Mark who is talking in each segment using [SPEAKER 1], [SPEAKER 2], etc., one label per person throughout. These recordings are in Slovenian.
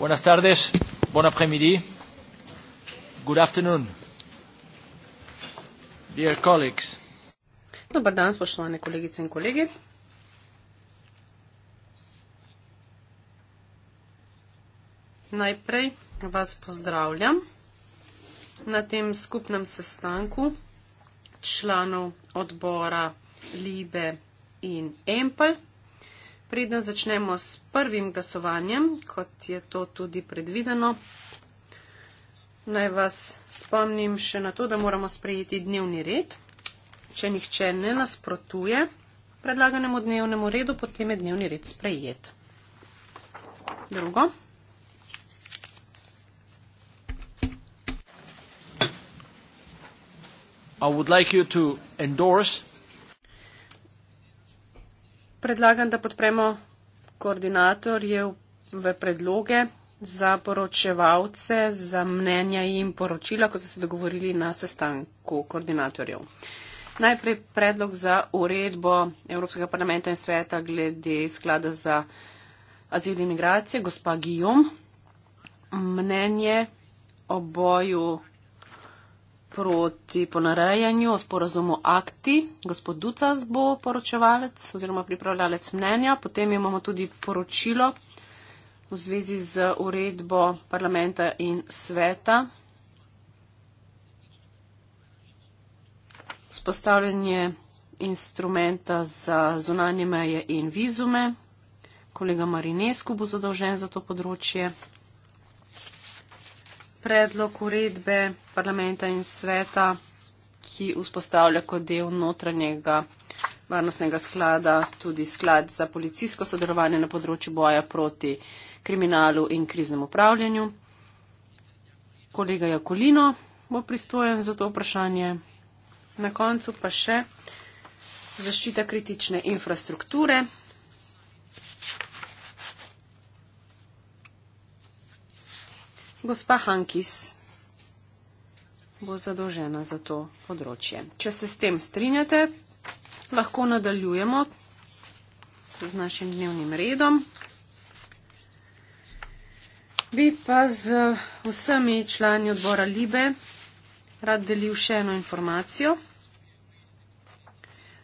[SPEAKER 1] Buenas tardes, bon après-midi, good afternoon, dear colleagues.
[SPEAKER 2] Dobar dan, spoštovane kolegice in kolegi. Najprej vas pozdravljam na tem skupnem sestanku članov odbora Libe in Empel Preden začnemo s prvim glasovanjem, kot je to tudi predvideno, naj vas spomnim še na to, da moramo sprejeti dnevni red. Če nihče ne nasprotuje predlaganemu dnevnemu redu, potem je dnevni red sprejet. Drugo.
[SPEAKER 1] I would like you to endorse
[SPEAKER 2] predlagam, da podpremo koordinatorjeve predloge za poročevalce, za mnenja in poročila, kot so se dogovorili na sestanku koordinatorjev. Najprej predlog za uredbo Evropskega parlamenta in sveta glede sklada za azil in migracije, gospa Gijom. Mnenje o boju proti ponarejanju o sporazumu akti. Gospod Ducas bo poročevalec oziroma pripravljalec mnenja. Potem imamo tudi poročilo v zvezi z uredbo parlamenta in sveta. Spostavljanje instrumenta za zunanje meje in vizume. Kolega Marinesku bo zadolžen za to področje predlog uredbe parlamenta in sveta, ki vzpostavlja kot del notranjega varnostnega sklada tudi sklad za policijsko sodelovanje na področju boja proti kriminalu in kriznem upravljanju. Kolega Jakolino bo pristojen za to vprašanje. Na koncu pa še zaščita kritične infrastrukture. Gospa Hankis bo zadolžena za to področje. Če se s tem strinjate, lahko nadaljujemo z našim dnevnim redom. Bi pa z vsemi člani odbora Libe rad delil še eno informacijo.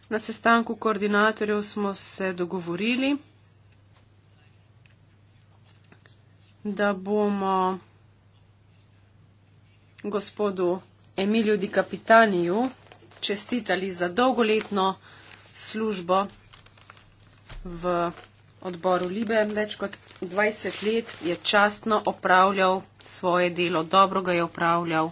[SPEAKER 2] Na sestanku koordinatorjev smo se dogovorili, da bomo gospodu Emiliju Di Capitaniju čestitali za dolgoletno službo v odboru Libe. Več kot 20 let je častno opravljal svoje delo, dobro ga je opravljal.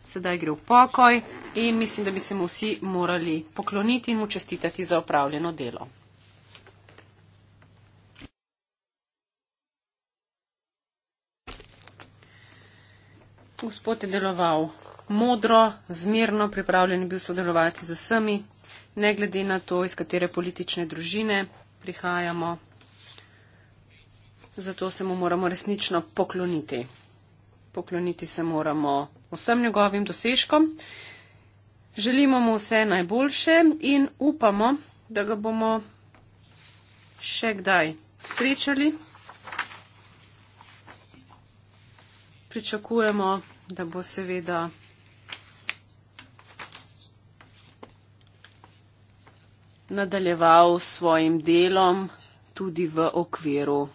[SPEAKER 2] Sedaj gre v pokoj in mislim, da bi se mu vsi morali pokloniti in mu čestitati za opravljeno delo. Gospod je deloval modro, zmirno, pripravljen je bil sodelovati z vsemi, ne glede na to, iz katere politične družine prihajamo. Zato se mu moramo resnično pokloniti. Pokloniti se moramo vsem njegovim dosežkom. Želimo mu vse najboljše in upamo, da ga bomo še kdaj srečali. pričakujemo, da bo seveda nadaljeval s svojim delom tudi v okviru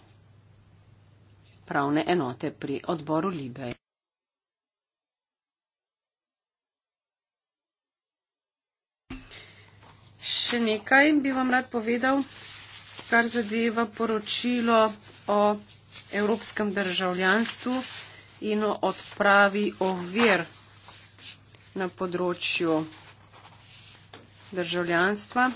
[SPEAKER 2] pravne enote pri odboru Libe. Še nekaj bi vam rad povedal, kar zadeva poročilo o evropskem državljanstvu in o odpravi ovir na področju državljanstva.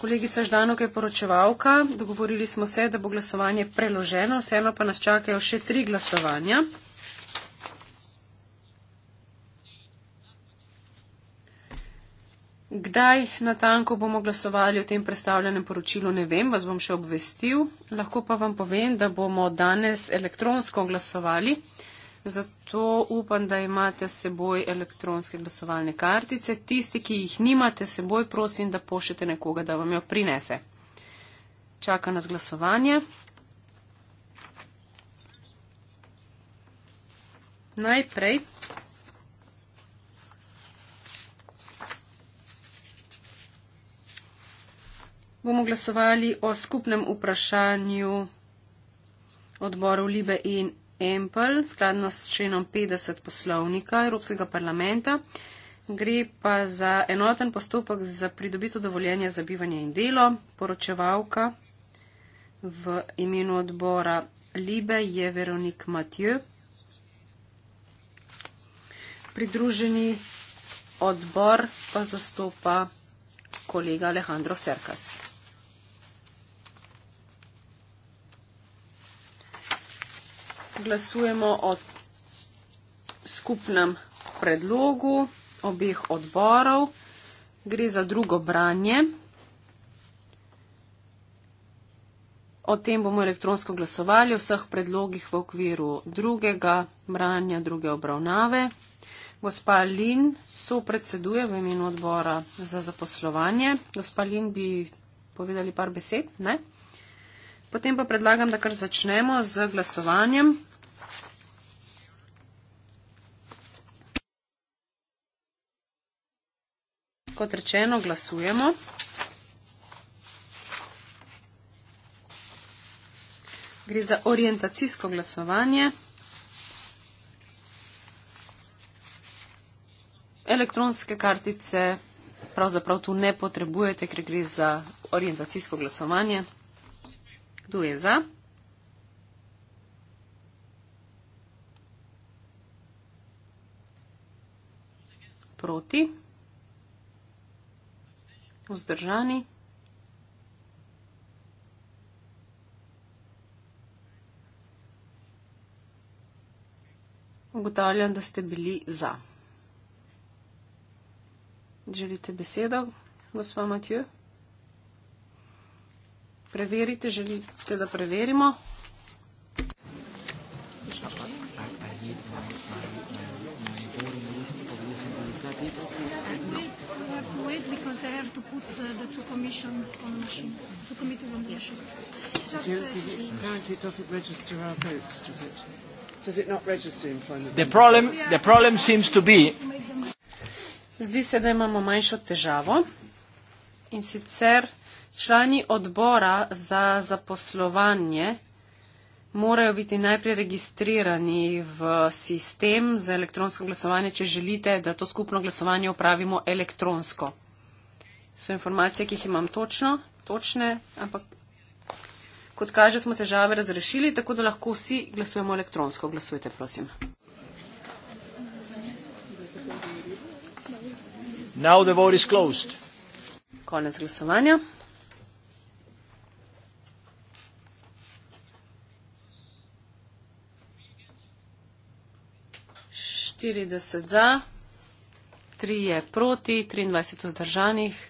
[SPEAKER 2] Kolegica Ždanok je poročevalka, dogovorili smo se, da bo glasovanje preloženo, vseeno pa nas čakajo še tri glasovanja. Kdaj natanko bomo glasovali o tem predstavljenem poročilu, ne vem, vas bom še obvestil. Lahko pa vam povem, da bomo danes elektronsko glasovali. Zato upam, da imate s seboj elektronske glasovalne kartice. Tisti, ki jih nimate s seboj, prosim, da pošljete nekoga, da vam jo prinese. Čaka nas glasovanje. Najprej bomo glasovali o skupnem vprašanju odborov Libe in Empel, skladno s členom 50 poslovnika Evropskega parlamenta. Gre pa za enoten postopek za pridobito dovoljenja za bivanje in delo. Poročevalka v imenu odbora Libe je Veronik Matjö. Pridruženi odbor pa zastopa kolega Alejandro Serkas. glasujemo o skupnem predlogu obeh odborov. Gre za drugo branje. O tem bomo elektronsko glasovali, o vseh predlogih v okviru drugega branja, druge obravnave. Gospa Lin so predseduje v imenu odbora za zaposlovanje. Gospa Lin bi povedali par besed, ne? Potem pa predlagam, da kar začnemo z glasovanjem. kot rečeno, glasujemo. Gre za orientacijsko glasovanje. Elektronske kartice pravzaprav tu ne potrebujete, ker gre za orientacijsko glasovanje. Kdo je za? Proti lepo zdržani. Ugotavljam, da ste bili za. Želite besedo, gospod Matju? Preverite, želite, da preverimo?
[SPEAKER 1] Thank you
[SPEAKER 3] it because they have to put uh, the two commissions on the machine, two committees on the machine. Just you,
[SPEAKER 4] apparently it uh, doesn't register our votes, does it? Does it not register employment? The
[SPEAKER 1] problem, the problem seems to be...
[SPEAKER 2] Zdi se, da imamo manjšo težavo in sicer člani odbora za zaposlovanje morajo biti najprej registrirani v sistem za elektronsko glasovanje, če želite, da to skupno glasovanje upravimo elektronsko so informacije, ki jih imam točno, točne, ampak kot kaže, smo težave razrešili, tako da lahko vsi glasujemo elektronsko. Glasujte, prosim. Konec glasovanja. Štirideset za, tri je proti, triindvajset vzdržanih.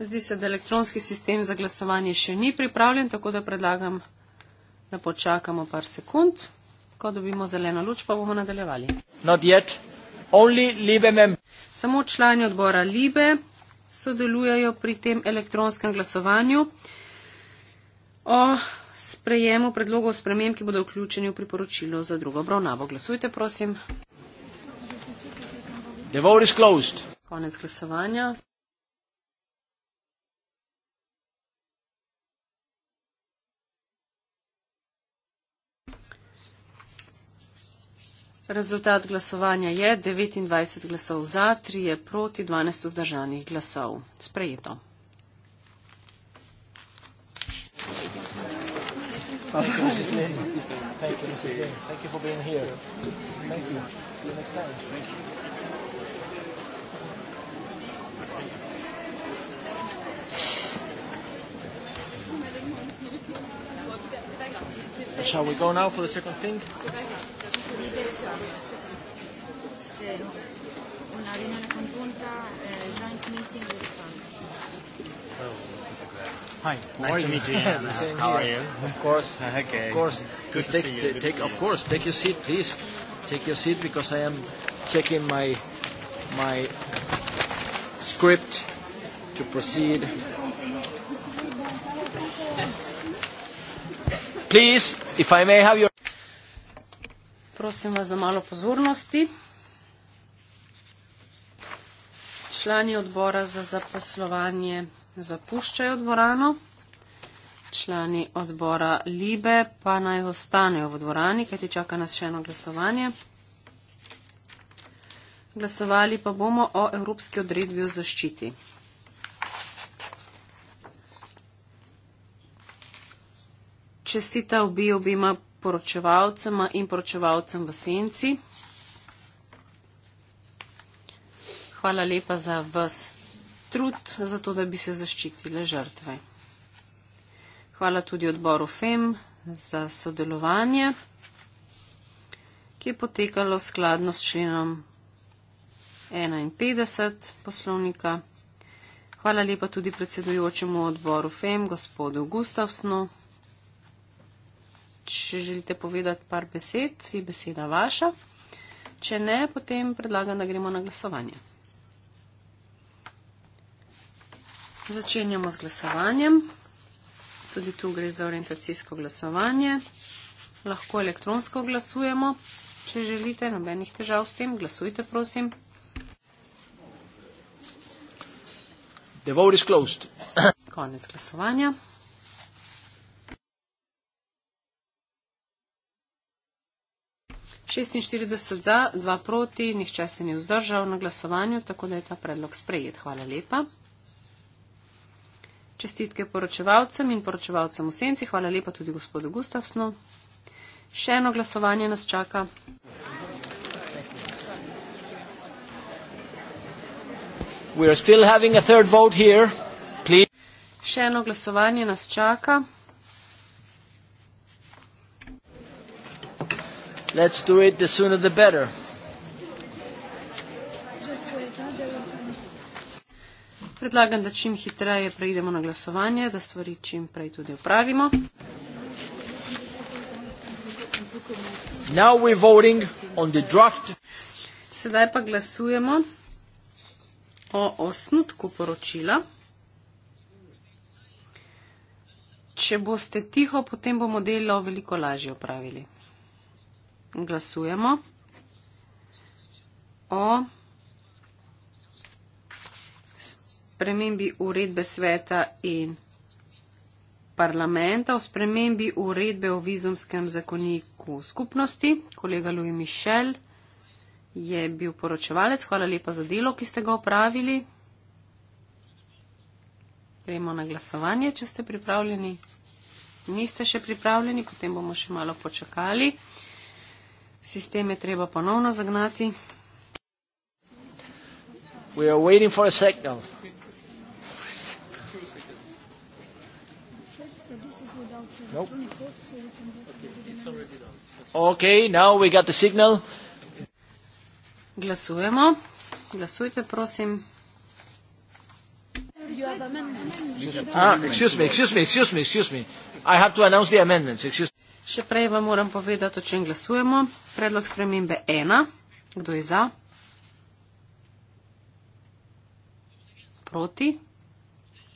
[SPEAKER 2] Zdi se, da elektronski sistem za glasovanje še ni pripravljen, tako da predlagam, da počakamo par sekund. Ko dobimo zeleno luč, pa bomo nadaljevali. Samo člani odbora Libe sodelujejo pri tem elektronskem glasovanju o sprejemu predlogov sprememb, ki bodo vključeni v priporočilo za drugo obravnavo. Glasujte, prosim. Konec glasovanja. Rezultat glasovanja je 29 glasov za, 3 je proti, 12 vzdržanih glasov. Sprejeto.
[SPEAKER 1] Shall we go now for the second thing? Okay
[SPEAKER 4] videre tra se una riunione congiunta
[SPEAKER 1] eh, joint meeting with funders. Hi, nice to meet you. Yeah. How are you? Of course. okay. Of course. Good to take, see you. Take, of course. Take your seat, please. Take your seat because I am checking my my script to proceed.
[SPEAKER 2] Please, if I may have your prosim vas za malo pozornosti. Člani odbora za zaposlovanje zapuščajo dvorano. Člani odbora Libe pa naj ostanejo v dvorani, kajti čaka nas še eno glasovanje. Glasovali pa bomo o Evropski odredbi o zaščiti. Čestitev bi obima poročevalcema in poročevalcem v senci. Hvala lepa za vas trud, za to, da bi se zaščitile žrtve. Hvala tudi odboru FEM za sodelovanje, ki je potekalo skladno s členom 51 poslovnika. Hvala lepa tudi predsedujočemu odboru FEM, gospodu Gustavsnu če želite povedati par besed, je beseda vaša. Če ne, potem predlagam, da gremo na glasovanje. Začenjamo z glasovanjem. Tudi tu gre za orientacijsko glasovanje. Lahko elektronsko glasujemo, če želite, nobenih težav s tem. Glasujte, prosim. The vote is closed. Konec glasovanja. 46 za, 2 proti, nihče se ni vzdržal na glasovanju, tako da je ta predlog sprejet. Hvala lepa. Čestitke poročevalcem in poročevalcem v senci, hvala lepa tudi gospodu Gustavsnu. Še eno glasovanje nas čaka. Še eno glasovanje nas čaka.
[SPEAKER 1] let's do it the sooner the better.
[SPEAKER 2] Predlagam, da čim hitreje preidemo na glasovanje, da stvari čim prej tudi upravimo. Sedaj pa glasujemo o osnutku poročila. Če boste tiho, potem bomo delo veliko lažje upravili glasujemo o spremembi uredbe sveta in parlamenta, o spremembi uredbe o vizumskem zakoniku skupnosti. Kolega Louis Michel je bil poročevalec. Hvala lepa za delo, ki ste ga opravili. Gremo na glasovanje, če ste pripravljeni. Niste še pripravljeni, potem bomo še malo počakali. Sistem je treba ponovno zagnati.
[SPEAKER 1] We are waiting for a signal.
[SPEAKER 4] No. Nope.
[SPEAKER 2] Okay, now we got the signal. Glasujemo. Glasujte, prosim.
[SPEAKER 4] Ah, excuse me, excuse me,
[SPEAKER 2] excuse me, excuse me. I have to announce the amendments. Excuse me. Še prej vam moram povedati, o čem glasujemo. Predlog spremembe ena. Kdo je za? Proti?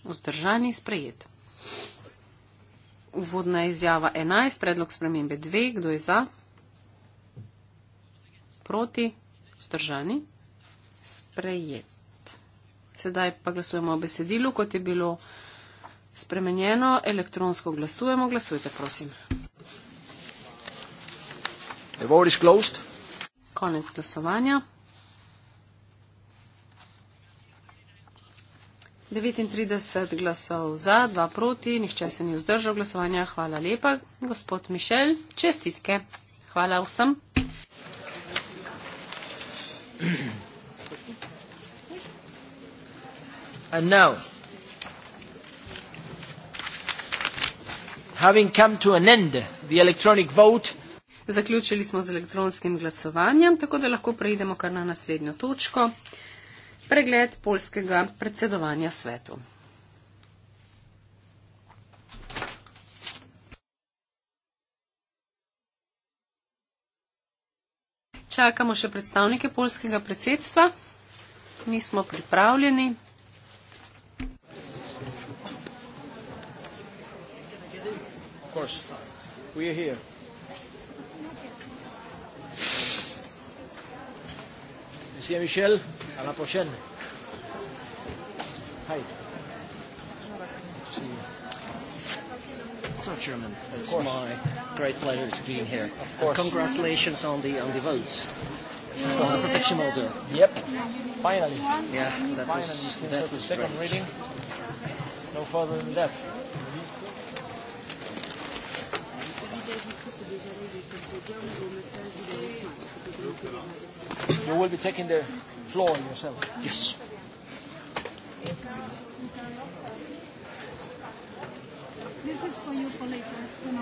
[SPEAKER 2] Vzdržani sprejet. Uvodna izjava 11, predlog spremembe 2, kdo je za? Proti, vzdržani, sprejet. Sedaj pa glasujemo o besedilu, kot je bilo spremenjeno, elektronsko glasujemo, glasujte prosim. The vote is closed. Konec glasovanja. 39 glasov za, 2 proti, nihče se ni vzdržal glasovanja. Hvala lepa, gospod Mišel. Čestitke. Hvala vsem.
[SPEAKER 1] And now, having come
[SPEAKER 2] to an end the electronic vote, Zaključili smo z elektronskim glasovanjem, tako da lahko preidemo kar na naslednjo točko. Pregled polskega predsedovanja svetu. Čakamo še predstavnike polskega predsedstva. Mi smo pripravljeni.
[SPEAKER 1] Of course, we are here. Monsieur Michel, à la prochaine. Hi. Mr. Chairman, it's my great pleasure to be here. Of course. Congratulations on the on the votes.
[SPEAKER 4] Yeah. On the protection order.
[SPEAKER 1] Yep. Finally. Yeah, that Finally, was, seems that was second great. reading. No further than that. Thank you you will be taking the floor yourself. Yes.
[SPEAKER 2] This is for you for later.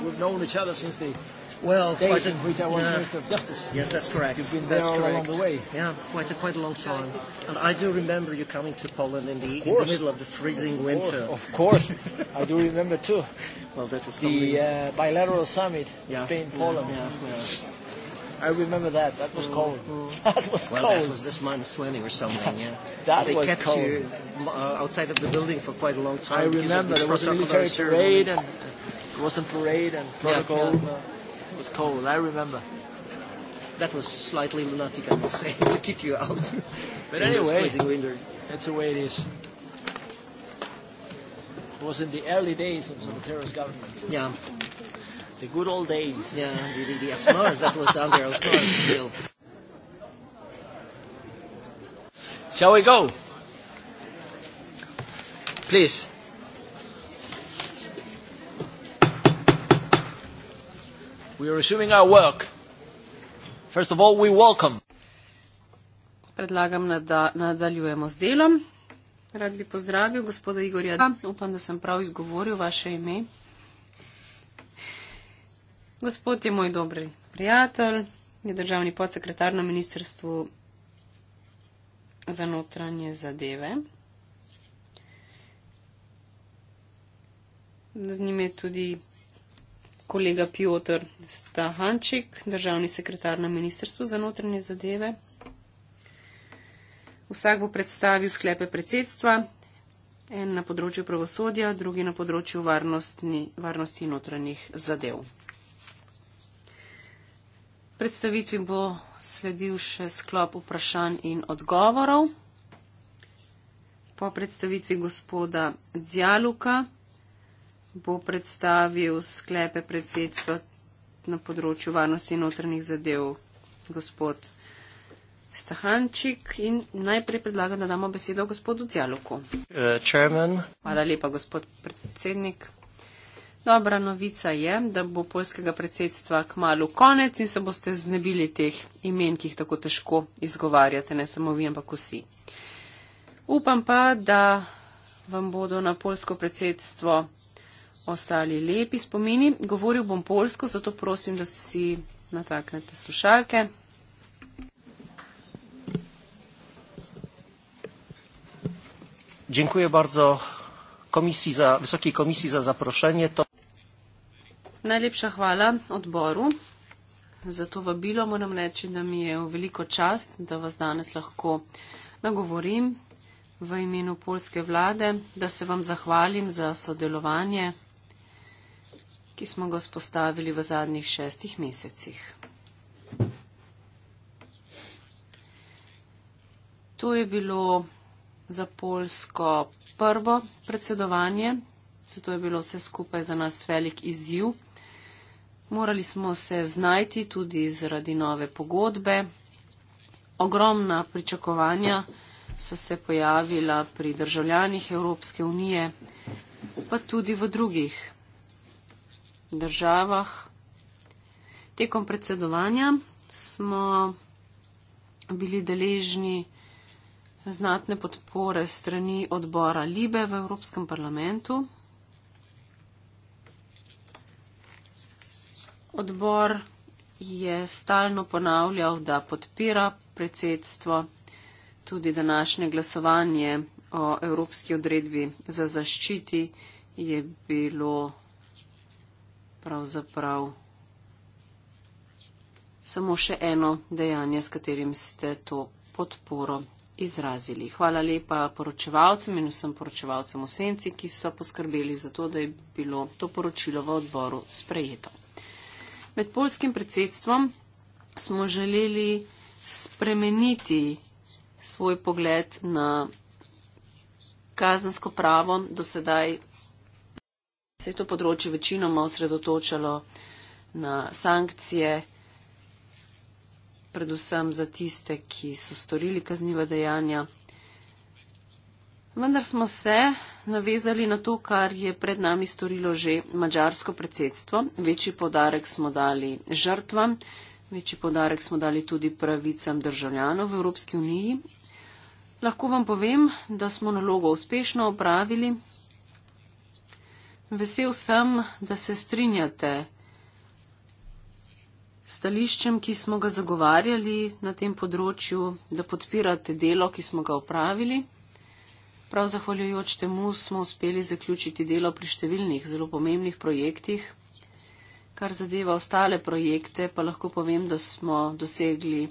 [SPEAKER 4] We've
[SPEAKER 1] known each other since the well, days quite a, in which I was yeah. Minister of Justice. Yes, that's correct. You've been there that's all along the way. Yeah, quite a, quite a long time. And I do remember you coming to Poland in the, in the middle of the freezing of winter. Of course. I do remember too. Well, that was The uh, bilateral summit, yeah. Spain-Poland. Yeah. Yeah. Yeah. I remember that. That was cold. Mm-hmm. That was well, cold. Well, that was this minus 20 or something, yeah. that they was kept cold. You, uh, outside of the building for quite a long time. I remember. There was a military parade and uh, it wasn't parade and protocol. Yeah, yeah. Uh, it was cold. I remember. That was slightly lunatic, I must say, to keep you out. But anyway, that's the way it is. It was in the early days of the terrorist government. Yeah the good old days. Yeah, the, the, the Aslan that was down there, Aslan still. Shall we go? Please. We are resuming our work. First of all, we welcome.
[SPEAKER 2] Predlagam, da nadaljujemo s delom. Rad bi pozdravil gospoda Igorja. Upam, da sem prav izgovoril vaše ime. Gospod je moj dober prijatelj, je državni podsekretar na Ministrstvu za notranje zadeve. Z njim je tudi kolega Piotr Stahančik, državni sekretar na Ministrstvu za notranje zadeve. Vsak bo predstavil sklepe predsedstva, en na področju pravosodja, drugi na področju varnosti, varnosti notranjih zadev. Predstavitvi bo sledil še sklop vprašanj in odgovorov. Po predstavitvi gospoda Dzjaluka bo predstavil sklepe predsedstva na področju varnosti in notranjih zadev gospod Stahančik in najprej predlagam, da damo besedo gospodu Cjaluku.
[SPEAKER 1] Uh,
[SPEAKER 2] Hvala lepa, gospod predsednik. Dobra novica je, da bo polskega predsedstva k malu konec in se boste znebili teh imen, ki jih tako težko izgovarjate, ne samo vi, ampak vsi. Upam pa, da vam bodo na polsko predsedstvo ostali lepi spomini. Govoril bom polsko, zato prosim, da si nataknete slušalke.
[SPEAKER 1] Dziękuję bardzo komisji za, Wysokiej Komisji za zaproszenie. To...
[SPEAKER 2] Najlepša hvala odboru za to vabilo. Moram reči, da mi je v veliko čast, da vas danes lahko nagovorim v imenu polske vlade, da se vam zahvalim za sodelovanje, ki smo ga spostavili v zadnjih šestih mesecih. To je bilo za Polsko prvo predsedovanje, zato je bilo vse skupaj za nas velik izziv. Morali smo se znajti tudi zaradi nove pogodbe. Ogromna pričakovanja so se pojavila pri državljanih Evropske unije, pa tudi v drugih državah. Tekom predsedovanja smo bili deležni znatne podpore strani odbora Libe v Evropskem parlamentu. Odbor je stalno ponavljal, da podpira predsedstvo tudi današnje glasovanje o Evropski odredbi za zaščiti je bilo pravzaprav samo še eno dejanje, s katerim ste to podporo izrazili. Hvala lepa poročevalcem in vsem poročevalcem v senci, ki so poskrbeli za to, da je bilo to poročilo v odboru sprejeto med polskim predsedstvom smo želeli spremeniti svoj pogled na kazensko pravo. Do sedaj se je to področje večinoma osredotočalo na sankcije, predvsem za tiste, ki so storili kazniva dejanja. Vendar smo se navezali na to, kar je pred nami storilo že mađarsko predsedstvo. Večji podarek smo dali žrtvam, večji podarek smo dali tudi pravicam državljanov v Evropski uniji. Lahko vam povem, da smo nalogo uspešno opravili. Vesel sem, da se strinjate stališčem, ki smo ga zagovarjali na tem področju, da podpirate delo, ki smo ga opravili. Prav zahvaljujoč temu smo uspeli zaključiti delo pri številnih zelo pomembnih projektih. Kar zadeva ostale projekte, pa lahko povem, da smo dosegli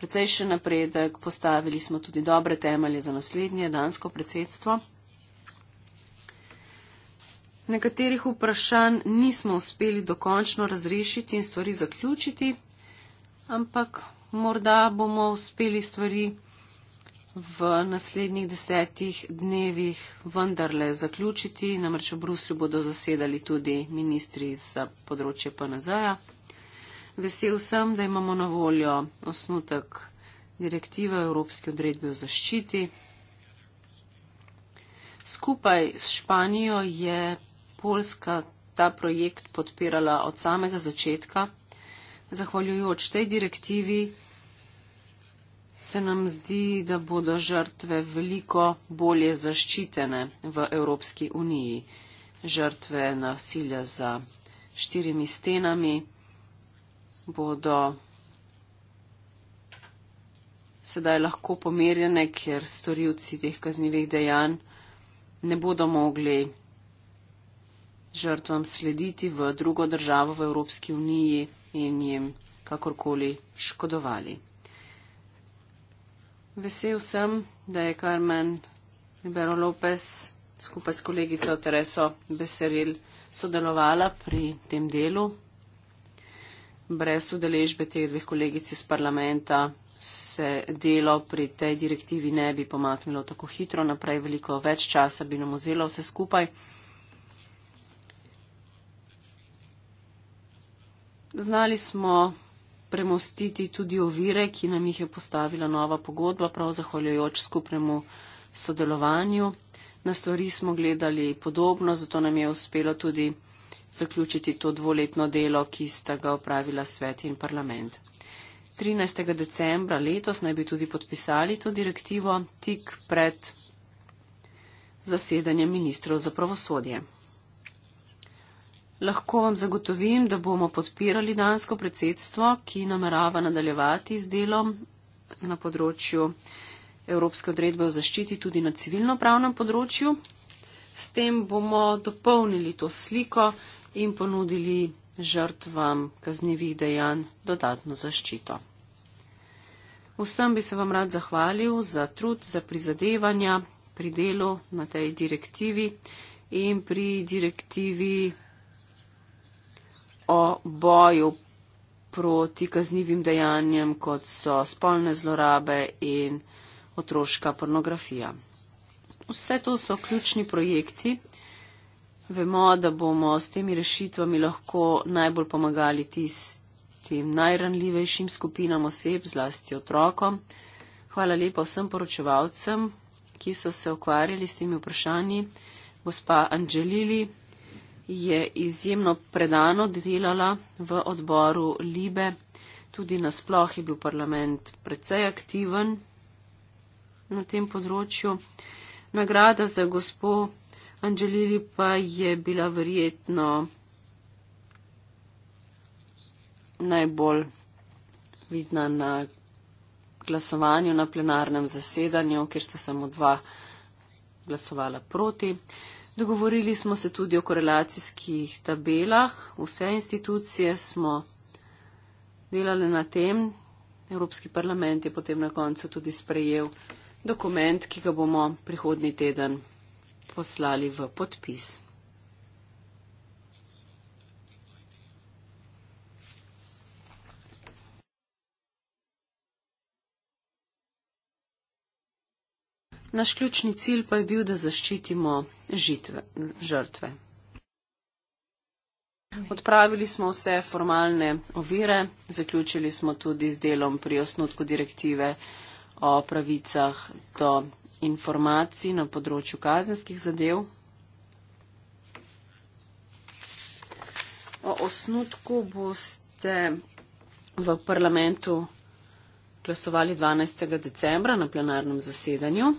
[SPEAKER 2] precejšen napredek, postavili smo tudi dobre temelje za naslednje dansko predsedstvo. Nekaterih vprašanj nismo uspeli dokončno razrešiti in stvari zaključiti, ampak morda bomo uspeli stvari v naslednjih desetih dnevih vendarle zaključiti. Namreč v Bruslju bodo zasedali tudi ministri za področje PNZ-a. Vesel sem, da imamo na voljo osnutek direktive Evropske odredbe o zaščiti. Skupaj s Španijo je Poljska ta projekt podpirala od samega začetka. Zahvaljujoč tej direktivi se nam zdi, da bodo žrtve veliko bolje zaščitene v Evropski uniji. Žrtve nasilja za štirimi stenami bodo sedaj lahko pomerjene, ker storilci teh kaznjivih dejanj ne bodo mogli žrtvam slediti v drugo državo v Evropski uniji in jim kakorkoli škodovali. Vesel sem, da je Carmen Ribero Lopez skupaj s kolegico Tereso Beseril sodelovala pri tem delu. Brez udeležbe teh dveh kolegic iz parlamenta se delo pri tej direktivi ne bi pomaknilo tako hitro naprej, veliko več časa bi nam vzelo vse skupaj. Znali smo premostiti tudi ovire, ki nam jih je postavila nova pogodba, prav zahvaljujoč skupnemu sodelovanju. Na stvari smo gledali podobno, zato nam je uspelo tudi zaključiti to dvoletno delo, ki sta ga opravila svet in parlament. 13. decembra letos naj bi tudi podpisali to direktivo tik pred zasedanjem ministrov za pravosodje. Lahko vam zagotovim, da bomo podpirali dansko predsedstvo, ki namerava nadaljevati z delom na področju Evropske odredbe o zaščiti tudi na civilno pravnem področju. S tem bomo dopolnili to sliko in ponudili žrtvam kaznjivih dejanj dodatno zaščito. Vsem bi se vam rad zahvalil za trud, za prizadevanja pri delu na tej direktivi in pri direktivi o boju proti kaznivim dejanjem, kot so spolne zlorabe in otroška pornografija. Vse to so ključni projekti. Vemo, da bomo s temi rešitvami lahko najbolj pomagali tistim najranljivejšim skupinam oseb, zlasti otrokom. Hvala lepa vsem poročevalcem, ki so se ukvarjali s temi vprašanji. Gospa Angelili, je izjemno predano delala v odboru Libe, tudi nasploh je bil parlament precej aktiven na tem področju. Nagrada za gospo Angelili pa je bila verjetno najbolj vidna na glasovanju na plenarnem zasedanju, kjer sta samo dva glasovala proti. Dogovorili smo se tudi o korelacijskih tabelah. Vse institucije smo delali na tem. Evropski parlament je potem na koncu tudi sprejel dokument, ki ga bomo prihodni teden poslali v podpis. Naš ključni cilj pa je bil, da zaščitimo žitve, žrtve. Odpravili smo vse formalne ovire, zaključili smo tudi z delom pri osnutku direktive o pravicah do informacij na področju kazenskih zadev. O osnutku boste v parlamentu glasovali 12. decembra na plenarnem zasedanju.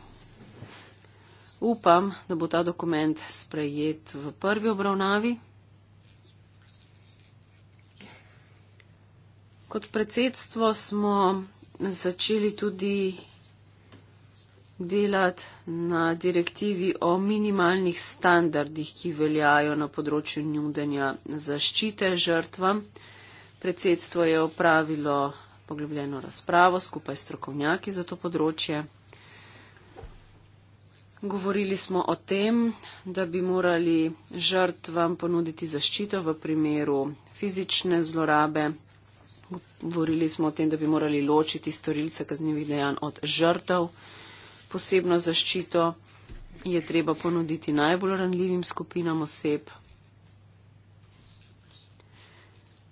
[SPEAKER 2] Upam, da bo ta dokument sprejet v prvi obravnavi. Kot predsedstvo smo začeli tudi delati na direktivi o minimalnih standardih, ki veljajo na področju nudenja zaščite žrtvam. Predsedstvo je opravilo poglobljeno razpravo skupaj s strokovnjaki za to področje. Govorili smo o tem, da bi morali žrtvam ponuditi zaščito v primeru fizične zlorabe. Govorili smo o tem, da bi morali ločiti storilce kaznjivih dejanj od žrtev. Posebno zaščito je treba ponuditi najbolj ranljivim skupinam oseb.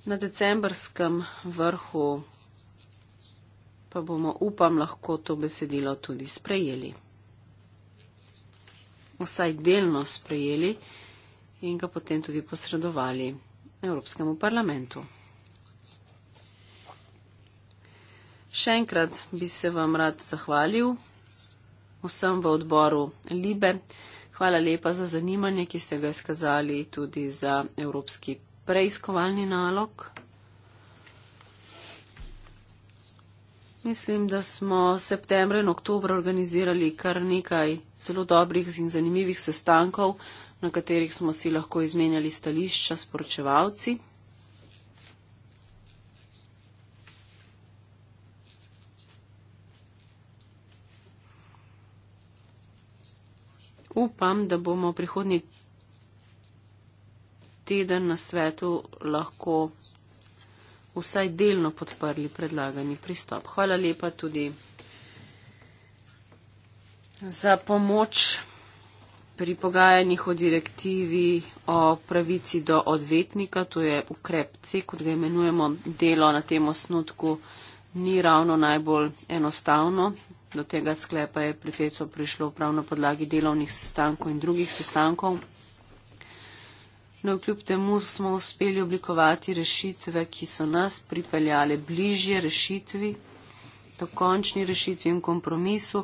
[SPEAKER 2] Na decembrskem vrhu pa bomo, upam, lahko to besedilo tudi sprejeli vsaj delno sprejeli in ga potem tudi posredovali Evropskemu parlamentu. Še enkrat bi se vam rad zahvalil vsem v odboru Libe. Hvala lepa za zanimanje, ki ste ga izkazali tudi za Evropski preiskovalni nalog. Mislim, da smo septembra in oktober organizirali kar nekaj zelo dobrih in zanimivih sestankov, na katerih smo si lahko izmenjali stališča s poročevalci. Upam, da bomo prihodnji teden na svetu lahko vsaj delno podprli predlagani pristop. Hvala lepa tudi za pomoč pri pogajanjih o direktivi o pravici do odvetnika. To je ukrep C, kot ga imenujemo. Delo na tem osnutku ni ravno najbolj enostavno. Do tega sklepa je predsedstvo prišlo prav na podlagi delovnih sestankov in drugih sestankov. Navkljub no, temu smo uspeli oblikovati rešitve, ki so nas pripeljale bližje rešitvi, dokončni rešitvi in kompromisu.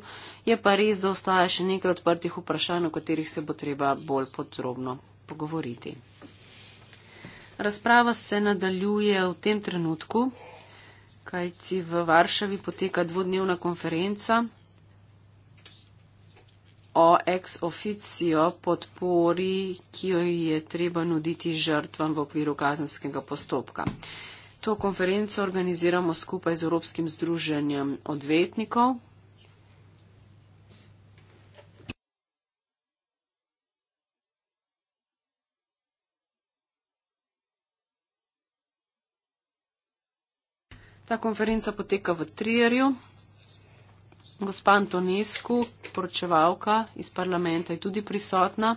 [SPEAKER 2] Je pa res, da ostaja še nekaj odprtih vprašanj, o katerih se bo treba bolj podrobno pogovoriti. Razprava se nadaljuje v tem trenutku, kajti v Varšavi poteka dvodnevna konferenca o ex officio podpori, ki jo je treba nuditi žrtvam v okviru kazenskega postopka. To konferenco organiziramo skupaj z Evropskim združenjem odvetnikov. Ta konferenca poteka v Trierju. Gospa Antonescu, poročevalka iz parlamenta, je tudi prisotna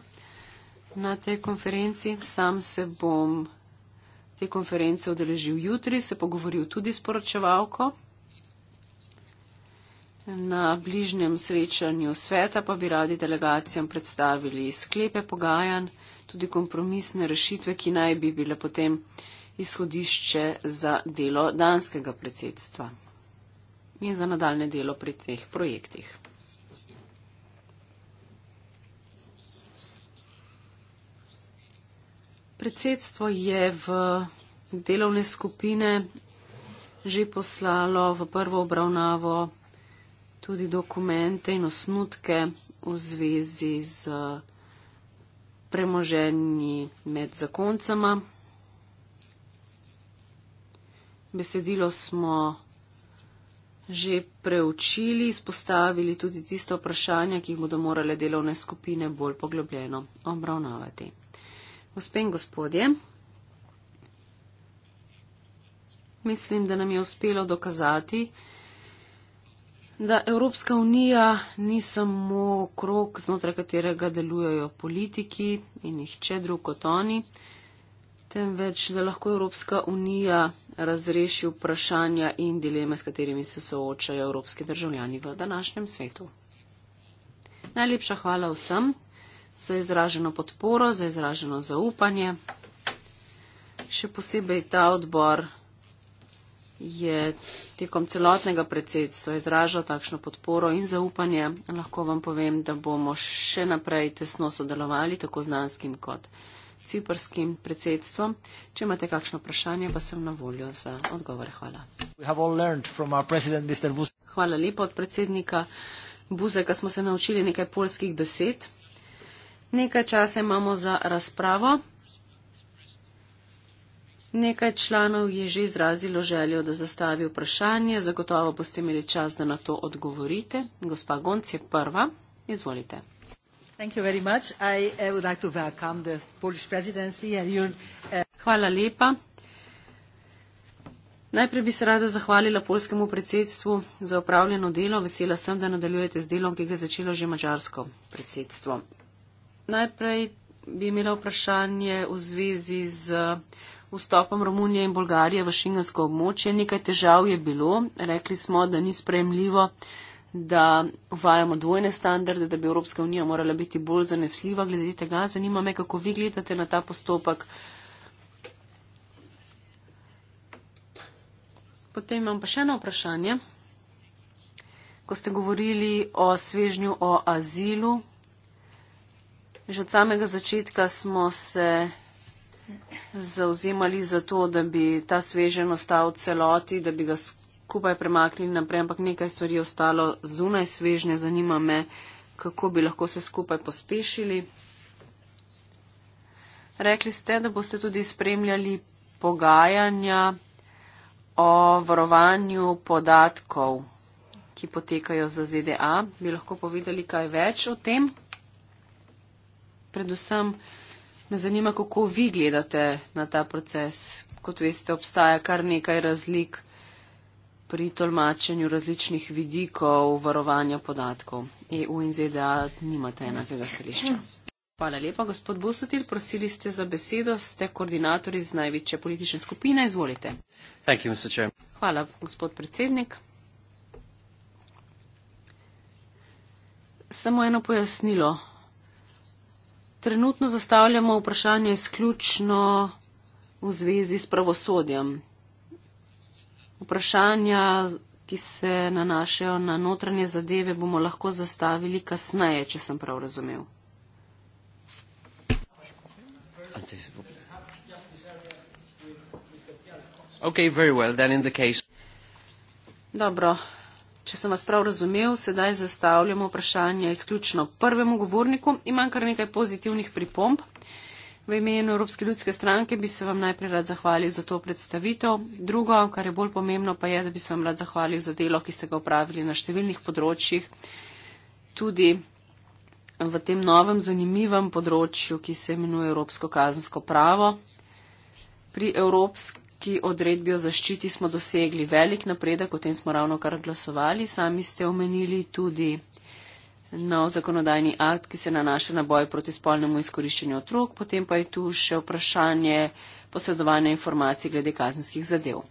[SPEAKER 2] na tej konferenci. Sam se bom te konference odeležil jutri, se pogovoril tudi s poročevalko. Na bližnjem srečanju sveta pa bi radi delegacijam predstavili sklepe pogajanj, tudi kompromisne rešitve, ki naj bi bile potem izhodišče za delo danskega predsedstva in za nadaljne delo pri teh projektih. Predsedstvo je v delovne skupine že poslalo v prvo obravnavo tudi dokumente in osnutke v zvezi z premoženji med zakoncama. Besedilo smo že preučili, izpostavili tudi tisto vprašanje, ki jih bodo morale delovne skupine bolj poglobljeno obravnavati. Gospe in gospodje, mislim, da nam je uspelo dokazati, da Evropska unija ni samo krok, znotraj katerega delujejo politiki in jih če drug kot oni, temveč, da lahko Evropska unija razreši vprašanja in dileme, s katerimi se soočajo evropski državljani v današnjem svetu. Najlepša hvala vsem za izraženo podporo, za izraženo zaupanje. Še posebej ta odbor je tekom celotnega predsedstva izražal takšno podporo in zaupanje. Lahko vam povem, da bomo še naprej tesno sodelovali tako z danskim kot ciprskim predsedstvom. Če imate kakšno vprašanje, pa sem na voljo za odgovore. Hvala. Hvala lepo od predsednika Buzeka. Smo se naučili nekaj polskih besed. Nekaj časa imamo za razpravo. Nekaj članov je že izrazilo željo, da zastavi vprašanje. Zagotovo boste imeli čas, da na to odgovorite. Gospa Gonc je prva. Izvolite.
[SPEAKER 3] Thank you very much.
[SPEAKER 2] I would like to welcome the Polish presidency and your uh, Hvala lepa. Najprej bi se rada zahvalila polskemu predsedstvu za opravljeno delo. Vesela sem, da nadaljujete z delom, ki ga je začelo že mačarsko predsedstvo. Najprej bi imela vprašanje v zvezi z uh, vstopom Romunije in Bolgarije v šingensko območje. Nekaj težav je bilo. Rekli smo, da ni sprejemljivo, da uvajamo dvojne standarde, da bi Evropska unija morala biti bolj zanesljiva glede tega. Zanima me, kako vi gledate na ta postopek. Potem imam pa še eno vprašanje. Ko ste govorili o svežnju o azilu, že od samega začetka smo se zauzemali za to, da bi ta svežen ostal celoti, da bi ga skupaj skupaj premaknili naprej, ampak nekaj stvari ostalo zunaj svežne. Zanima me, kako bi lahko se skupaj pospešili. Rekli ste, da boste tudi spremljali pogajanja o varovanju podatkov, ki potekajo za ZDA. Bi lahko povedali kaj več o tem? Predvsem me zanima, kako vi gledate na ta proces. Kot veste, obstaja kar nekaj razlik pri tolmačenju različnih vidikov varovanja podatkov. EU in ZDA nimate enakega stališča. Hvala lepa, gospod Busutil. Prosili ste za besedo, ste koordinatori z največje politične skupine. Izvolite. You, Hvala, gospod predsednik. Samo eno pojasnilo. Trenutno zastavljamo vprašanje izključno v zvezi s pravosodjem. Vprašanja, ki se nanašajo na notranje zadeve, bomo lahko zastavili kasneje, če sem prav razumel. Okay, well, case... Dobro, če sem vas prav razumel, sedaj zastavljamo vprašanje izključno prvemu govorniku. Imam kar nekaj pozitivnih pripomb. V imenu Evropske ljudske stranke bi se vam najprej rad zahvalil za to predstavitev. Drugo, kar je bolj pomembno, pa je, da bi se vam rad zahvalil za delo, ki ste ga upravili na številnih področjih, tudi v tem novem zanimivem področju, ki se imenuje Evropsko kazensko pravo. Pri Evropski odredbi o zaščiti smo dosegli velik napredek, o tem smo ravno kar glasovali. Sami ste omenili tudi nov zakonodajni akt, ki se nanaša na boj proti spolnemu izkoriščenju otrok, potem pa je tu še vprašanje posredovanja informacij glede kazenskih zadev.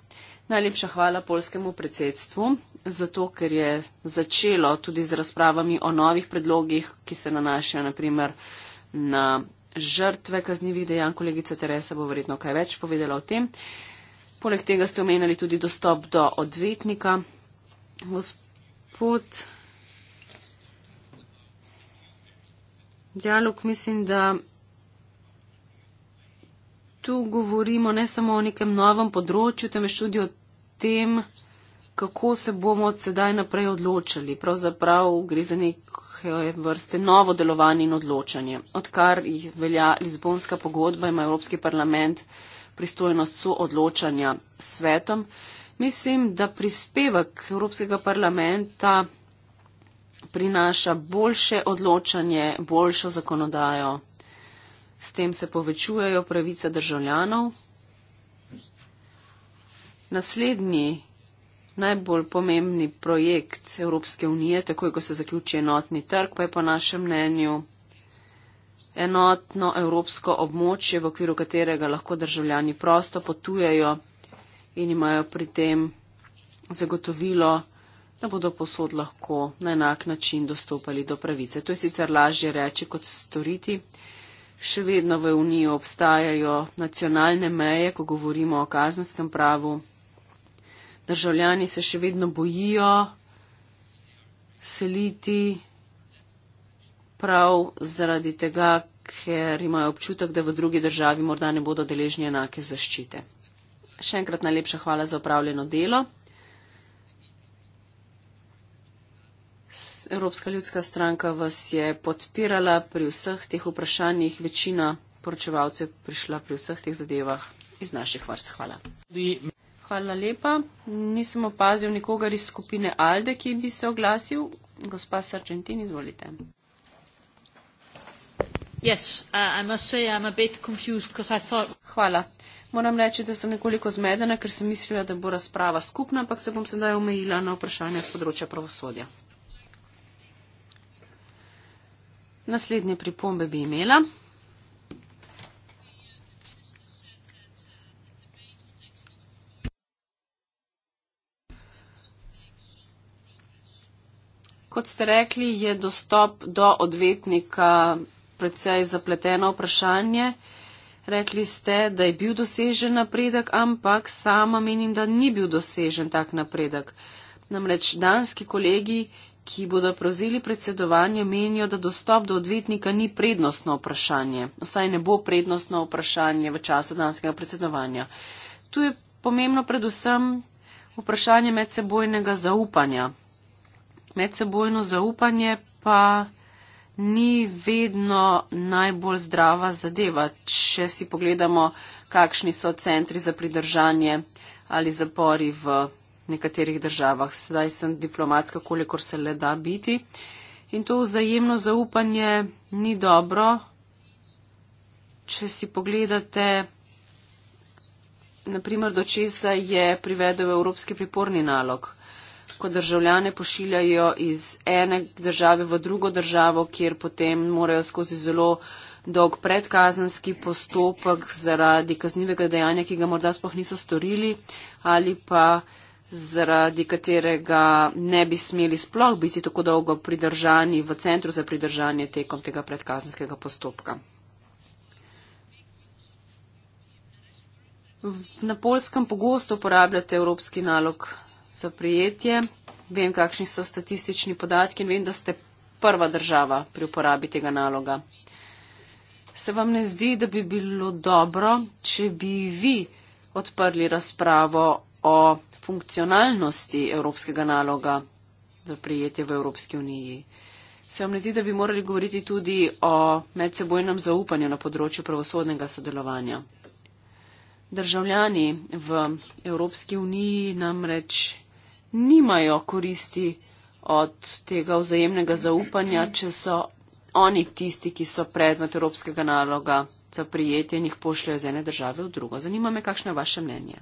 [SPEAKER 2] Najlepša hvala polskemu predsedstvu, zato ker je začelo tudi z razpravami o novih predlogih, ki se nanašajo naprimer na žrtve kaznjivih dejanj. Kolegica Teresa bo verjetno kaj več povedala o tem. Poleg tega ste omenjali tudi dostop do odvetnika. Gospod. dialog, mislim, da tu govorimo ne samo o nekem novem področju, temveč tudi o tem, kako se bomo od sedaj naprej odločili. Pravzaprav gre za neke vrste novo delovanje in odločanje. Odkar jih velja Lizbonska pogodba, ima Evropski parlament pristojnost soodločanja s svetom. Mislim, da prispevek Evropskega parlamenta prinaša boljše odločanje, boljšo zakonodajo. S tem se povečujejo pravice državljanov. Naslednji najbolj pomembni projekt Evropske unije, takoj ko se zaključi enotni trg, pa je po našem mnenju enotno evropsko območje, v okviru katerega lahko državljani prosto potujejo in imajo pri tem zagotovilo, da bodo posod lahko na enak način dostopali do pravice. To je sicer lažje reči kot storiti. Še vedno v Uniji obstajajo nacionalne meje, ko govorimo o kazenskem pravu. Državljani se še vedno bojijo seliti prav zaradi tega, ker imajo občutek, da v drugi državi morda ne bodo deležni enake zaščite. Še enkrat najlepša hvala za opravljeno delo. Evropska ljudska stranka vas je podpirala pri vseh teh vprašanjih, večina poročevalcev je prišla pri vseh teh zadevah iz naših vrst. Hvala. Hvala lepa. Nisem opazil nikogar iz skupine Alde, ki bi se oglasil. Gospa Sargentin, izvolite. Yes, uh, say, thought... Hvala. Moram reči, da sem nekoliko zmedena, ker sem mislila, da bo razprava skupna, ampak se bom sedaj omejila na vprašanje z področja pravosodja. Naslednje pripombe bi imela. Kot ste rekli, je dostop do odvetnika predvsej zapleteno vprašanje. Rekli ste, da je bil dosežen napredek, ampak sama menim, da ni bil dosežen tak napredek. Namreč danski kolegi ki bodo prevzeli predsedovanje, menijo, da dostop do odvetnika ni prednostno vprašanje. Vsaj ne bo prednostno vprašanje v času danskega predsedovanja. Tu je pomembno predvsem vprašanje medsebojnega zaupanja. Medsebojno zaupanje pa ni vedno najbolj zdrava zadeva, če si pogledamo, kakšni so centri za pridržanje ali zapori v nekaterih državah. Sedaj sem diplomatska, kolikor se le da biti. In to vzajemno zaupanje ni dobro, če si pogledate, naprimer, do česa je privedel Evropski priporni nalog. Ko državljane pošiljajo iz ene države v drugo državo, kjer potem morajo skozi zelo dolg predkazanski postopek zaradi kaznivega dejanja, ki ga morda sploh niso storili ali pa zaradi katerega ne bi smeli sploh biti tako dolgo pridržani v centru za pridržanje tekom tega predkazanskega postopka. Na polskem pogosto uporabljate evropski nalog za prijetje. Vem, kakšni so statistični podatki in vem, da ste prva država pri uporabi tega naloga. Se vam ne zdi, da bi bilo dobro, če bi vi odprli razpravo o funkcionalnosti evropskega naloga za prijetje v Evropski uniji. Se vam ne zdi, da bi morali govoriti tudi o medsebojnem zaupanju na področju pravosodnega sodelovanja? Državljani v Evropski uniji namreč nimajo koristi od tega vzajemnega zaupanja, če so oni tisti, ki so predmet evropskega naloga za prijetje in jih pošljajo iz ene države v drugo. Zanima me, kakšno je vaše mnenje.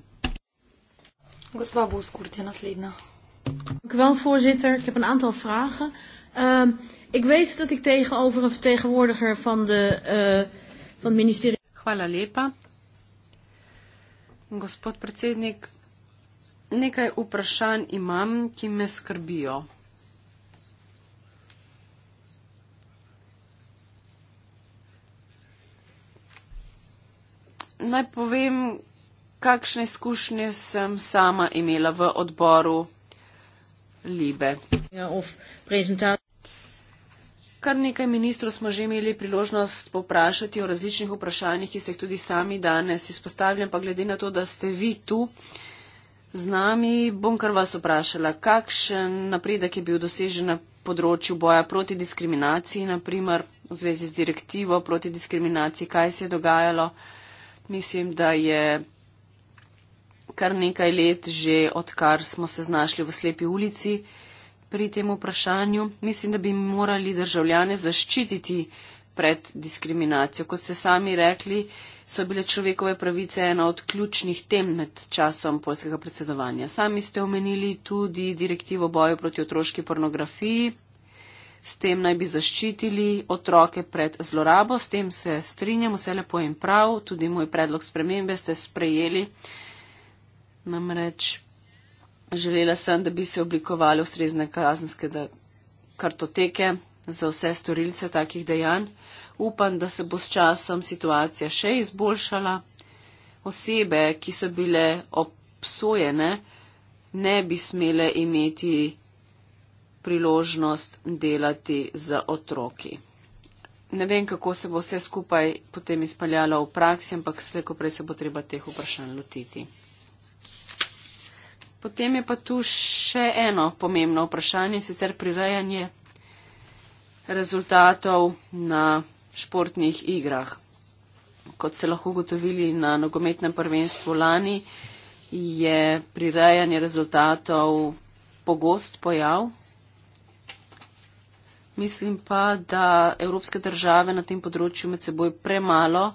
[SPEAKER 3] Gospa Boeskoert, je naslednja. Dank u wel, voorzitter. Ik heb een
[SPEAKER 2] aantal vragen. Uh, ik weet dat ik tegenover een vertegenwoordiger van, de, uh, van het ministerie. Hvala lepa. Gospod predsednik, nekaj vprašanj imam, ki me skrbijo. Naj povem, kakšne izkušnje sem sama imela v odboru Libe. Ja, kar nekaj ministrov smo že imeli priložnost poprašati o različnih vprašanjih, ki ste jih tudi sami danes izpostavili, pa glede na to, da ste vi tu z nami, bom kar vas vprašala, kakšen napredek je bil dosežen na področju boja proti diskriminaciji, naprimer v zvezi z direktivo proti diskriminaciji, kaj se je dogajalo. Mislim, da je kar nekaj let, že odkar smo se znašli v slepi ulici pri tem vprašanju. Mislim, da bi morali državljane zaščititi pred diskriminacijo. Kot ste sami rekli, so bile človekove pravice ena od ključnih tem med časom polskega predsedovanja. Sami ste omenili tudi direktivo boju proti otroški pornografiji. S tem naj bi zaščitili otroke pred zlorabo, s tem se strinjam, vse lepo in prav, tudi moj predlog spremembe ste sprejeli. Namreč želela sem, da bi se oblikovali ustrezne kazenske kartoteke za vse storilce takih dejanj. Upam, da se bo s časom situacija še izboljšala. Osebe, ki so bile obsojene, ne bi smele imeti priložnost delati za otroki. Ne vem, kako se bo vse skupaj potem izpeljalo v praksi, ampak slejko prej se bo treba teh vprašanj lotiti. Potem je pa tu še eno pomembno vprašanje, sicer prirejanje rezultatov na športnih igrah. Kot se lahko ugotovili na nogometnem prvenstvu lani, je prirejanje rezultatov pogost pojav. Mislim pa, da evropske države na tem področju med seboj premalo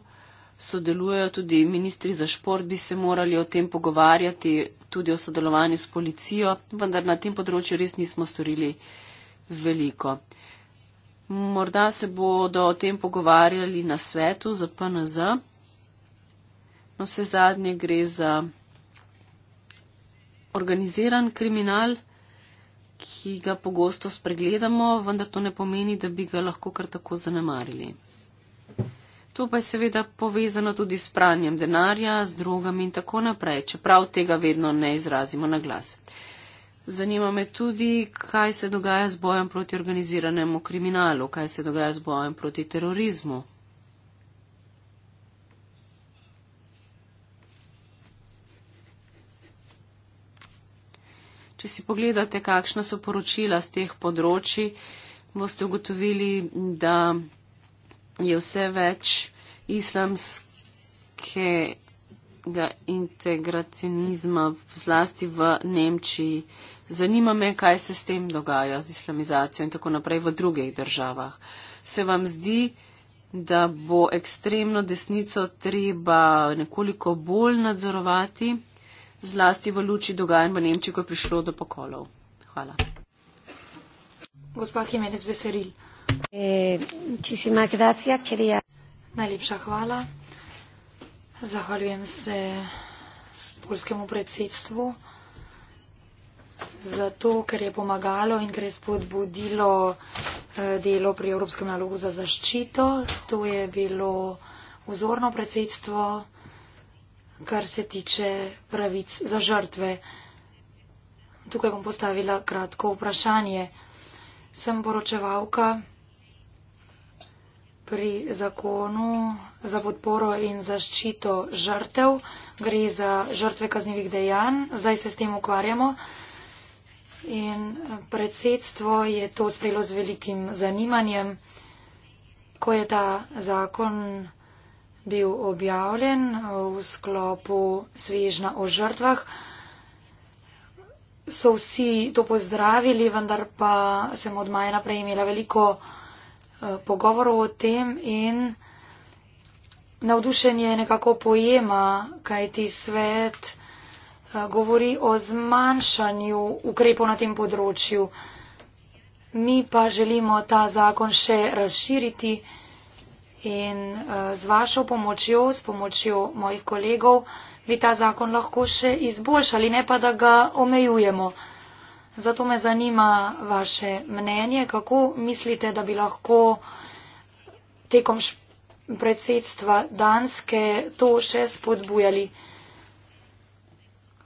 [SPEAKER 2] sodelujejo tudi ministri za šport, bi se morali o tem pogovarjati, tudi o sodelovanju s policijo, vendar na tem področju res nismo storili veliko. Morda se bodo o tem pogovarjali na svetu za PNZ. No, vse zadnje gre za organiziran kriminal, ki ga pogosto spregledamo, vendar to ne pomeni, da bi ga lahko kar tako zanemarili. To pa je seveda povezano tudi s pranjem denarja, z drogami in tako naprej, čeprav tega vedno ne izrazimo na glas. Zanima me tudi, kaj se dogaja z bojem proti organiziranemu kriminalu, kaj se dogaja z bojem proti terorizmu. Če si pogledate, kakšna so poročila z teh področji, boste ugotovili, da je vse več islamskega integracionizma, zlasti v Nemčiji. Zanima me, kaj se s tem dogaja, z islamizacijo in tako naprej v drugih državah. Se vam zdi, da bo ekstremno desnico treba nekoliko bolj nadzorovati, zlasti v luči dogajanj v Nemčiji, ko je prišlo do pokolov? Hvala.
[SPEAKER 3] Gospa Jimenez Veseril. Eh, Najlepša hvala. Zahvaljujem se polskemu predsedstvu za to, ker je pomagalo in ker je spodbudilo eh, delo pri Evropskem nalogu za zaščito. To je bilo vzorno predsedstvo, kar se tiče pravic za žrtve. Tukaj bom postavila kratko vprašanje. Sem poročevalka pri zakonu za podporo in zaščito žrtev. Gre za žrtve kaznjivih dejanj. Zdaj se s tem ukvarjamo. In eh, predsedstvo je to sprejelo z velikim zanimanjem, ko je ta zakon bil objavljen eh, v sklopu svežna o žrtvah. So vsi to pozdravili, vendar pa sem od maja naprej imela veliko Eh, pogovorov o tem in navdušenje nekako pojema, kaj ti svet eh, govori o zmanjšanju ukrepov na tem področju. Mi pa želimo ta zakon še razširiti in eh, z vašo pomočjo, s pomočjo mojih kolegov, bi ta zakon lahko še izboljšali, ne pa da ga omejujemo. Zato me zanima vaše mnenje, kako mislite, da bi lahko tekom predsedstva Danske to še spodbujali.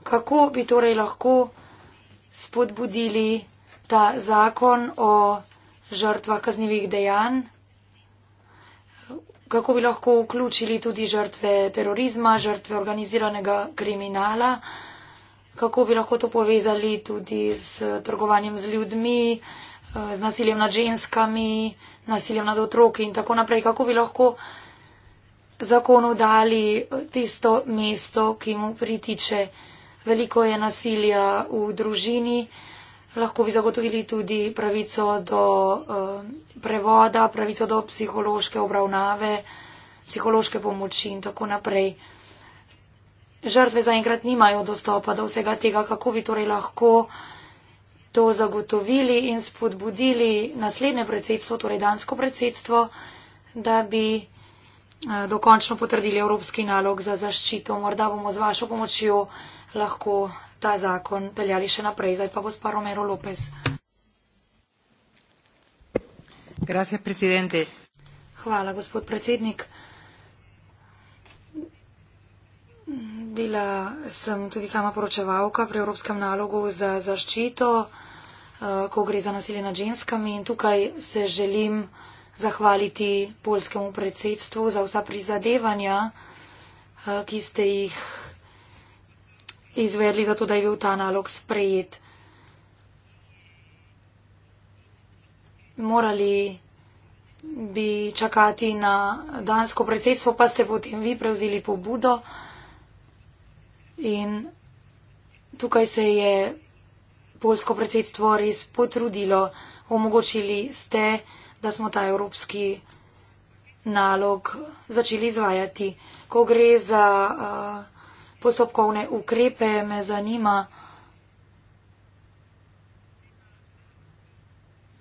[SPEAKER 3] Kako bi torej lahko spodbudili ta zakon o žrtvah kaznjivih dejanj? Kako bi lahko vključili tudi žrtve terorizma, žrtve organiziranega kriminala? kako bi lahko to povezali tudi s trgovanjem z ljudmi, eh, z nasiljem nad ženskami, nasiljem nad otroki in tako naprej. Kako bi lahko zakonu dali eh, tisto mesto, ki mu pritiče. Veliko je nasilja v družini. Lahko bi zagotovili tudi pravico do eh, prevoda, pravico do psihološke obravnave, psihološke pomoči in tako naprej žrtve zaenkrat nimajo dostopa do vsega tega, kako bi torej lahko to zagotovili in spodbudili naslednje predsedstvo, torej dansko predsedstvo, da bi eh, dokončno potrdili evropski nalog za zaščito. Morda bomo z vašo pomočjo lahko ta zakon peljali še naprej. Zdaj pa gospa Romero Lopez. Hvala, gospod predsednik. bila sem tudi sama poročevalka pri Evropskem nalogu za zaščito, eh, ko gre za nasilje nad ženskami. In tukaj se želim zahvaliti polskemu predsedstvu za vsa prizadevanja, eh, ki ste jih izvedli za to, da je bil ta nalog sprejet. Morali bi čakati na dansko predsedstvo, pa ste potem vi prevzeli pobudo. In tukaj se je polsko predsedstvo res potrudilo, omogočili ste, da smo ta evropski nalog začeli izvajati. Ko gre za uh, postopkovne ukrepe, me zanima,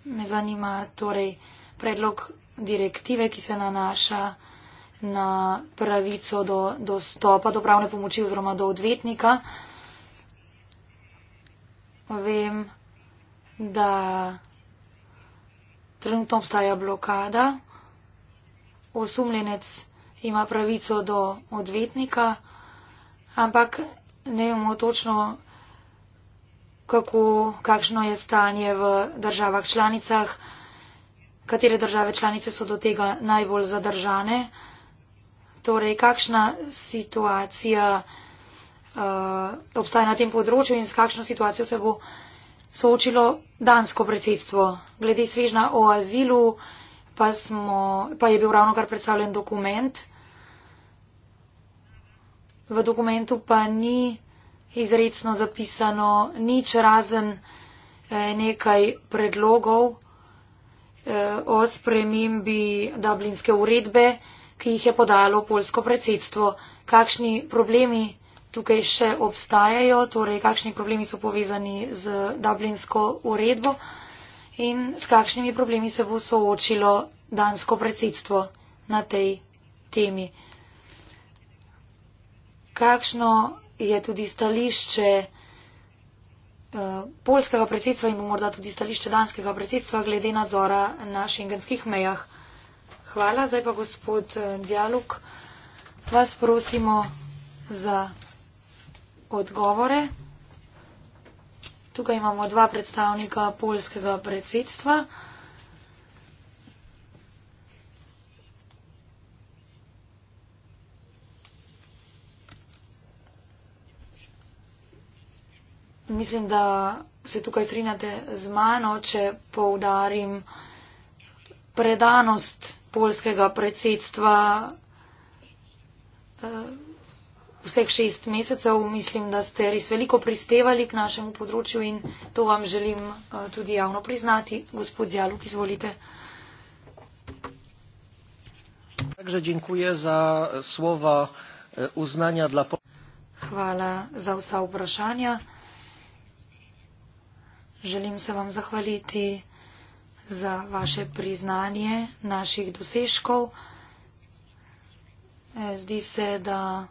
[SPEAKER 3] me zanima torej predlog direktive, ki se nanaša na pravico do dostopa do pravne pomoči oziroma do odvetnika. Vem, da trenutno obstaja blokada. Osumljenec ima pravico do odvetnika, ampak ne vemo točno, kako, kakšno je stanje v državah članicah, katere države članice so do tega najbolj zadržane torej kakšna situacija uh, obstaja na tem področju in s kakšno situacijo se bo soočilo dansko predsedstvo. Glede svežna o azilu pa, smo, pa je bil ravno kar predstavljen dokument. V dokumentu pa ni izredno zapisano nič razen eh, nekaj predlogov eh, o spremembi Dublinske uredbe, ki jih je podalo polsko predsedstvo. Kakšni problemi tukaj še obstajajo, torej kakšni problemi so povezani z Dublinsko uredbo in s kakšnimi problemi se bo soočilo dansko predsedstvo na tej temi. Kakšno je tudi stališče eh, polskega predsedstva in morda tudi stališče danskega predsedstva glede nadzora na šengenskih mejah hvala. Zdaj pa gospod eh, Dialog, vas prosimo za odgovore. Tukaj imamo dva predstavnika polskega predsedstva. Mislim, da se tukaj strinjate z mano, če poudarim predanost polskega predsedstva eh, vseh šest mesecev. Mislim, da ste res veliko prispevali k našemu področju in to vam želim eh, tudi javno priznati. Gospod Zjaluk, izvolite.
[SPEAKER 1] Takže dziękuję za słowa e, uznania dla
[SPEAKER 3] Hvala za vsa vprašanja. Želim se vam zahvaliti za vaše priznanje naših dosežkov. E, zdi se, da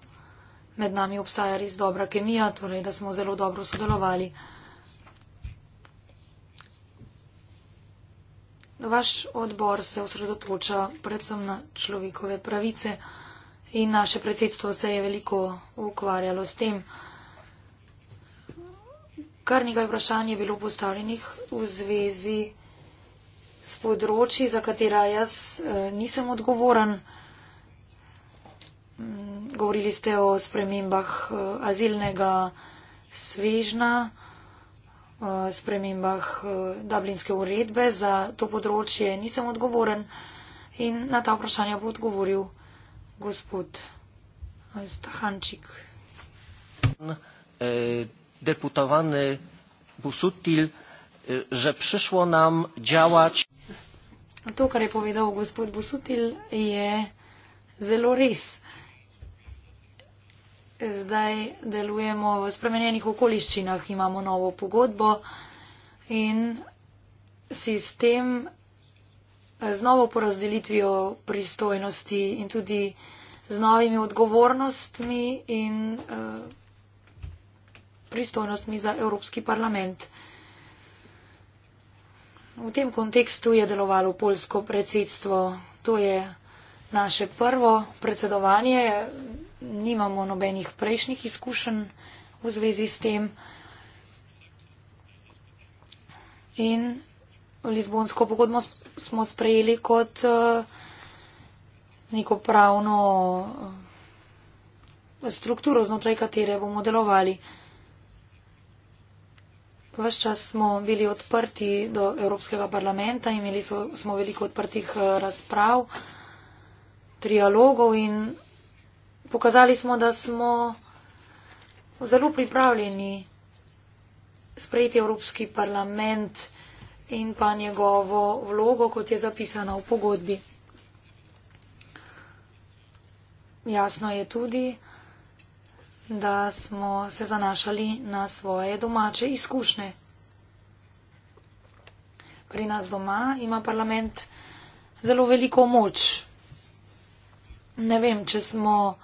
[SPEAKER 3] med nami obstaja res dobra kemija, torej da smo zelo dobro sodelovali. Vaš odbor se osredotoča predvsem na človekove pravice in naše predsedstvo se je veliko ukvarjalo s tem. Kar nekaj vprašanj je bilo postavljenih v zvezi s področji, za katera jaz eh, nisem odgovoren. Mm, govorili ste o spremembah eh, azilnega svežna, eh, spremembah dublinske uredbe. Za to področje nisem odgovoren in na ta vprašanja bo odgovoril gospod Stahančik.
[SPEAKER 1] E, Deputovane Busutil, že e, prišlo nam delati.
[SPEAKER 3] To, kar je povedal gospod Busutil, je zelo res. Zdaj delujemo v spremenjenih okoliščinah, imamo novo pogodbo in sistem z novo porazdelitvijo pristojnosti in tudi z novimi odgovornostmi in uh, pristojnostmi za Evropski parlament. V tem kontekstu je delovalo polsko predsedstvo. To je naše prvo predsedovanje. Nimamo nobenih prejšnjih izkušenj v zvezi s tem. In Lizbonsko pogodbo smo sprejeli kot eh, neko pravno eh, strukturo, znotraj katere bomo delovali. Vse čas smo bili odprti do Evropskega parlamenta, imeli so, smo veliko odprtih eh, razprav, trialogov in pokazali smo, da smo zelo pripravljeni sprejeti Evropski parlament in pa njegovo vlogo, kot je zapisano v pogodbi. Jasno je tudi, da smo se zanašali na svoje domače izkušnje. Pri nas doma ima parlament zelo veliko moč. Ne vem, če smo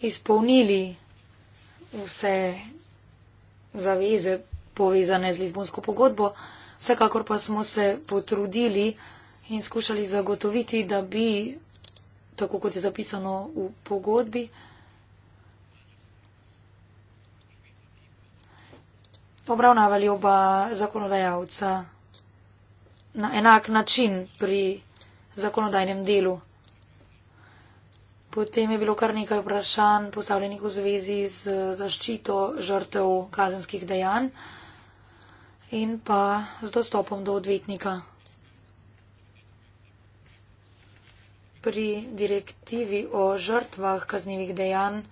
[SPEAKER 3] izpolnili vse zaveze povezane z Lizbonsko pogodbo, vsekakor pa smo se potrudili in skušali zagotoviti, da bi, tako kot je zapisano v pogodbi, obravnavali oba zakonodajalca na enak način pri zakonodajnem delu. Potem je bilo kar nekaj vprašanj postavljenih v zvezi z zaščito žrtev kazenskih dejanj in pa z dostopom do odvetnika. Pri direktivi o žrtvah kaznjivih dejanj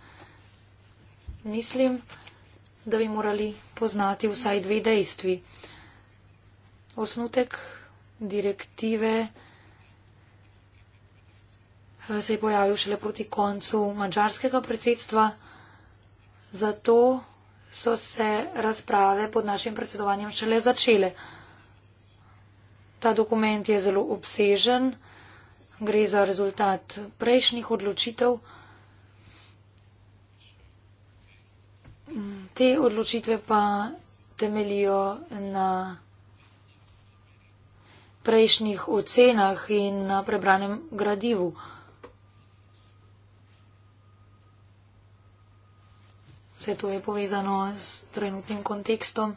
[SPEAKER 3] mislim, da bi morali poznati vsaj dve dejstvi. Osnutek direktive eh, se je pojavil šele proti koncu mačarskega predsedstva, zato so se razprave pod našim predsedovanjem šele začele. Ta dokument je zelo obsežen, gre za rezultat prejšnjih odločitev. te odločitve pa temelijo na prejšnjih ocenah in na prebranem gradivu. Vse to je povezano s trenutnim kontekstom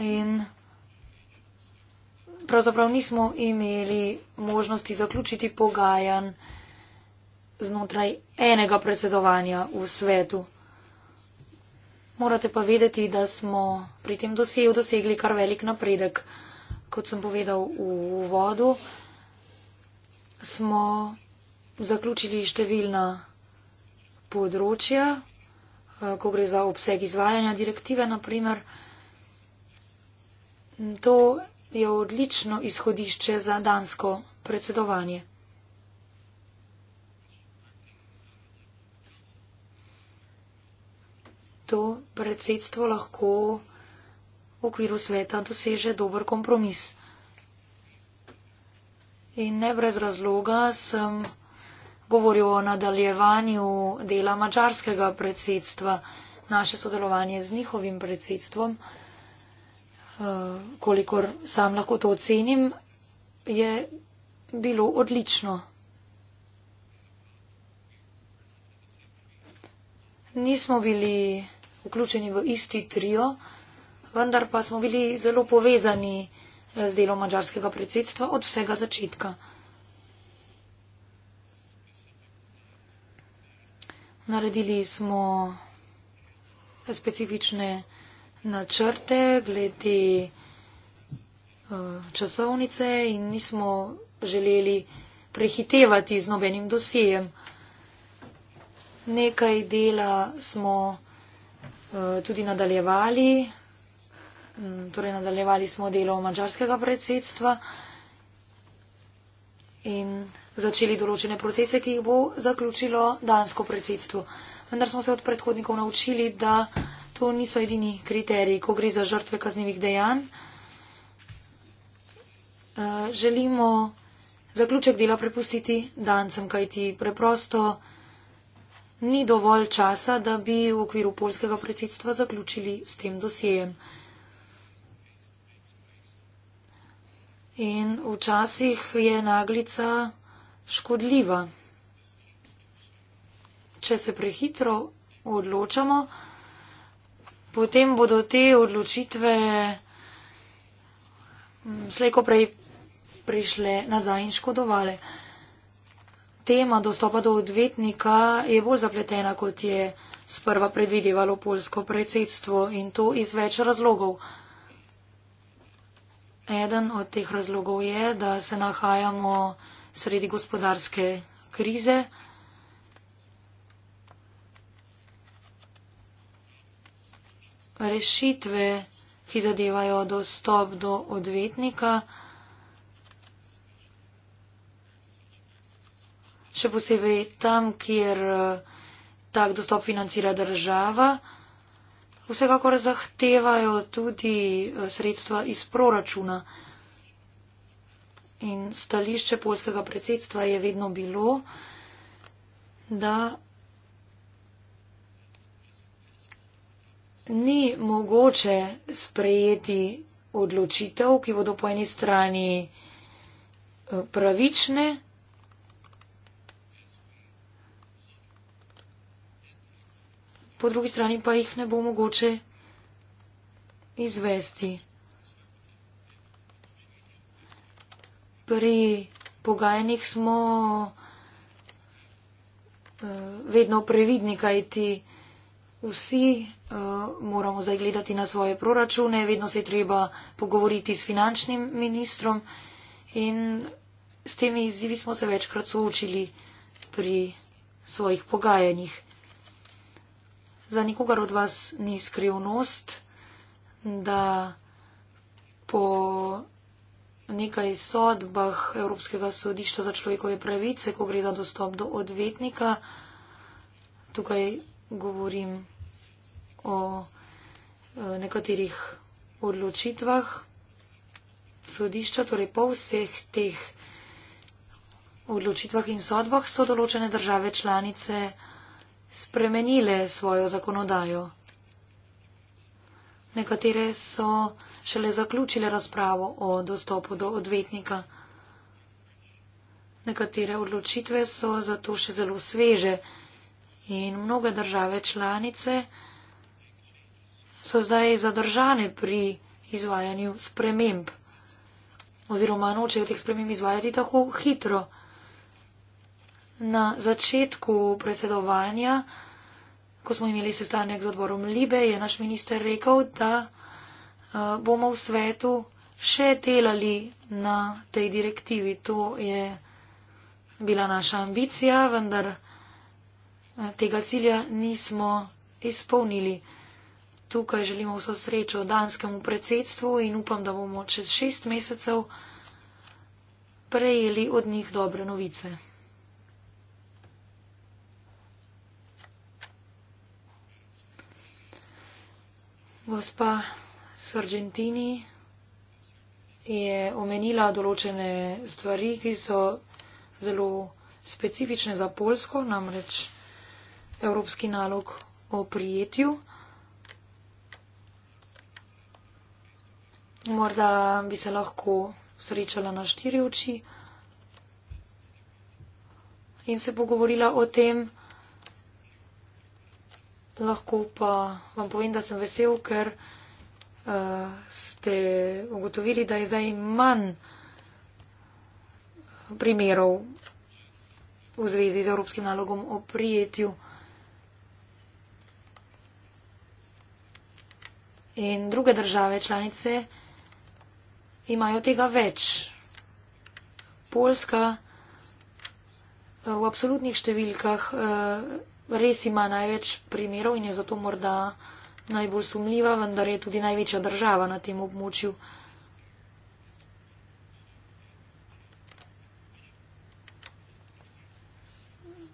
[SPEAKER 3] in pravzaprav nismo imeli možnosti zaključiti pogajanj znotraj enega predsedovanja v svetu. Morate pa vedeti, da smo pri tem dosegu dosegli kar velik napredek. Kot sem povedal v uvodu, smo zaključili številna področja, eh, ko gre za obseg izvajanja direktive, naprimer. To je odlično izhodišče za dansko predsedovanje. to predsedstvo lahko v okviru sveta doseže dober kompromis. In ne brez razloga sem govoril o nadaljevanju dela mačarskega predsedstva, naše sodelovanje z njihovim predsedstvom, eh, kolikor sam lahko to ocenim, je bilo odlično. Nismo bili vključeni v isti trio, vendar pa smo bili zelo povezani eh, z delom mađarskega predsedstva od vsega začetka. Naredili smo specifične načrte glede eh, časovnice in nismo želeli prehitevati z nobenim dosijem. Nekaj dela smo. Eh, tudi nadaljevali. Mm, torej, nadaljevali smo delo mačarskega predsedstva in začeli določene procese, ki jih bo zaključilo dansko predsedstvo. Vendar smo se od predhodnikov naučili, da to niso edini kriteriji, ko gre za žrtve kaznjivih dejanj. Eh, želimo zaključek dela prepustiti dancem, kajti preprosto ni dovolj časa, da bi v okviru polskega predsedstva zaključili s tem dosjejem. In včasih je naglica škodljiva. Če se prehitro odločamo, potem bodo te odločitve slejko prej prišle nazaj in škodovale tema dostopa do odvetnika je bolj zapletena, kot je sprva predvidevalo polsko predsedstvo in to iz več razlogov. Eden od teh razlogov je, da se nahajamo sredi gospodarske krize. Rešitve, ki zadevajo dostop do odvetnika, še posebej tam, kjer eh, tak dostop financira država. Vsekakor zahtevajo tudi eh, sredstva iz proračuna. In stališče polskega predsedstva je vedno bilo, da ni mogoče sprejeti odločitev, ki bodo po eni strani eh, pravične, po drugi strani pa jih ne bo mogoče izvesti. Pri pogajanjih smo eh, vedno previdni, kajti vsi eh, moramo zdaj gledati na svoje proračune, vedno se je treba pogovoriti s finančnim ministrom in s temi izzivi smo se večkrat soočili pri svojih pogajanjih za nikogar od vas ni skrivnost, da po nekaj sodbah Evropskega sodišča za človekove pravice, ko gre za dostop do odvetnika, tukaj govorim o e, nekaterih odločitvah sodišča, torej po vseh teh odločitvah in sodbah so določene države članice spremenile svojo zakonodajo. Nekatere so šele zaključile razpravo o dostopu do odvetnika. Nekatere odločitve so zato še zelo sveže in mnoge države članice so zdaj zadržane pri izvajanju sprememb oziroma nočejo teh sprememb izvajati tako hitro na začetku predsedovanja, ko smo imeli sestanek z odborom Libe, je naš minister rekel, da eh, bomo v svetu še delali na tej direktivi. To je bila naša ambicija, vendar eh, tega cilja nismo izpolnili. Tukaj želimo vso srečo danskemu predsedstvu in upam, da bomo čez šest mesecev prejeli od njih dobre novice. Gospa s Argentini je omenila določene stvari, ki so zelo specifične za Polsko, namreč evropski nalog o prijetju. Morda bi se lahko srečala na štiri oči in se pogovorila o tem, Lahko pa vam povem, da sem vesel, ker uh, ste ugotovili, da je zdaj manj primerov v zvezi z evropskim nalogom o prijetju. In druge države članice imajo tega več. Poljska eh, v absolutnih številkah. Uh, res ima največ primerov in je zato morda najbolj sumljiva, vendar je tudi največja država na tem območju.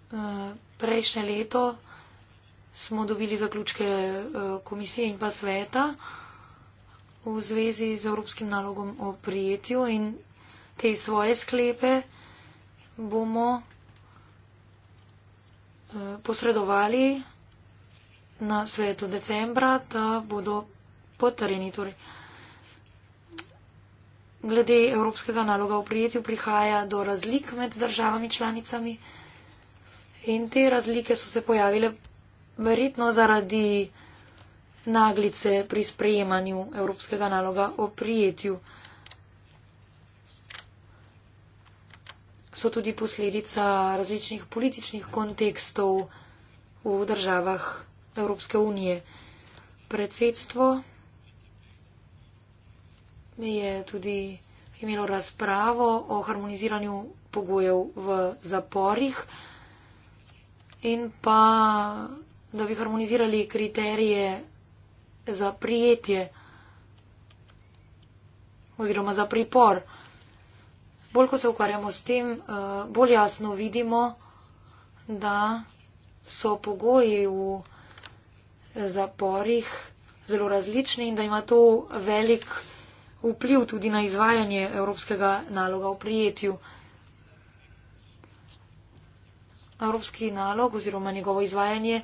[SPEAKER 3] Eh, prejšnje leto smo dobili zaključke eh, komisije in pa sveta v zvezi z evropskim nalogom o prijetju in te svoje sklepe bomo Eh, posredovali na svetu decembra, da bodo potrjeni. Torej, glede evropskega naloga v prijetju prihaja do razlik med državami članicami in te razlike so se pojavile verjetno zaradi naglice pri sprejemanju evropskega naloga o prijetju. so tudi posledica različnih političnih kontekstov v državah Evropske unije. Predsedstvo je tudi imelo razpravo o harmoniziranju pogojev v zaporih in pa, da bi harmonizirali kriterije za prijetje oziroma za pripor bolj ko se ukvarjamo s tem, eh, bolj jasno vidimo, da so pogoji v eh, zaporih zelo različni in da ima to velik vpliv tudi na izvajanje evropskega naloga v prijetju. Evropski nalog oziroma njegovo izvajanje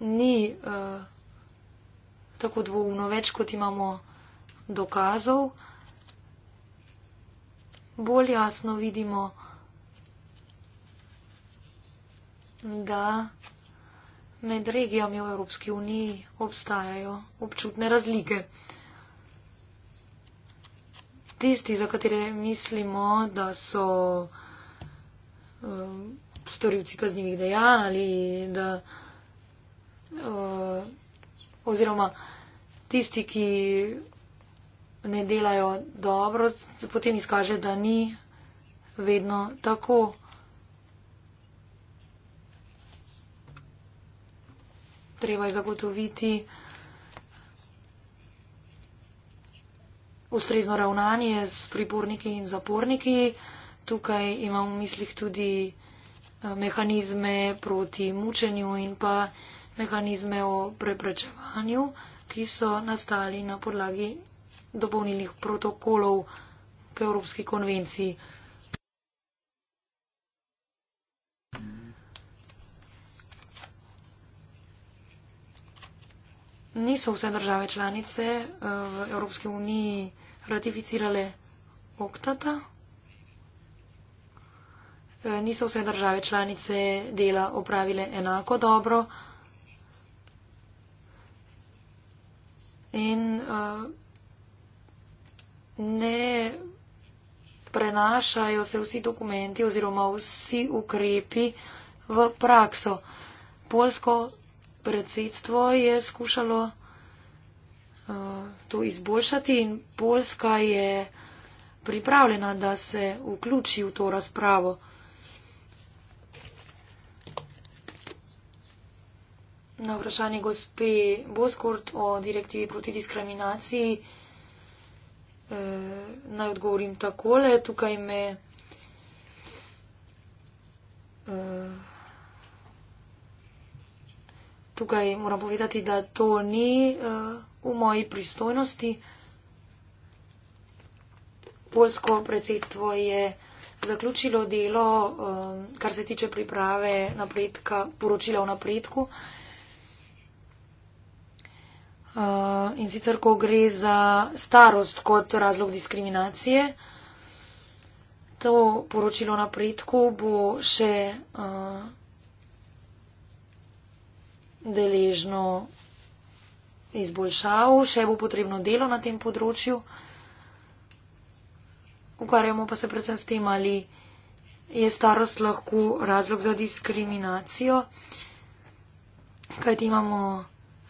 [SPEAKER 3] ni uh, tako dvoumno več, kot imamo dokazov bolj jasno vidimo, da med regijami v Evropski uniji obstajajo občutne razlike. Tisti, za katere mislimo, da so uh, storilci kaznjivih dejanj ali da. Uh, oziroma tisti, ki ne delajo dobro, potem izkaže, da ni vedno tako. Treba je zagotoviti ustrezno ravnanje s priporniki in zaporniki. Tukaj imam v mislih tudi eh, mehanizme proti mučenju in pa mehanizme o preprečevanju, ki so nastali na podlagi dopolnilnih protokolov k Evropski konvenciji. Niso vse države članice eh, v Evropski uniji ratificirale oktata. Eh, niso vse države članice dela opravile enako dobro. In uh, ne prenašajo se vsi dokumenti oziroma vsi ukrepi v prakso. Polsko predsedstvo je skušalo uh, to izboljšati in Polska je pripravljena, da se vključi v to razpravo. Na vprašanje gospe Boskurt o direktivi proti diskriminaciji. Eh, naj odgovorim takole, tukaj me. Eh, Tukaj moram povedati, da to ni uh, v moji pristojnosti. Polsko predsedstvo je zaključilo delo, um, kar se tiče priprave napredka, poročila o napredku uh, Uh, in sicer, ko gre za starost kot razlog diskriminacije, to poročilo napredku bo še uh, deležno izboljšav, še bo potrebno delo na tem področju. Ukvarjamo pa se predvsem s tem, ali je starost lahko razlog za diskriminacijo, kajti imamo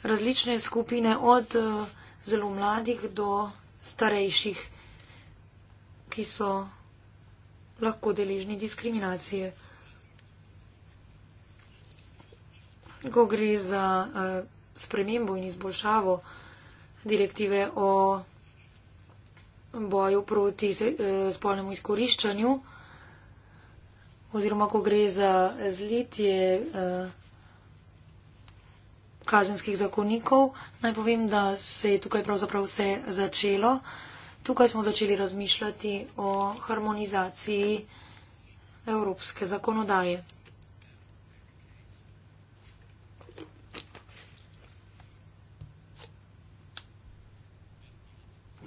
[SPEAKER 3] različne skupine, od eh, zelo mladih do starejših, ki so lahko deležni diskriminacije. Ko gre za eh, spremembo in izboljšavo direktive o boju proti eh, spolnemu izkoriščanju, oziroma ko gre za zlitje kazenskih zakonikov. Naj povem, da se je tukaj pravzaprav vse začelo. Tukaj smo začeli razmišljati o harmonizaciji evropske zakonodaje.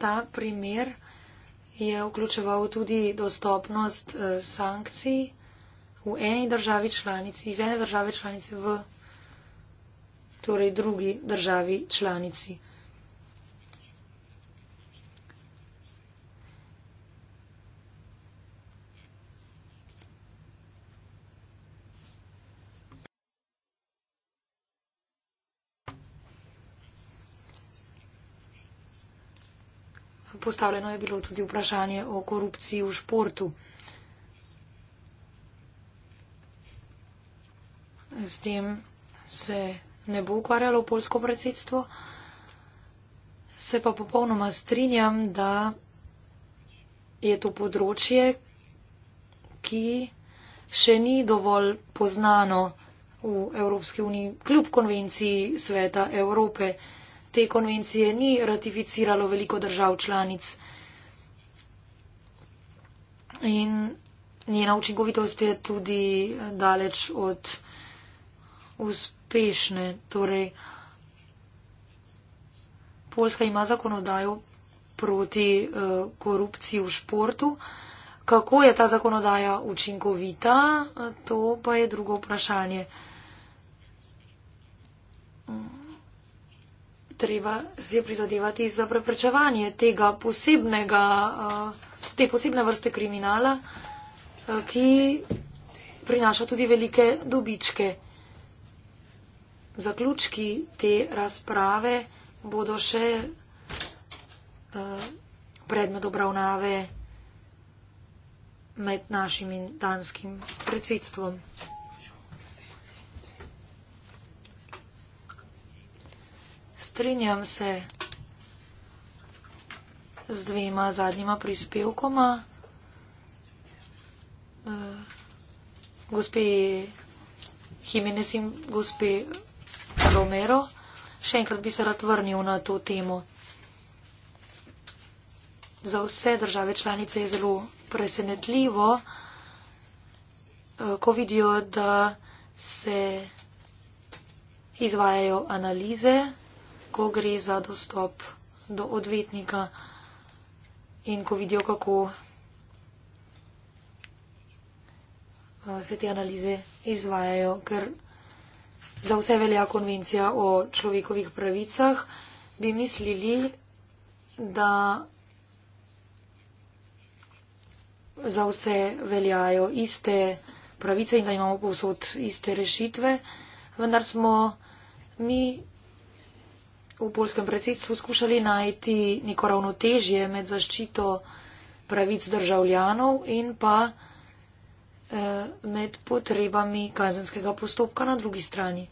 [SPEAKER 3] Ta primer je vključeval tudi dostopnost eh, sankcij v eni državi članici, iz ene države članice v torej drugi državi članici. Postavljeno je bilo tudi vprašanje o korupciji v športu. S tem se ne bo ukvarjalo polsko predsedstvo. Se pa popolnoma strinjam, da je to področje, ki še ni dovolj poznano v Evropski uniji, kljub konvenciji Sveta Evrope. Te konvencije ni ratificiralo veliko držav članic. In njena učinkovitost je tudi daleč od uspešnosti uspešne. Torej, Poljska ima zakonodajo proti uh, korupciji v športu. Kako je ta zakonodaja učinkovita, to pa je drugo vprašanje. Treba se prizadevati za preprečevanje tega posebnega, eh, te posebne vrste kriminala, eh, ki prinaša tudi velike dobičke zaključki te razprave bodo še uh, predmet obravnave med našim in danskim predsedstvom. Strinjam se z dvema zadnjima prispevkoma. Uh, gospe Jimenez in gospe Romero. Še enkrat bi se rad vrnil na to temo. Za vse države članice je zelo presenetljivo, eh, ko vidijo, da se izvajajo analize, ko gre za dostop do odvetnika in ko vidijo, kako eh, se te analize izvajajo, ker za vse velja konvencija o človekovih pravicah, bi mislili, da za vse veljajo iste pravice in da imamo povsod iste rešitve. Vendar smo mi v polskem predsedstvu skušali najti neko ravnotežje med zaščito pravic državljanov in pa eh, med potrebami kazenskega postopka na drugi strani.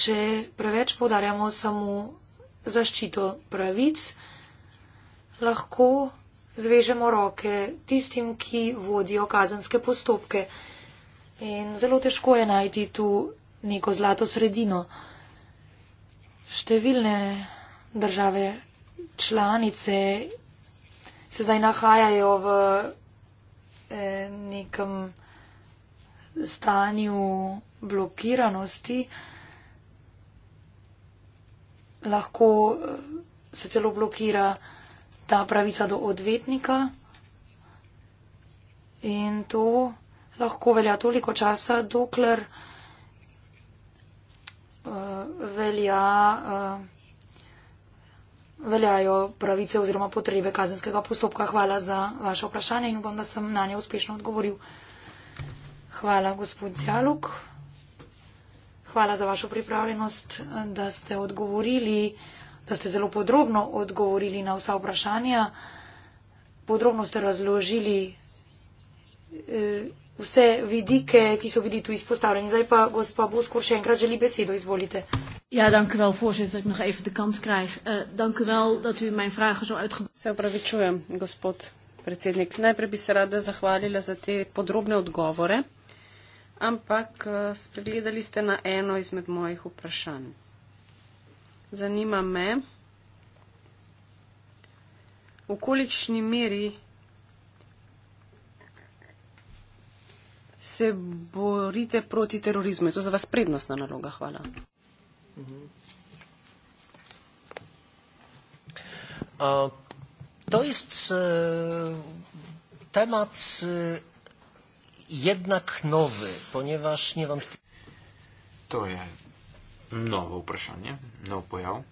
[SPEAKER 3] če preveč podarjamo samo zaščito pravic, lahko zvežemo roke tistim, ki vodijo kazenske postopke. In zelo težko je najti tu neko zlato sredino. Številne države članice se zdaj nahajajo v eh, nekem stanju blokiranosti lahko eh, se celo blokira ta pravica do odvetnika. In to lahko velja toliko časa, dokler uh, velja, uh, veljajo pravice oziroma potrebe kazenskega postopka. Hvala za vaše vprašanje in upam, da sem na nje uspešno odgovoril. Hvala, gospod Jaluk. Mm. Hvala za vašo pripravljenost, da ste odgovorili, da ste zelo podrobno odgovorili na vsa vprašanja. Podrobno ste razložili eh, vse vidike, ki so bili tu izpostavljeni. Zdaj pa gospa Bosko še enkrat želi besedo. Izvolite.
[SPEAKER 2] Ja, dank u wel, voorzitter, dat ik nog even de kans krijg. Uh, dank u wel dat u mijn vragen zo uitge... Se opravičujem, gospod predsednik. Najprej bi se rada zahvalila za te podrobne odgovore ampak eh, spregledali ste na eno izmed mojih vprašanj. Zanima me, v kolikšni meri se borite proti terorizmu. Je to za vas prednostna naloga? Hvala. Uh, to je uh, e,
[SPEAKER 1] temat. Uh, jednak nowy, ponieważ nie wam.
[SPEAKER 5] To jest nowe uproszenie, nowy pojaw.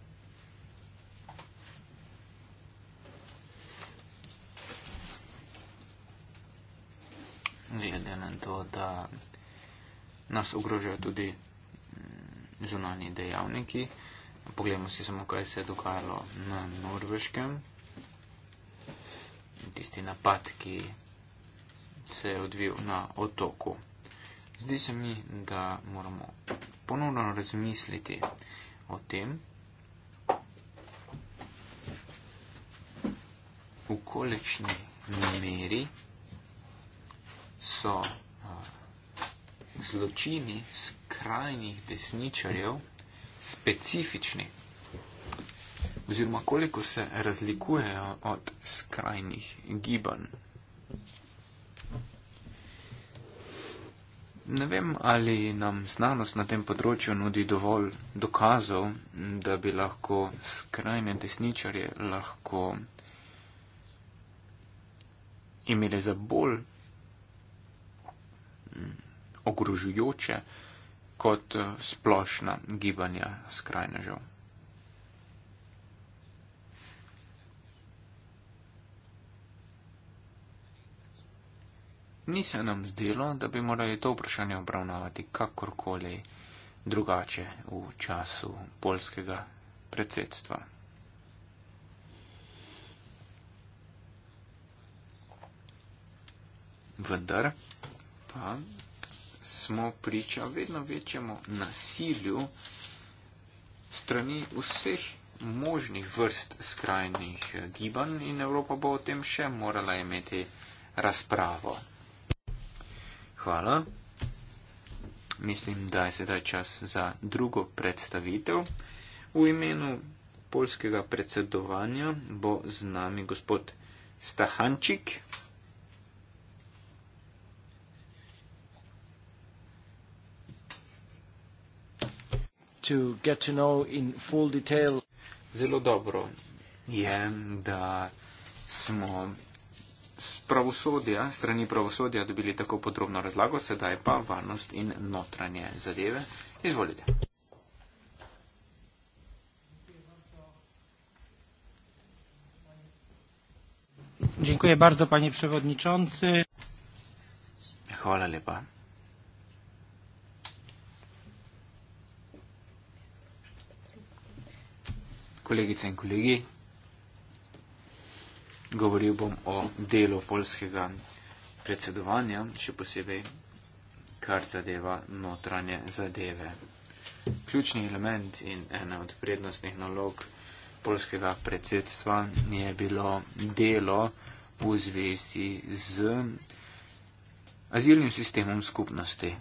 [SPEAKER 5] Jeden to, da nas ogrožajo tudi mm, zunanji dejavniki. Poglejmo si samo, kaj se je dogajalo na Norveškem. Tisti napad, ki se je odvijal na otoku. Zdi se mi, da moramo ponovno razmisliti o tem, v kolikšni meri so uh, zločini skrajnih desničarjev specifični. Oziroma, koliko se razlikujejo od skrajnih gibanj. Ne vem, ali nam znanost na tem področju nudi dovolj dokazov, da bi lahko skrajne desničarje lahko imeli za bolj mm, ogrožujoče kot eh, splošna gibanja skrajnežev. Ni se nam zdelo, da bi morali to vprašanje obravnavati kakorkoli drugače v času polskega predsedstva. Vendar pa smo priča vedno večjemu nasilju strani vseh možnih vrst skrajnih gibanj in Evropa bo o tem še morala imeti razpravo. Hvala. Mislim, da je sedaj čas za drugo predstavitev. V imenu polskega predsedovanja bo z nami gospod
[SPEAKER 1] Stahančik. To detail... Zelo dobro
[SPEAKER 5] je, da smo pravosodja, strani pravosodja dobili tako podrobno razlago, sedaj pa varnost in notranje zadeve. Izvolite. Dziękuję bardzo, panie przewodniczący. Hvala lepa. Kolegice in kolegi, govoril bom o delu polskega predsedovanja, še posebej kar zadeva notranje zadeve. Ključni element in ena od prednostnih nalog polskega predsedstva je bilo delo v zvezi z azilnim sistemom skupnosti.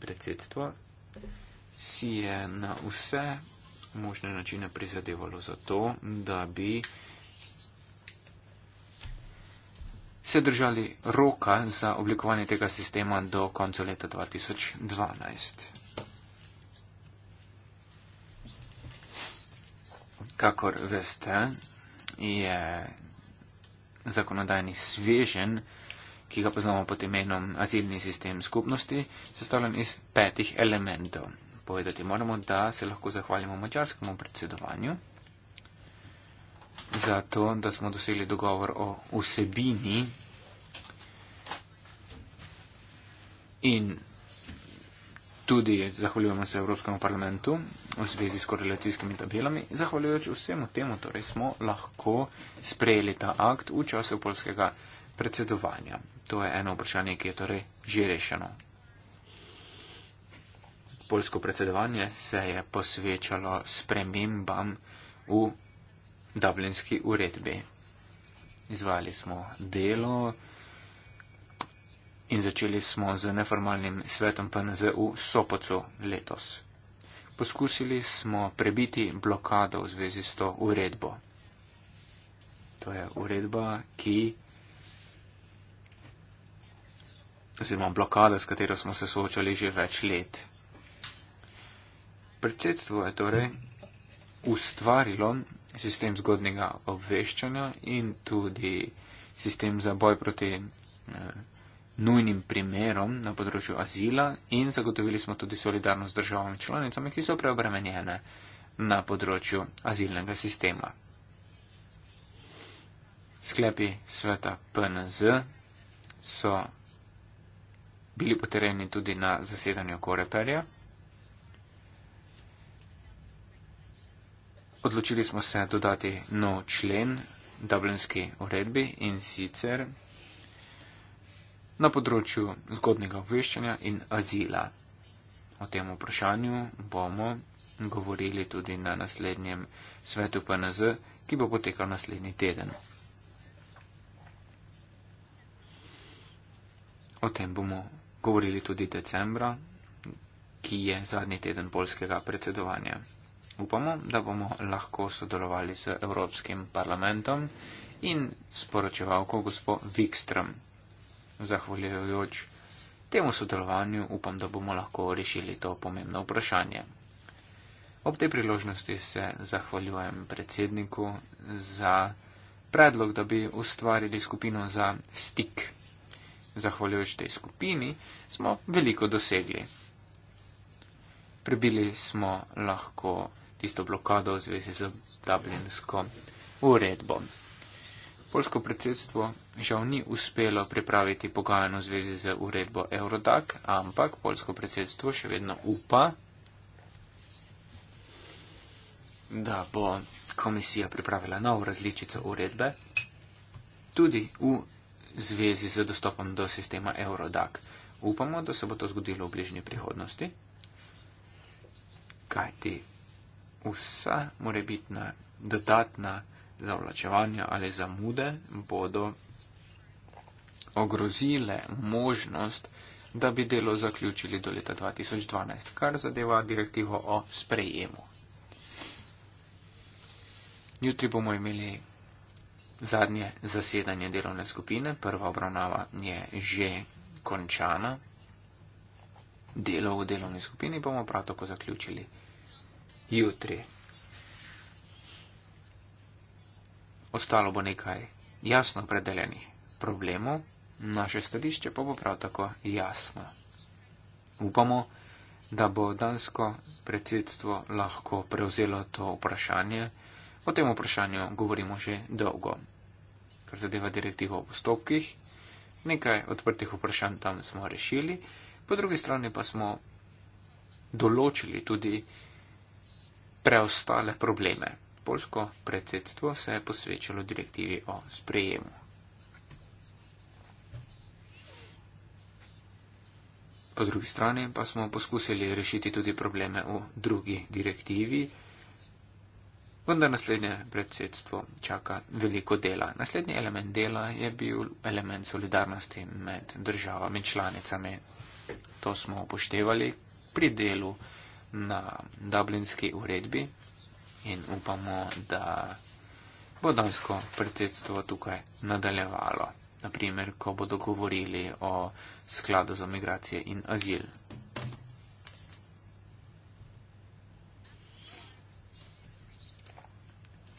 [SPEAKER 5] Predsedstvo si je na vse možne načine prizadevalo za to, da bi se držali roka za oblikovanje tega sistema do konca leta 2012. Kakor veste, je zakonodajni svežen, ki ga poznamo pod imenom azilni sistem skupnosti, sestavljen iz petih elementov. Povedati moramo, da se lahko zahvalimo mačarskemu predsedovanju za to, da smo doseli dogovor o vsebini in tudi zahvaljujemo se Evropskemu parlamentu v zvezi s korelacijskimi tabelami. Zahvaljujoč vsemu temu, torej smo lahko sprejeli ta akt v času polskega predsedovanja. To je eno vprašanje, ki je torej že rešeno. Polsko predsedovanje se je posvečalo spremembam v Dublinski uredbi. Izvali smo delo in začeli smo z neformalnim svetom PNZ v Sopocu letos. Poskusili smo prebiti blokado v zvezi s to uredbo. To je uredba, ki. oziroma blokada, s katero smo se soočali že več let. Predsedstvo je torej ustvarilo sistem zgodnega obveščanja in tudi sistem za boj proti eh, nujnim primerom na področju azila in zagotovili smo tudi solidarnost državam in članicam, ki so preobremenjene na področju azilnega sistema. Sklepi sveta PNZ so bili potrebni tudi na zasedanju Koreperja. Odločili smo se dodati nov člen Dublinski uredbi in sicer na področju zgodnega obveščanja in azila. O tem vprašanju bomo govorili tudi na naslednjem svetu PNZ, ki bo potekal naslednji teden. O tem bomo govorili tudi decembra, ki je zadnji teden polskega predsedovanja. Upamo, da bomo lahko sodelovali s Evropskim parlamentom in sporočevalko gospo Vikström. Zahvaljujoč temu sodelovanju upam, da bomo lahko rešili to pomembno vprašanje. Ob tej priložnosti se zahvaljujem predsedniku za predlog, da bi ustvarili skupino za stik. Zahvaljujoč tej skupini smo veliko dosegli. Prebili smo lahko tisto blokado v zvezi z Dublinsko uredbo. Polsko predsedstvo žal ni uspelo pripraviti pogajanj v zvezi z uredbo Eurodac, ampak polsko predsedstvo še vedno upa, da bo komisija pripravila novo različico uredbe tudi v zvezi z dostopom do sistema Eurodac. Upamo, da se bo to zgodilo v bližnji prihodnosti. Kajti vsa morebitna dodatna zavlačevanja ali zamude bodo ogrozile možnost, da bi delo zaključili do leta 2012, kar zadeva direktivo o sprejemu. Jutri bomo imeli zadnje zasedanje delovne skupine, prva obravnava je že končana. Delo v delovni skupini bomo prav tako zaključili jutri. Ostalo bo nekaj jasno predeljenih problemov, naše stališče pa bo prav tako jasno. Upamo, da bo dansko predsedstvo lahko prevzelo to vprašanje. O tem vprašanju govorimo že dolgo. Kar zadeva direktivo o postopkih, nekaj odprtih vprašanj tam smo rešili, po drugi strani pa smo določili tudi preostale probleme. Polsko predsedstvo se je posvečalo direktivi o sprejemu. Po drugi strani pa smo poskusili rešiti tudi probleme v drugi direktivi, vendar naslednje predsedstvo čaka veliko dela. Naslednji element dela je bil element solidarnosti med državami in članicami. To smo upoštevali pri delu na dublinski uredbi in upamo, da bo dansko predsedstvo tukaj nadaljevalo. Naprimer, ko bodo govorili o skladu za migracije in azil.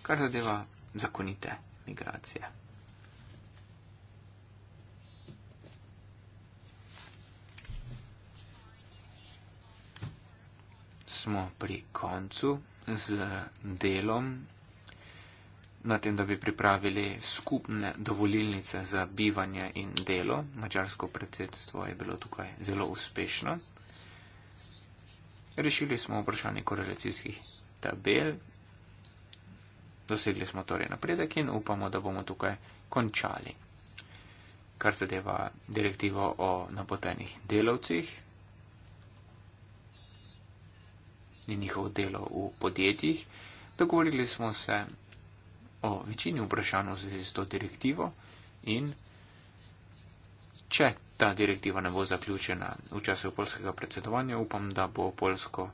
[SPEAKER 5] Kar zadeva zakonite migracije. smo pri koncu z delom na tem, da bi pripravili skupne dovolilnice za bivanje in delo. Mačarsko predsedstvo je bilo tukaj zelo uspešno. Rešili smo vprašanje korelacijskih tabel, dosegli smo torej napredek in upamo, da bomo tukaj končali. Kar zadeva direktivo o napotenih delavcih, in njihovo delo v podjetjih. Dogovorili smo se o večini vprašanj v zvezi s to direktivo in če ta direktiva ne bo zaključena v času polskega predsedovanja, upam, da bo polsko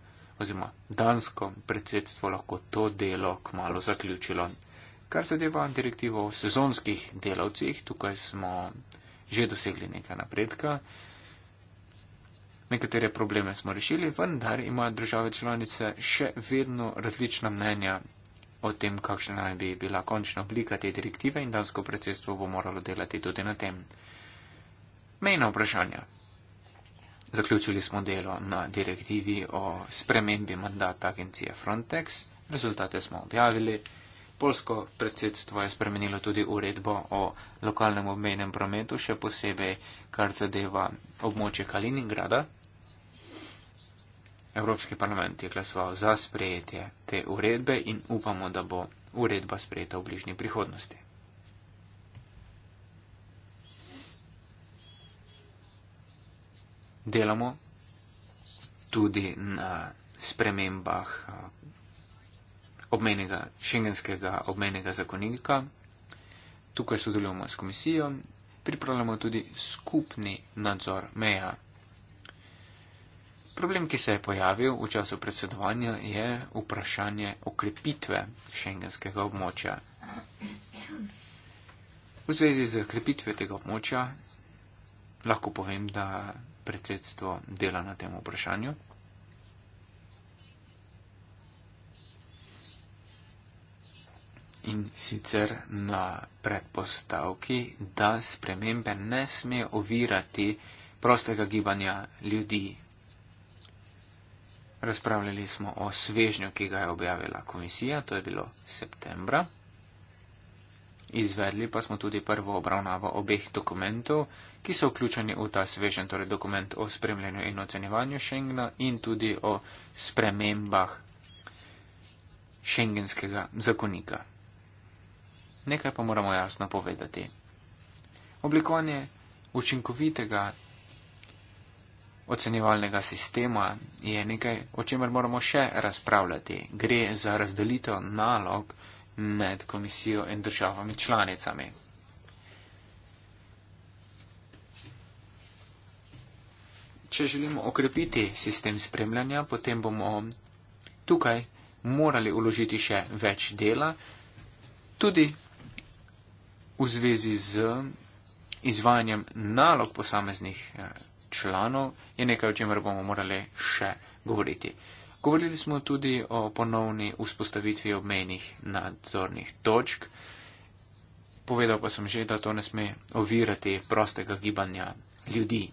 [SPEAKER 5] oziroma dansko predsedstvo lahko to delo k malu zaključilo. Kar zadeva direktivo o sezonskih delavcih, tukaj smo že dosegli nekaj napredka. Nekatere probleme smo rešili, vendar imajo države članice še vedno različna mnenja o tem, kakšna naj bi bila končna oblika te direktive in dansko predsedstvo bo moralo delati tudi na tem. Mejna vprašanja. Zaključili smo delo na direktivi o spremembi mandata agencije Frontex, rezultate smo objavili. Polsko predsedstvo je spremenilo tudi uredbo o lokalnem obmejnem prometu, še posebej kar zadeva območje Kaliningrada. Evropski parlament je glasoval za sprejetje te uredbe in upamo, da bo uredba sprejeta v bližnji prihodnosti. Delamo tudi na spremembah obmenega, šengenskega obmenega zakonika. Tukaj sodelujemo s komisijo, pripravljamo tudi skupni nadzor meja Problem, ki se je pojavil v času predsedovanja, je vprašanje okrepitve šengenskega območja. V zvezi z okrepitve tega območja lahko povem, da predsedstvo dela na tem vprašanju. In sicer na predpostavki, da spremembe ne smejo ovirati prostega gibanja ljudi Razpravljali smo o svežnju, ki ga je objavila komisija, to je bilo septembra. Izvedli pa smo tudi prvo obravnavo obeh dokumentov, ki so vključeni v ta svežen, torej dokument o spremljanju in ocenjevanju Schengena in tudi o spremembah šengenskega zakonika. Nekaj pa moramo jasno povedati. Oblikovanje učinkovitega ocenjevalnega sistema je nekaj, o čemer moramo še razpravljati. Gre za razdelitev nalog med komisijo in državami članicami. Če želimo okrepiti sistem spremljanja, potem bomo tukaj morali uložiti še več dela, tudi v zvezi z izvajanjem nalog posameznih eh, članov, je nekaj, o čemer bomo morali še govoriti. Govorili smo tudi o ponovni vzpostavitvi obmejnih nadzornih točk. Povedal pa sem že, da to ne sme ovirati prostega gibanja ljudi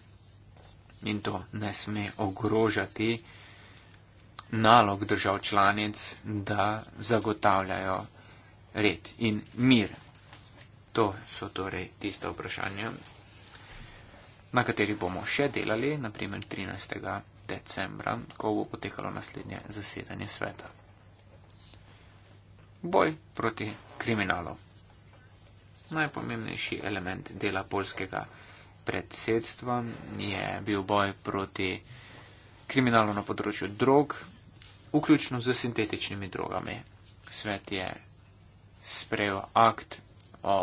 [SPEAKER 5] in to ne sme ogrožati nalog držav članic, da zagotavljajo red in mir. To so torej tiste vprašanja, na kateri bomo še delali, naprimer 13. decembra, ko bo potekalo naslednje zasedanje sveta. Boj proti kriminalu. Najpomembnejši element dela polskega predsedstva je bil boj proti kriminalu na področju drog, vključno z sintetičnimi drogami. Svet je sprejel akt o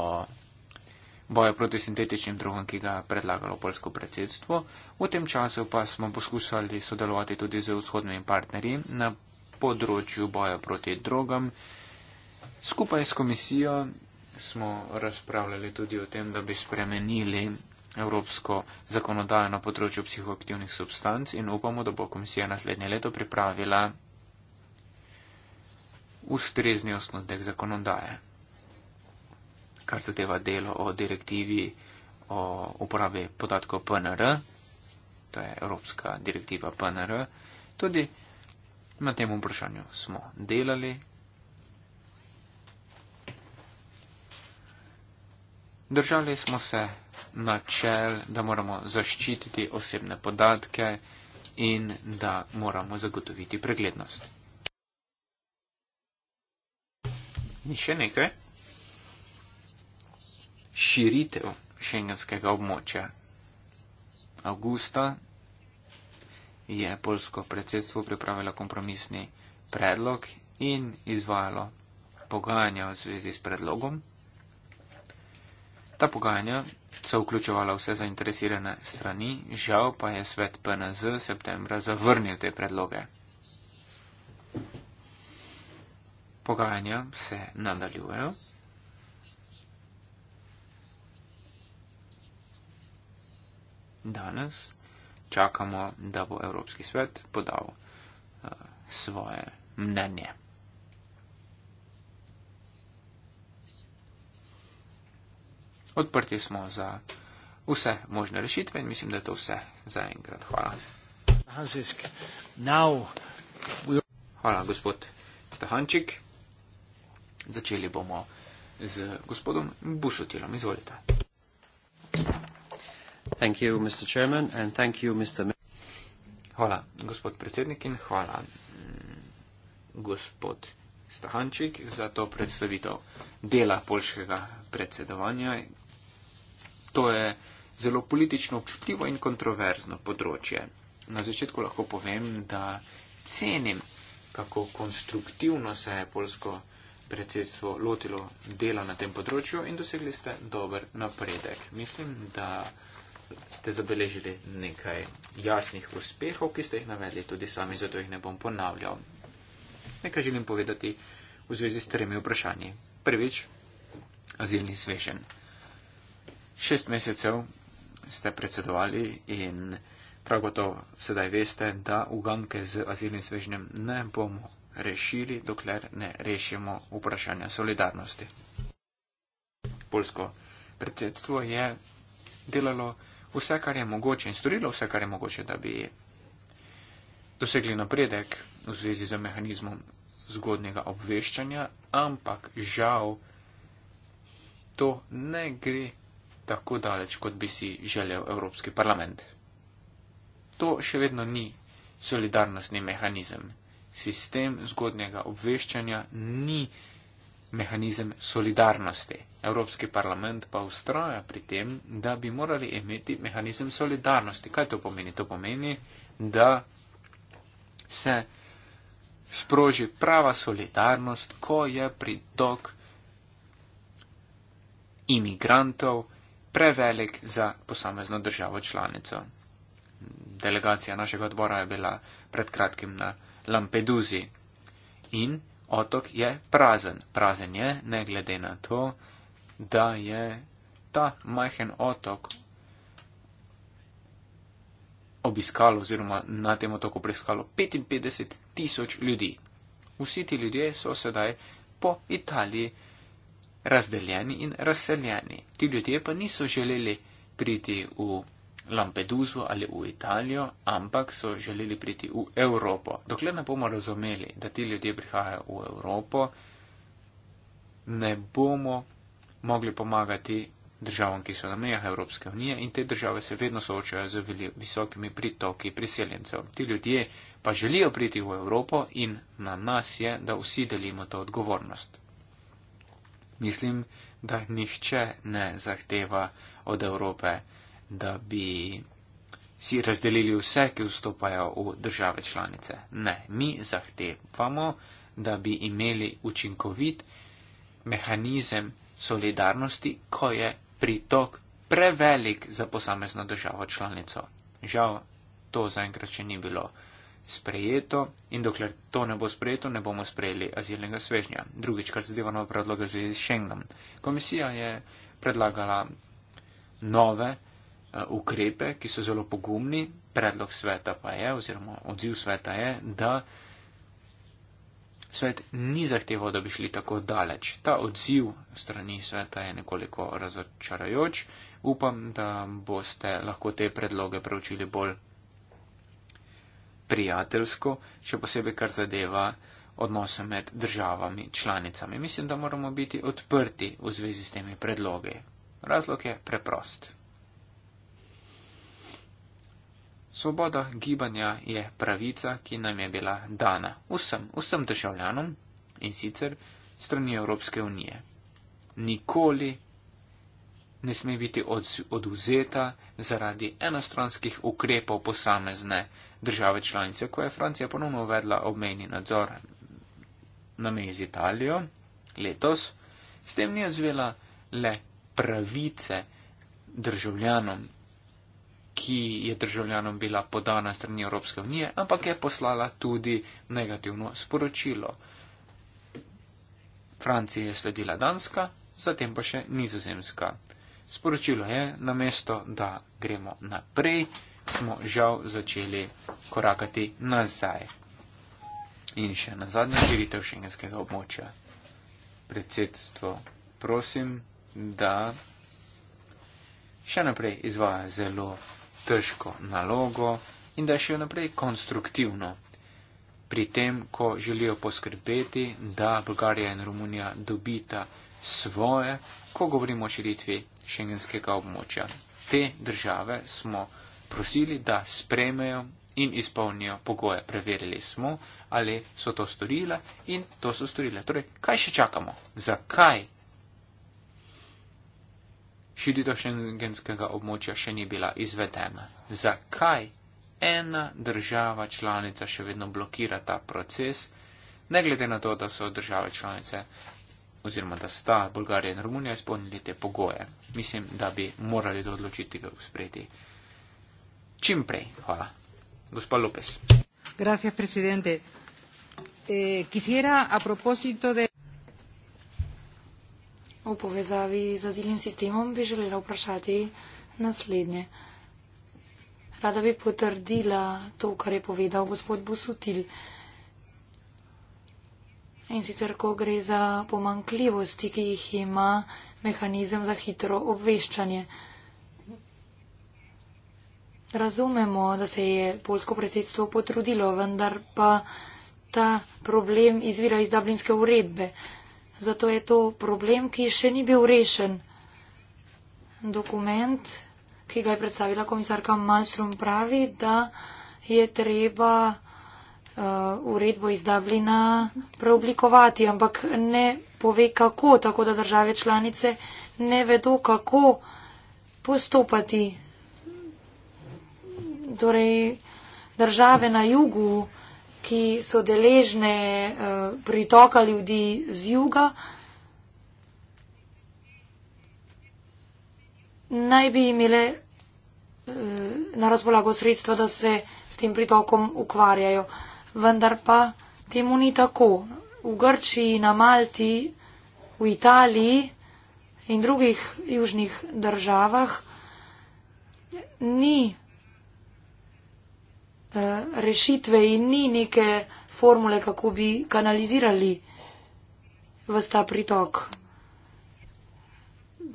[SPEAKER 5] boja proti sintetičnim drogam, ki ga je predlagalo polsko predsedstvo. V tem času pa smo poskušali sodelovati tudi z vzhodnimi partnerji na področju boja proti drogam. Skupaj s komisijo smo razpravljali tudi o tem, da bi spremenili evropsko zakonodajo na področju psihoaktivnih substanc in upamo, da bo komisija naslednje leto pripravila ustrezni osnutek zakonodaje kar se teva delo o direktivi o uporabi podatkov PNR, to je Evropska direktiva PNR, tudi na tem vprašanju smo delali. Držali smo se načel, da moramo zaščititi osebne podatke in da moramo zagotoviti preglednost. Ni še nekaj? širitev šengenskega območja. Augusta je polsko predsedstvo pripravilo kompromisni predlog in izvajalo pogajanja v zvezi s predlogom. Ta pogajanja so vključevala vse zainteresirane strani, žal pa je svet PNZ septembra zavrnil te predloge. Pogajanja se nadaljujejo. danes čakamo, da bo Evropski svet podal uh, svoje mnenje. Odprti smo za vse možne rešitve in mislim, da je to vse za enkrat. Hvala. Hvala, gospod Stahančik. Začeli bomo z gospodom Busutilom. Izvolite. Thank you, Mr. Chairman, and thank you, Mr. Hvala, gospod predsednik in hvala, mm, gospod Stahančik, za to predstavitev dela polskega predsedovanja. To je zelo politično občutljivo in kontroverzno področje. Na začetku lahko povem, da cenim, kako konstruktivno se je polsko predsedstvo lotilo dela na tem področju in dosegli ste dober napredek. Mislim, da ste zabeležili nekaj jasnih uspehov, ki ste jih navedli tudi sami, zato jih ne bom ponavljal. Nekaj želim povedati v zvezi s tremi vprašanji. Prvič, azilni svežen. Šest mesecev ste predsedovali in prav gotovo sedaj veste, da uganke z azilnim svežnjem ne bomo rešili, dokler ne rešimo vprašanja solidarnosti. Polsko predsedstvo je delalo vse, kar je mogoče in storilo vse, kar je mogoče, da bi dosegli napredek v zvezi z mehanizmom zgodnega obveščanja, ampak žal to ne gre tako daleč, kot bi si želel Evropski parlament. To še vedno ni solidarnostni mehanizem. Sistem zgodnega obveščanja ni mehanizem mehanizem solidarnosti. Evropski parlament pa ustraja pri tem, da bi morali imeti mehanizem solidarnosti. Kaj to pomeni? To pomeni, da se sproži prava solidarnost, ko je pritok imigrantov prevelik za posamezno državo članico. Delegacija našega odbora je bila pred kratkim na Lampeduzi in otok je prazen. Prazen je, ne glede na to, da je ta majhen otok obiskalo oziroma na tem otoku preiskalo 55 tisoč ljudi. Vsi ti ljudje so sedaj po Italiji razdeljeni in razseljeni. Ti ljudje pa niso želeli priti v Lampeduso ali v Italijo, ampak so želeli priti v Evropo. Dokler ne bomo razumeli, da ti ljudje prihajajo v Evropo, ne bomo mogli pomagati državam, ki so na mejah Evropske unije in te države se vedno soočajo z visokimi pritoki priseljencev. Ti ljudje pa želijo priti v Evropo in na nas je, da vsi delimo to odgovornost. Mislim, da nihče ne zahteva od Evrope da bi si razdelili vse, ki vstopajo v države članice. Ne, mi zahtevamo, da bi imeli učinkovit mehanizem solidarnosti, ko je pritok prevelik za posamezno državo članico. Žal, to zaenkrat še ni bilo sprejeto in dokler to ne bo sprejeto, ne bomo sprejeli azilnega svežnja. Drugič, kar zadeva nove predloge v zvezi s Schengenom. Komisija je predlagala nove Eh, ukrepe, ki so zelo pogumni, predlog sveta pa je, oziroma odziv sveta je, da svet ni zahteval, da bi šli tako daleč. Ta odziv strani sveta je nekoliko razočarajoč. Upam, da boste lahko te predloge preučili bolj prijateljsko, še posebej kar zadeva odnose med državami članicami. Mislim, da moramo biti odprti v zvezi s temi predloge. Razlog je preprost. Svoboda gibanja je pravica, ki nam je bila dana vsem, vsem državljanom in sicer strani Evropske unije. Nikoli ne sme biti oduzeta zaradi enostranskih ukrepov posamezne države članice, ko je Francija ponovno uvedla obmejni nadzor na meji z Italijo letos, s tem ni odzvela le pravice državljanom ki je državljanom bila podana strani Evropske unije, ampak je poslala tudi negativno sporočilo. Franciji je sledila Danska, zatem pa še Nizozemska. Sporočilo je, na mesto, da gremo naprej, smo žal začeli korakati nazaj. In še na zadnje širitev šengenskega območja. Predsedstvo, prosim, da še naprej izvaja zelo težko nalogo in da še naprej konstruktivno. Pri tem, ko želijo poskrbeti, da Bolgarija in Romunija dobita svoje, ko govorimo o širitvi šengenskega območja. Te države smo prosili, da spremejo in izpolnijo pogoje. Preverili smo, ali so to storile in to so storile. Torej, kaj še čakamo? Zakaj širitev šengenskega območja še ni bila izvedena. Zakaj ena država članica še vedno blokira ta proces, ne glede na to, da so države članice oziroma da sta Bolgarija in Romunija izpolnili te pogoje? Mislim, da bi morali to odločiti ga uspreti. Čim prej. Hvala. Gospa Lopes.
[SPEAKER 3] Gracias, presidente. Eh, quisiera, a propósito de. V povezavi z azilnim sistemom bi želela vprašati naslednje. Rada bi potrdila to, kar je povedal gospod Busutil. In sicer, ko gre za pomankljivosti, ki jih ima mehanizem za hitro obveščanje. Razumemo, da se je polsko predsedstvo potrudilo, vendar pa ta problem izvira iz dublinske uredbe. Zato je to problem, ki še ni bil rešen. Dokument, ki ga je predstavila komisarka Malmström, pravi, da je treba uh, uredbo iz Dublina preoblikovati, ampak ne pove kako, tako da države članice ne vedo, kako postopati. Torej, države na jugu ki so deležne eh, pritoka ljudi z juga, naj bi imele eh, na razpolago sredstva, da se s tem pritokom ukvarjajo. Vendar pa temu ni tako. V Grčiji, na Malti, v Italiji in drugih južnih državah ni Eh, rešitve in ni neke formule, kako bi kanalizirali v ta pritok.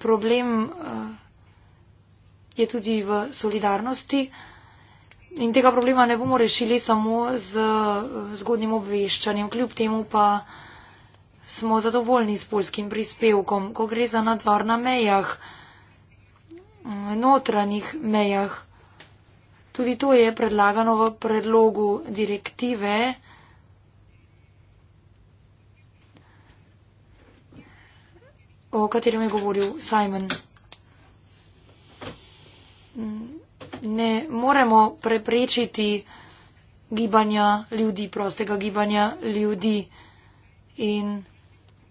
[SPEAKER 3] Problem eh, je tudi v solidarnosti in tega problema ne bomo rešili samo z eh, zgodnim obveščanjem. Kljub temu pa smo zadovoljni s polskim prispevkom, ko gre za nadzor na mejah, mm, notranjih mejah. Tudi to je predlagano v predlogu direktive. o katerem je govoril Simon. Ne moremo preprečiti gibanja ljudi, prostega gibanja ljudi. In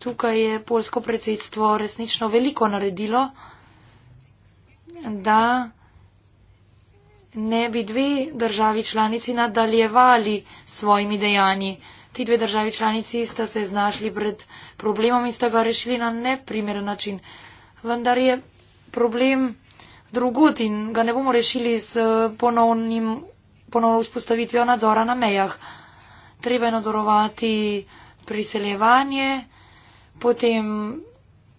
[SPEAKER 3] tukaj je polsko predsedstvo resnično veliko naredilo, da ne bi dve državi članici nadaljevali svojimi dejanji. Ti dve državi članici sta se znašli pred problemom in sta ga rešili na neprimeren način. Vendar je problem drugot in ga ne bomo rešili s ponovnim, ponovno vzpostavitvijo nadzora na mejah. Treba je nadzorovati priseljevanje, potem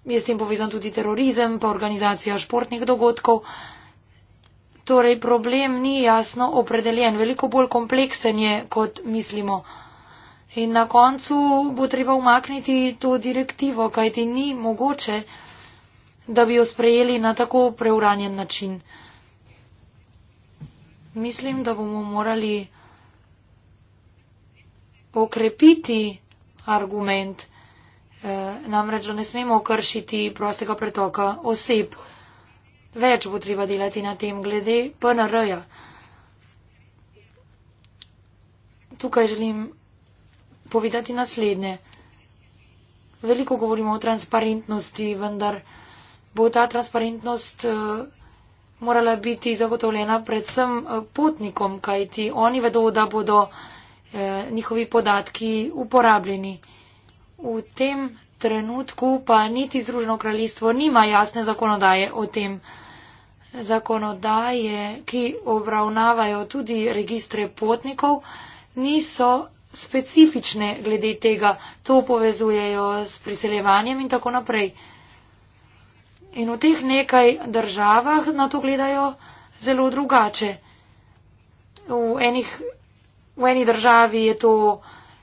[SPEAKER 3] je s tem povezan tudi terorizem, pa organizacija športnih dogodkov. Torej, problem ni jasno opredeljen, veliko bolj kompleksen je, kot mislimo. In na koncu bo treba umakniti to direktivo, kajti ni mogoče, da bi jo sprejeli na tako preuranjen način. Mislim, da bomo morali okrepiti argument, eh, namreč, da ne smemo kršiti prostega pretoka oseb. Več bo treba delati na tem glede PNR-ja. Tukaj želim povedati naslednje. Veliko govorimo o transparentnosti, vendar bo ta transparentnost eh, morala biti zagotovljena predvsem eh, potnikom, kajti oni vedo, da bodo eh, njihovi podatki uporabljeni. V tem trenutku pa niti Združeno kraljestvo nima jasne zakonodaje o tem, zakonodaje, ki obravnavajo tudi registre potnikov, niso specifične glede tega. To povezujejo s priseljevanjem in tako naprej. In v teh nekaj državah na to gledajo zelo drugače. V, enih, v eni državi je to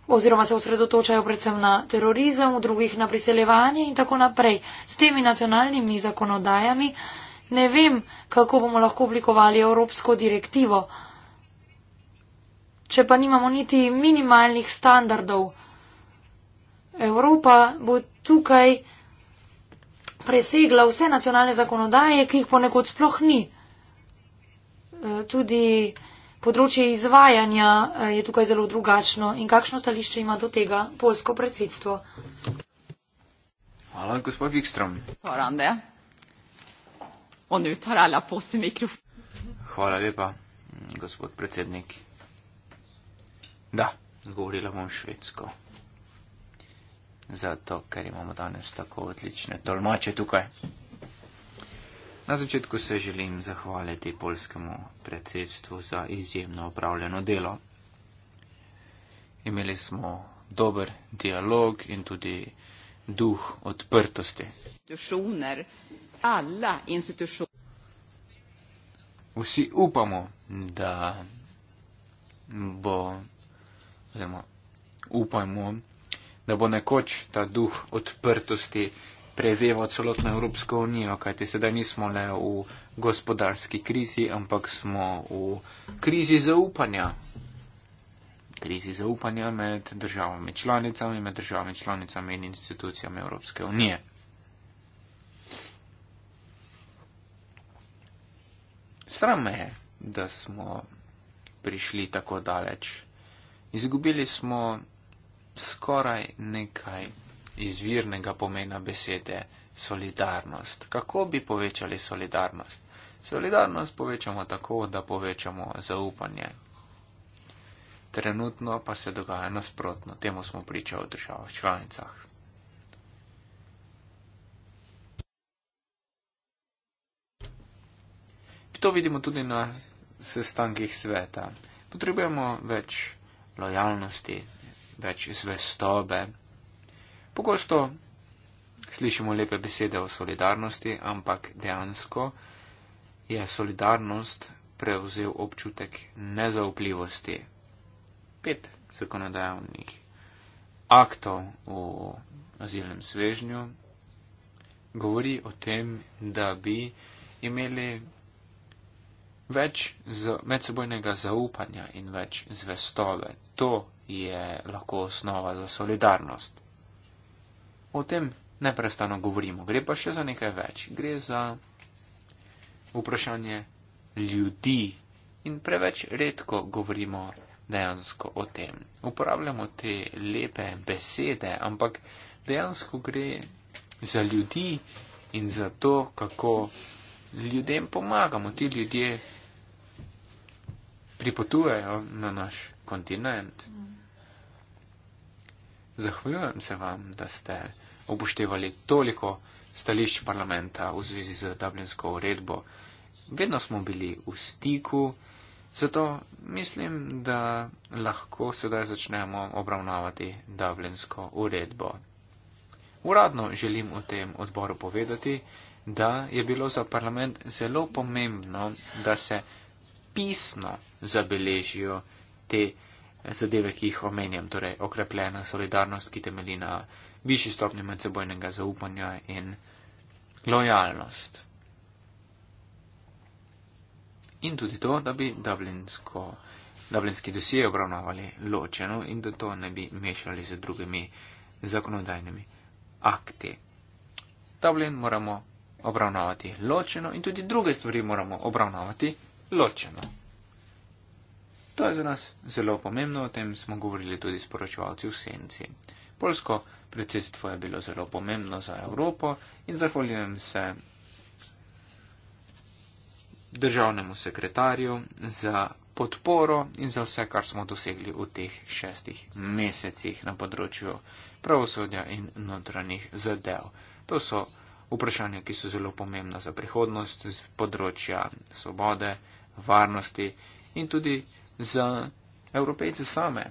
[SPEAKER 3] oziroma se osredotočajo predvsem na terorizem, v drugih na priseljevanje in tako naprej. S temi nacionalnimi zakonodajami Ne vem, kako bomo lahko oblikovali evropsko direktivo, če pa nimamo niti minimalnih standardov. Evropa bo tukaj presegla vse nacionalne zakonodaje, ki jih ponekod sploh ni. E, tudi področje izvajanja e, je tukaj zelo drugačno in kakšno stališče ima do tega polsko predsedstvo.
[SPEAKER 5] Hvala, gospod Vikstrom.
[SPEAKER 3] Hvala, Andeja.
[SPEAKER 2] On jutar ala posti mikrofon.
[SPEAKER 5] Hvala lepa, gospod predsednik. Da, govorila bom švedsko. Zato, ker imamo danes tako odlične tolmače tukaj. Na začetku se želim zahvaliti polskemu predsedstvu za izjemno opravljeno delo. Imeli smo dober dialog in tudi duh odprtosti. Vsi upamo, da bo, oziroma upamo, da bo nekoč ta duh odprtosti prevevo celotno Evropsko unijo, kajti sedaj nismo le v gospodarski krizi, ampak smo v krizi zaupanja. Krizi zaupanja med državami članicami, med državami članicami in institucijami Evropske unije. Sram me je, da smo prišli tako daleč. Izgubili smo skoraj nekaj izvirnega pomena besede solidarnost. Kako bi povečali solidarnost? Solidarnost povečamo tako, da povečamo zaupanje. Trenutno pa se dogaja nasprotno, temu smo priča v državah članicah. To vidimo tudi na sestankih sveta. Potrebujemo več lojalnosti, več zvestobe. Pogosto slišimo lepe besede o solidarnosti, ampak dejansko je solidarnost prevzel občutek nezaupljivosti. Pet zakonodajnih aktov v azilnem svežnju govori o tem, da bi imeli več z medsebojnega zaupanja in več zvestobe. To je lahko osnova za solidarnost. O tem neprestano govorimo, gre pa še za nekaj več. Gre za vprašanje ljudi in preveč redko govorimo dejansko o tem. Uporabljamo te lepe besede, ampak dejansko gre za ljudi in za to, kako ljudem pomagamo. Ti ljudje pripotujejo na naš kontinent. Zahvaljujem se vam, da ste upoštevali toliko stališč parlamenta v zvezi z Dublinsko uredbo. Vedno smo bili v stiku, zato mislim, da lahko sedaj začnemo obravnavati Dublinsko uredbo. Uradno želim v tem odboru povedati, da je bilo za parlament zelo pomembno, da se pisno zabeležijo te zadeve, ki jih omenjam, torej okrepljena solidarnost, ki temelji na višji stopnji medsebojnega zaupanja in lojalnost. In tudi to, da bi dublinsko, dublinski dosije obravnavali ločeno in da to ne bi mešali z drugimi zakonodajnimi akti. Dublin moramo obravnavati ločeno in tudi druge stvari moramo obravnavati ločeno. To je za nas zelo pomembno, o tem smo govorili tudi s poročevalci v senci. Polsko predsedstvo je bilo zelo pomembno za Evropo in zahvaljujem se državnemu sekretarju za podporo in za vse, kar smo dosegli v teh šestih mesecih na področju pravosodja in notranjih zadev. To so vprašanja, ki so zelo pomembna za prihodnost z področja svobode, varnosti in tudi za evropejce same.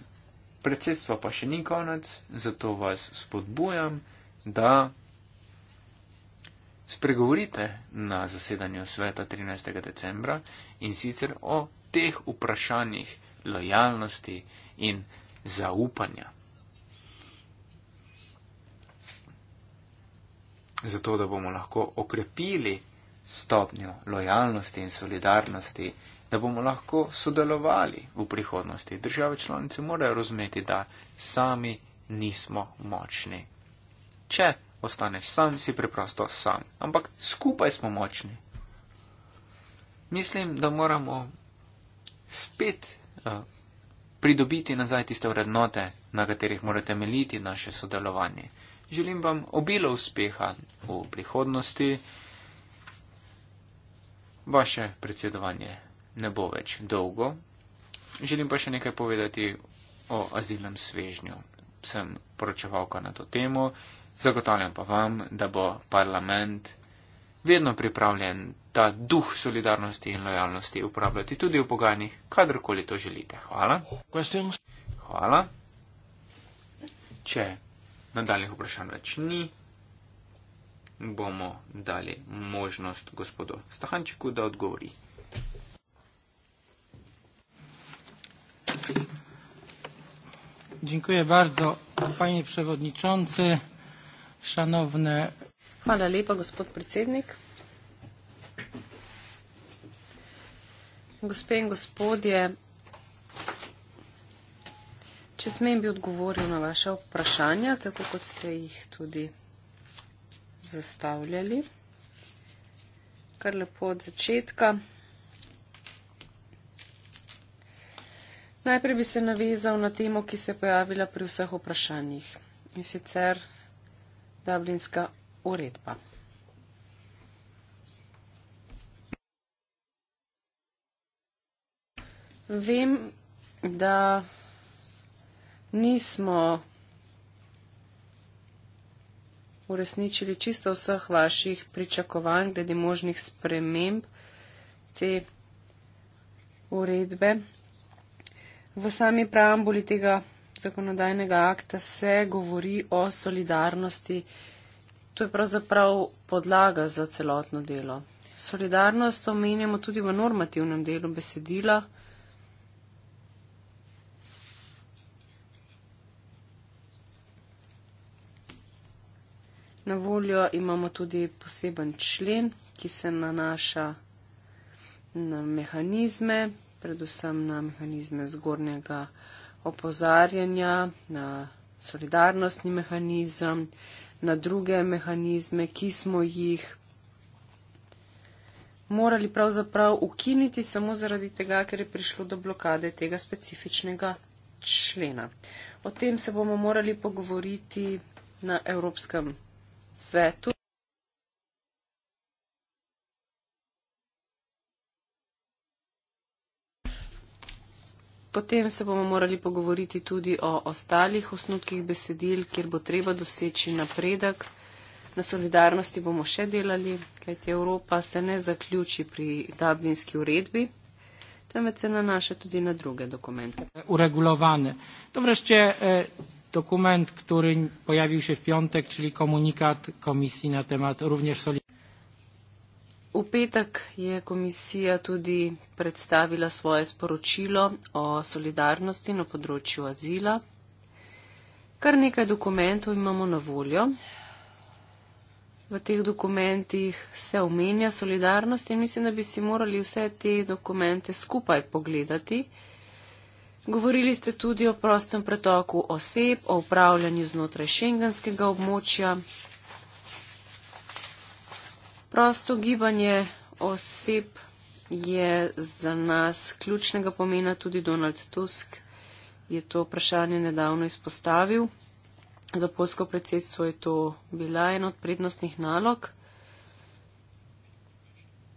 [SPEAKER 5] Predsedstvo pa še ni konec, zato vas spodbujam, da spregovorite na zasedanju sveta 13. decembra in sicer o teh vprašanjih lojalnosti in zaupanja. Zato, da bomo lahko okrepili stopnjo lojalnosti in solidarnosti, da bomo lahko sodelovali v prihodnosti. Države članice morajo razumeti, da sami nismo močni. Če ostaneš sam, si preprosto sam, ampak skupaj smo močni. Mislim, da moramo spet eh, pridobiti nazaj tiste vrednote, na katerih mora temeljiti naše sodelovanje. Želim vam obilo uspeha v prihodnosti vaše predsedovanje ne bo več dolgo. Želim pa še nekaj povedati o azilnem svežnju. Sem poročevalka na to temo, zagotavljam pa vam, da bo parlament vedno pripravljen ta duh solidarnosti in lojalnosti uporabljati tudi v pogajanjih, kadarkoli to želite. Hvala. Hvala. Če nadaljnih vprašanj več ni bomo dali možnost gospodu Stahančiku, da odgovori.
[SPEAKER 1] Dziękuję bardzo, panie przewodniczący, szanowne.
[SPEAKER 2] Hvala lepa, gospod predsednik. Gospe in gospodje, če smem bi odgovoril na vaše vprašanja, tako kot ste jih tudi zastavljali. Kar lepo od začetka. Najprej bi se navezal na temo, ki se je pojavila pri vseh vprašanjih in sicer Dublinska uredba. Vem, da nismo uresničili čisto vseh vaših pričakovanj glede možnih sprememb te uredbe. V sami preambuli tega zakonodajnega akta se govori o solidarnosti. To je pravzaprav podlaga za celotno delo. Solidarnost omenjamo tudi v normativnem delu besedila. Na voljo imamo tudi poseben člen, ki se nanaša na mehanizme, predvsem na mehanizme zgornjega opozarjanja, na solidarnostni mehanizem, na druge mehanizme, ki smo jih morali pravzaprav ukiniti samo zaradi tega, ker je prišlo do blokade tega specifičnega člena. O tem se bomo morali pogovoriti na evropskem področju svetu. Potem se bomo morali pogovoriti tudi o ostalih osnutkih besedil, kjer bo treba doseči napredek. Na solidarnosti bomo še delali, kajti Evropa se ne zaključi pri Dublinski uredbi, temveč se nanaša tudi na druge dokumente.
[SPEAKER 1] Uregulovane. Dobro, torej, še, eh dokument, który pojawił się w
[SPEAKER 5] piątek, czyli komunikat komisji na temat również solidarności.
[SPEAKER 2] V petek je komisija tudi predstavila svoje sporočilo o solidarnosti na področju azila. Kar nekaj dokumentov imamo na voljo. V teh dokumentih se omenja solidarnost in mislim, da bi si morali vse te dokumente skupaj pogledati. Govorili ste tudi o prostem pretoku oseb, o upravljanju znotraj šengenskega območja. Prosto gibanje oseb je za nas ključnega pomena, tudi Donald Tusk je to vprašanje nedavno izpostavil. Za polsko predsedstvo je to bila ena od prednostnih nalog.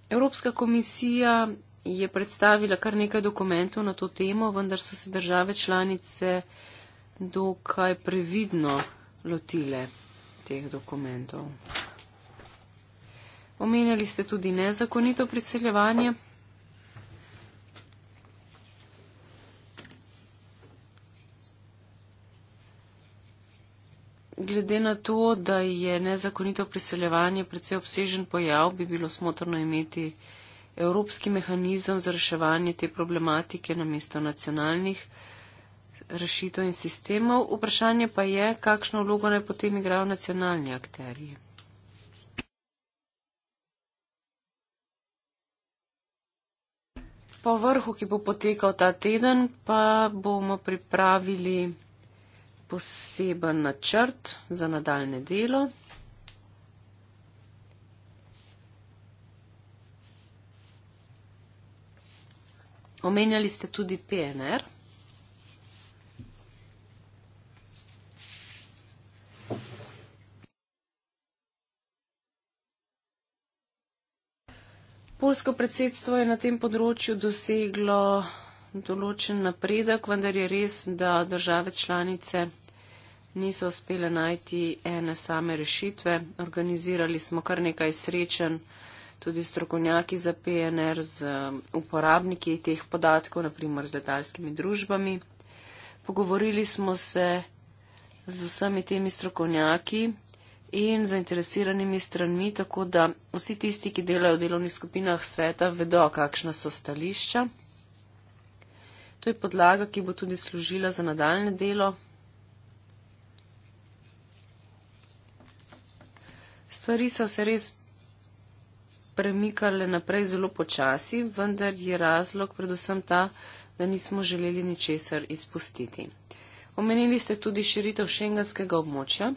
[SPEAKER 2] Evropska komisija je predstavila kar nekaj dokumentov na to temo, vendar so se države članice dokaj previdno lotile teh dokumentov. Omenjali ste tudi nezakonito priseljevanje. Glede na to, da je nezakonito priseljevanje predvsej obsežen pojav, bi bilo smotrno imeti evropski mehanizem za reševanje te problematike namesto nacionalnih rešitev in sistemov. Vprašanje pa je, kakšno vlogo naj potem igrajo nacionalni akterji. Po vrhu, ki bo potekal ta teden, pa bomo pripravili poseben načrt za nadaljne delo. Omenjali ste tudi PNR. Polsko predsedstvo je na tem področju doseglo določen napredek, vendar je res, da države članice niso uspele najti ene same rešitve. Organizirali smo kar nekaj srečen tudi strokovnjaki za PNR, z um, uporabniki teh podatkov, naprimer z letalskimi družbami. Pogovorili smo se z vsemi temi strokovnjaki in zainteresiranimi stranmi, tako da vsi tisti, ki delajo v delovnih skupinah sveta, vedo, kakšna so stališča. To je podlaga, ki bo tudi služila za nadaljne delo. Stvari so se res premikale naprej zelo počasi, vendar je razlog predvsem ta, da nismo želeli ničesar izpustiti. Omenili ste tudi širitev šengenskega območja.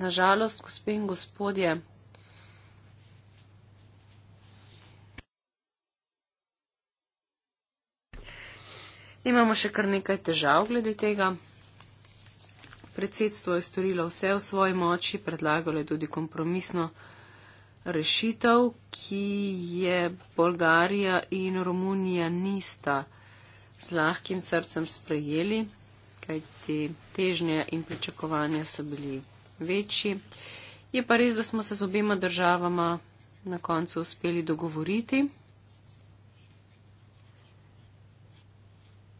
[SPEAKER 2] Nažalost, gospe in gospodje, imamo še kar nekaj težav glede tega. Predsedstvo je storilo vse v svoji moči, predlagalo je tudi kompromisno rešitev, ki je Bolgarija in Romunija nista z lahkim srcem sprejeli, kajti težnje in pričakovanja so bili večji. Je pa res, da smo se z obima državama na koncu uspeli dogovoriti.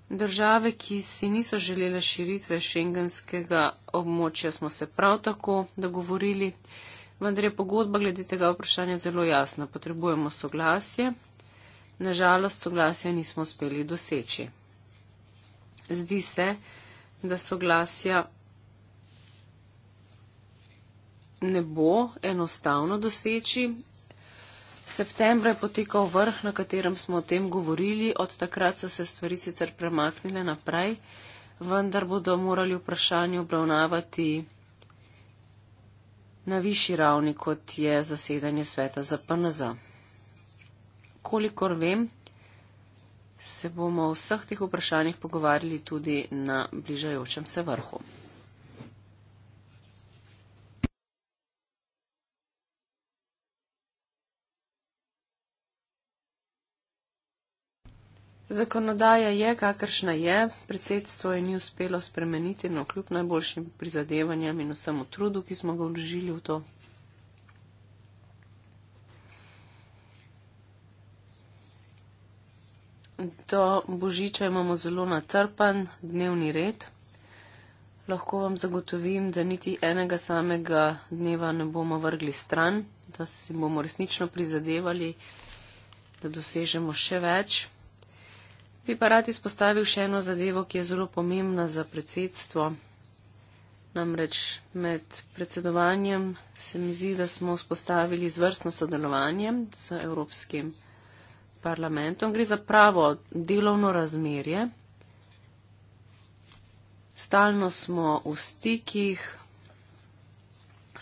[SPEAKER 2] Države, ki si niso želele širitve šengenskega območja, smo se prav tako dogovorili vendar je pogodba glede tega vprašanja zelo jasna. Potrebujemo soglasje. Nažalost, soglasja nismo uspeli doseči. Zdi se, da soglasja ne bo enostavno doseči. Septembra je potekal vrh, na katerem smo o tem govorili. Od takrat so se stvari sicer premaknile naprej, vendar bodo morali vprašanje obravnavati na višji ravni, kot je zasedanje sveta za PNZ. Kolikor vem, se bomo o vseh teh vprašanjih pogovarjali tudi na bližajočem se vrhu. Zakonodaja je, kakršna je, predsedstvo je ni uspelo spremeniti, no kljub najboljšim prizadevanjem in vsemu trudu, ki smo ga vložili v to. Do božiča imamo zelo natrpan dnevni red. Lahko vam zagotovim, da niti enega samega dneva ne bomo vrgli stran, da si bomo resnično prizadevali, da dosežemo še več. Bi pa rad izpostavil še eno zadevo, ki je zelo pomembna za predsedstvo. Namreč med predsedovanjem se mi zdi, da smo vzpostavili zvrstno sodelovanje z Evropskim parlamentom. Gre za pravo delovno razmerje. Stalno smo v stikih,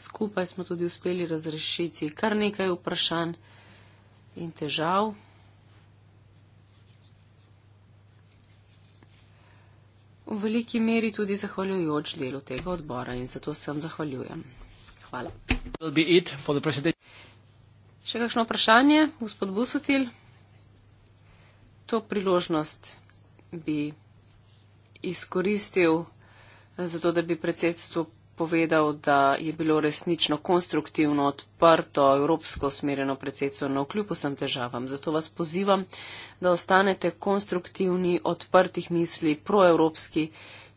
[SPEAKER 2] skupaj smo tudi uspeli razrešiti kar nekaj vprašanj in težav. V veliki meri tudi zahvaljujoč delu tega odbora in zato sem zahvaljujem. Hvala. Še kakšno vprašanje, gospod Busutil? To priložnost bi izkoristil za to, da bi predsedstvo povedal, da je bilo resnično konstruktivno, odprto, evropsko usmerjeno predsedstvo na no, vkljub vsem težavam. Zato vas pozivam, da ostanete konstruktivni, odprtih misli, proevropski,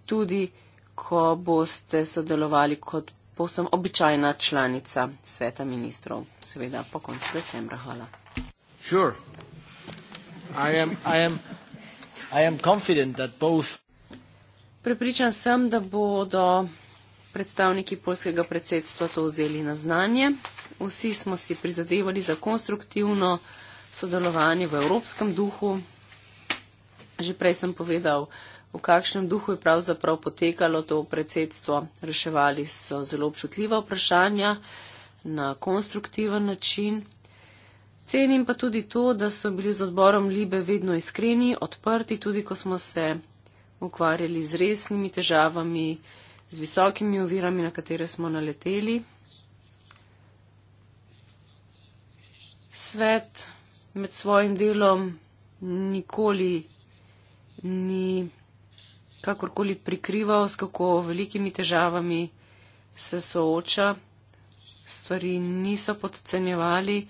[SPEAKER 2] tudi ko boste sodelovali kot posem običajna članica sveta ministrov, seveda po koncu decembra. Hvala. Sure. I am, I am, I am confident that both Prepričan sem, da bodo predstavniki polskega predsedstva to vzeli na znanje. Vsi smo si prizadevali za konstruktivno sodelovanje v evropskem duhu. Že prej sem povedal, v kakšnem duhu je pravzaprav potekalo to predsedstvo. Reševali so zelo občutljiva vprašanja na konstruktiven način. Cenim pa tudi to, da so bili z odborom Libe vedno iskreni, odprti, tudi ko smo se ukvarjali z resnimi težavami, z visokimi ovirami, na katere smo naleteli. Svet med svojim delom nikoli ni kakorkoli prikrival, s kako velikimi težavami se sooča. Stvari niso podcenjevali,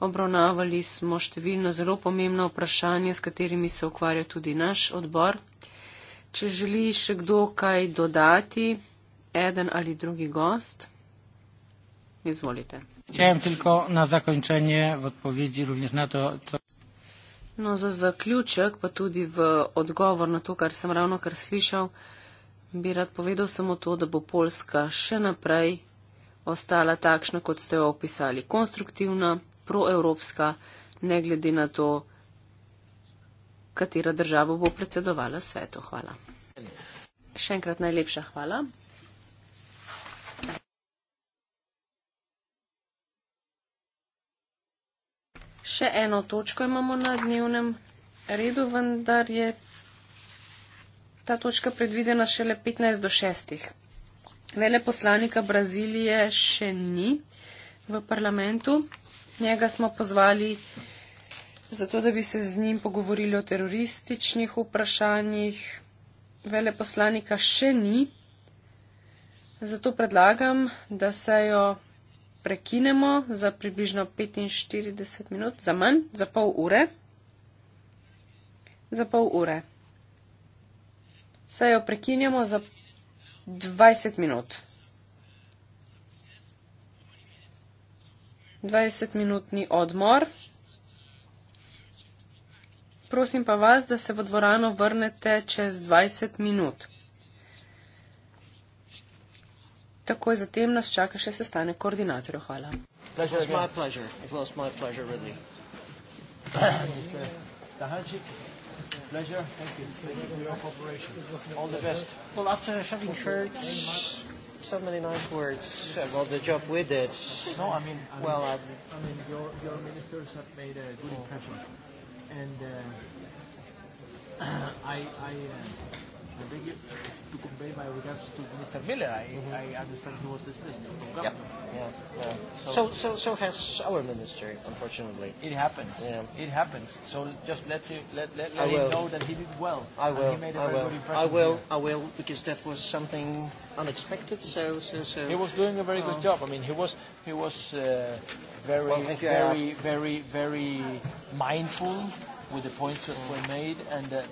[SPEAKER 2] obravnavali smo številna zelo pomembna vprašanja, s katerimi se ukvarja tudi naš odbor. Če želi še kdo kaj dodati, eden ali drugi gost, izvolite. Chciałem tylko
[SPEAKER 1] na zakończenie w odpowiedzi również na to, co.
[SPEAKER 2] No, za zaključek, pa tudi v odgovor na to, kar sem ravno kar slišal, bi rad povedal samo to, da bo Poljska še naprej ostala takšna, kot ste jo opisali, konstruktivna, proevropska, ne glede na to, katera država bo predsedovala svetu. Hvala. Še enkrat najlepša hvala. Še eno točko imamo na dnevnem redu, vendar je ta točka predvidena šele 15 do 6. Veleposlanika Brazilije še ni v parlamentu. Njega smo pozvali zato da bi se z njim pogovorili o terorističnih vprašanjih. Veleposlanika še ni, zato predlagam, da se jo prekinemo za približno 45 minut, za manj, za pol ure. Za pol ure. Se jo prekinjamo za 20 minut. 20 minutni odmor prosim pa vas, da se v dvorano vrnete čez 20 minut. Takoj zatem nas čaka še sestanek koordinatorja. Hvala.
[SPEAKER 1] So many nice words about the job we did. No, I mean, I mean, well, I mean, I mean your, your ministers have made a good impression. Oh and uh, I, I, uh, I beg you to convey my regards to Mr. Miller. I, mm-hmm. I understand he was dismissed. No yep. Yeah. Yeah. So, so, so, so has our minister, unfortunately. It happens. Yeah. It happens. So just let him, let, let, let him know that he did well. I will. He made a I, very will. Good impression I will. I will, because that was something unexpected. So, so, so. He was doing a very um, good uh-huh. job. I mean, he was, he was. Uh, very, well, yeah. very, very, very mindful with the points that were made and uh,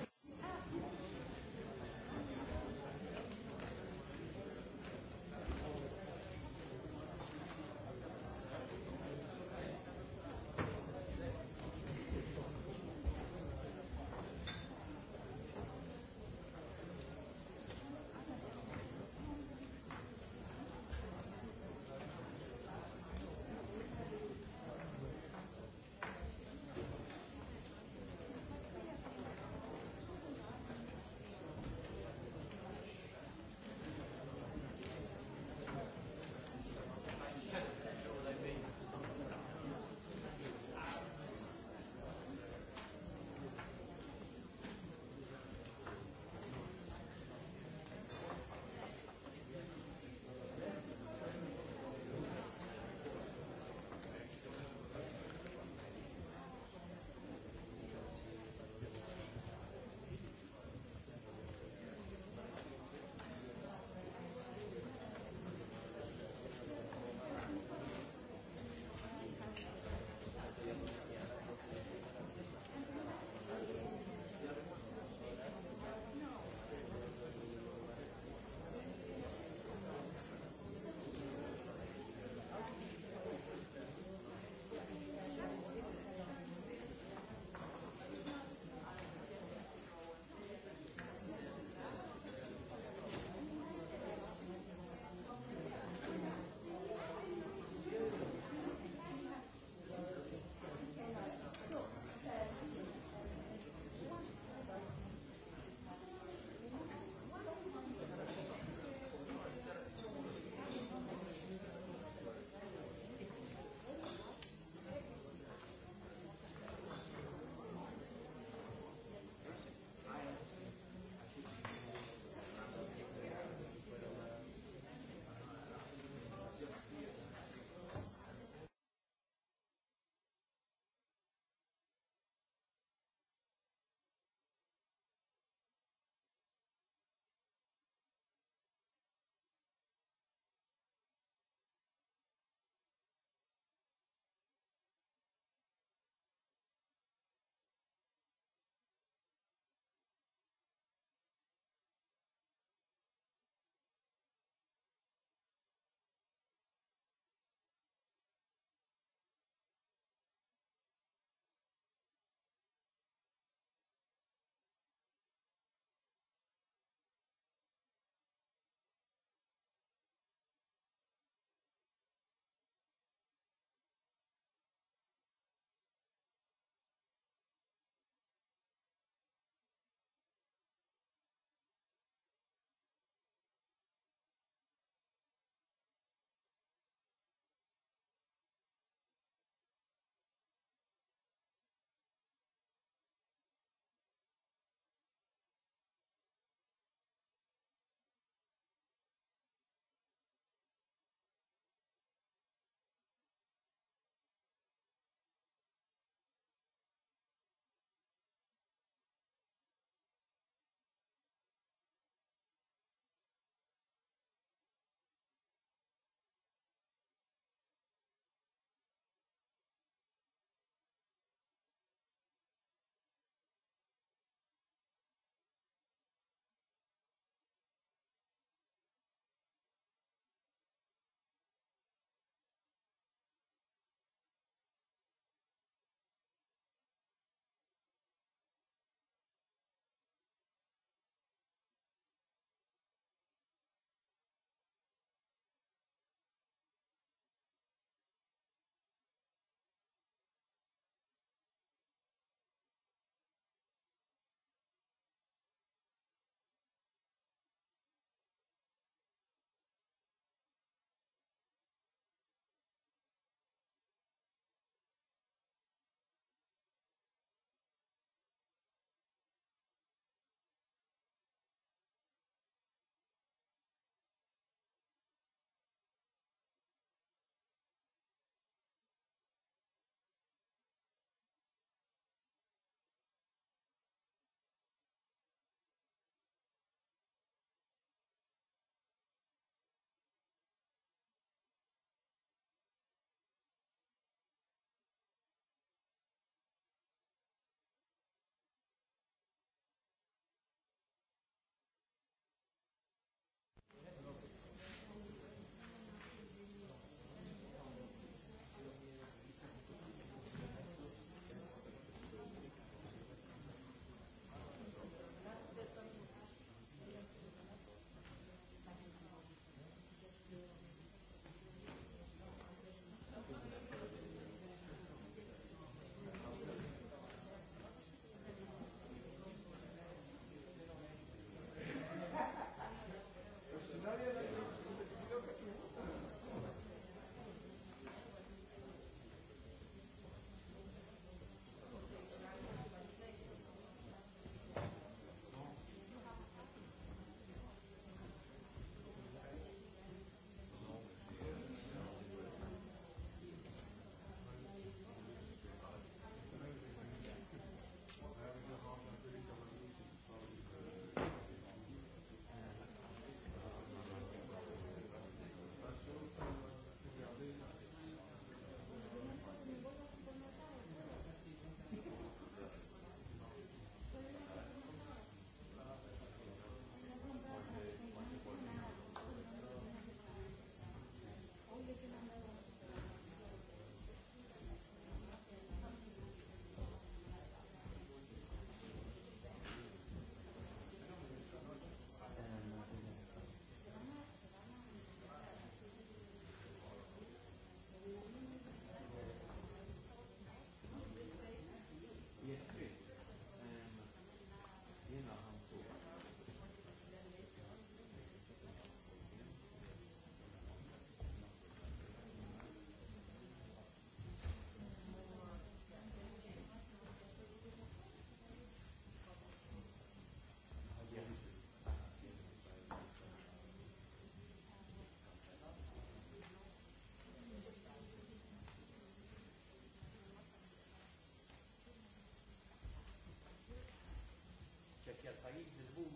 [SPEAKER 4] al paese dove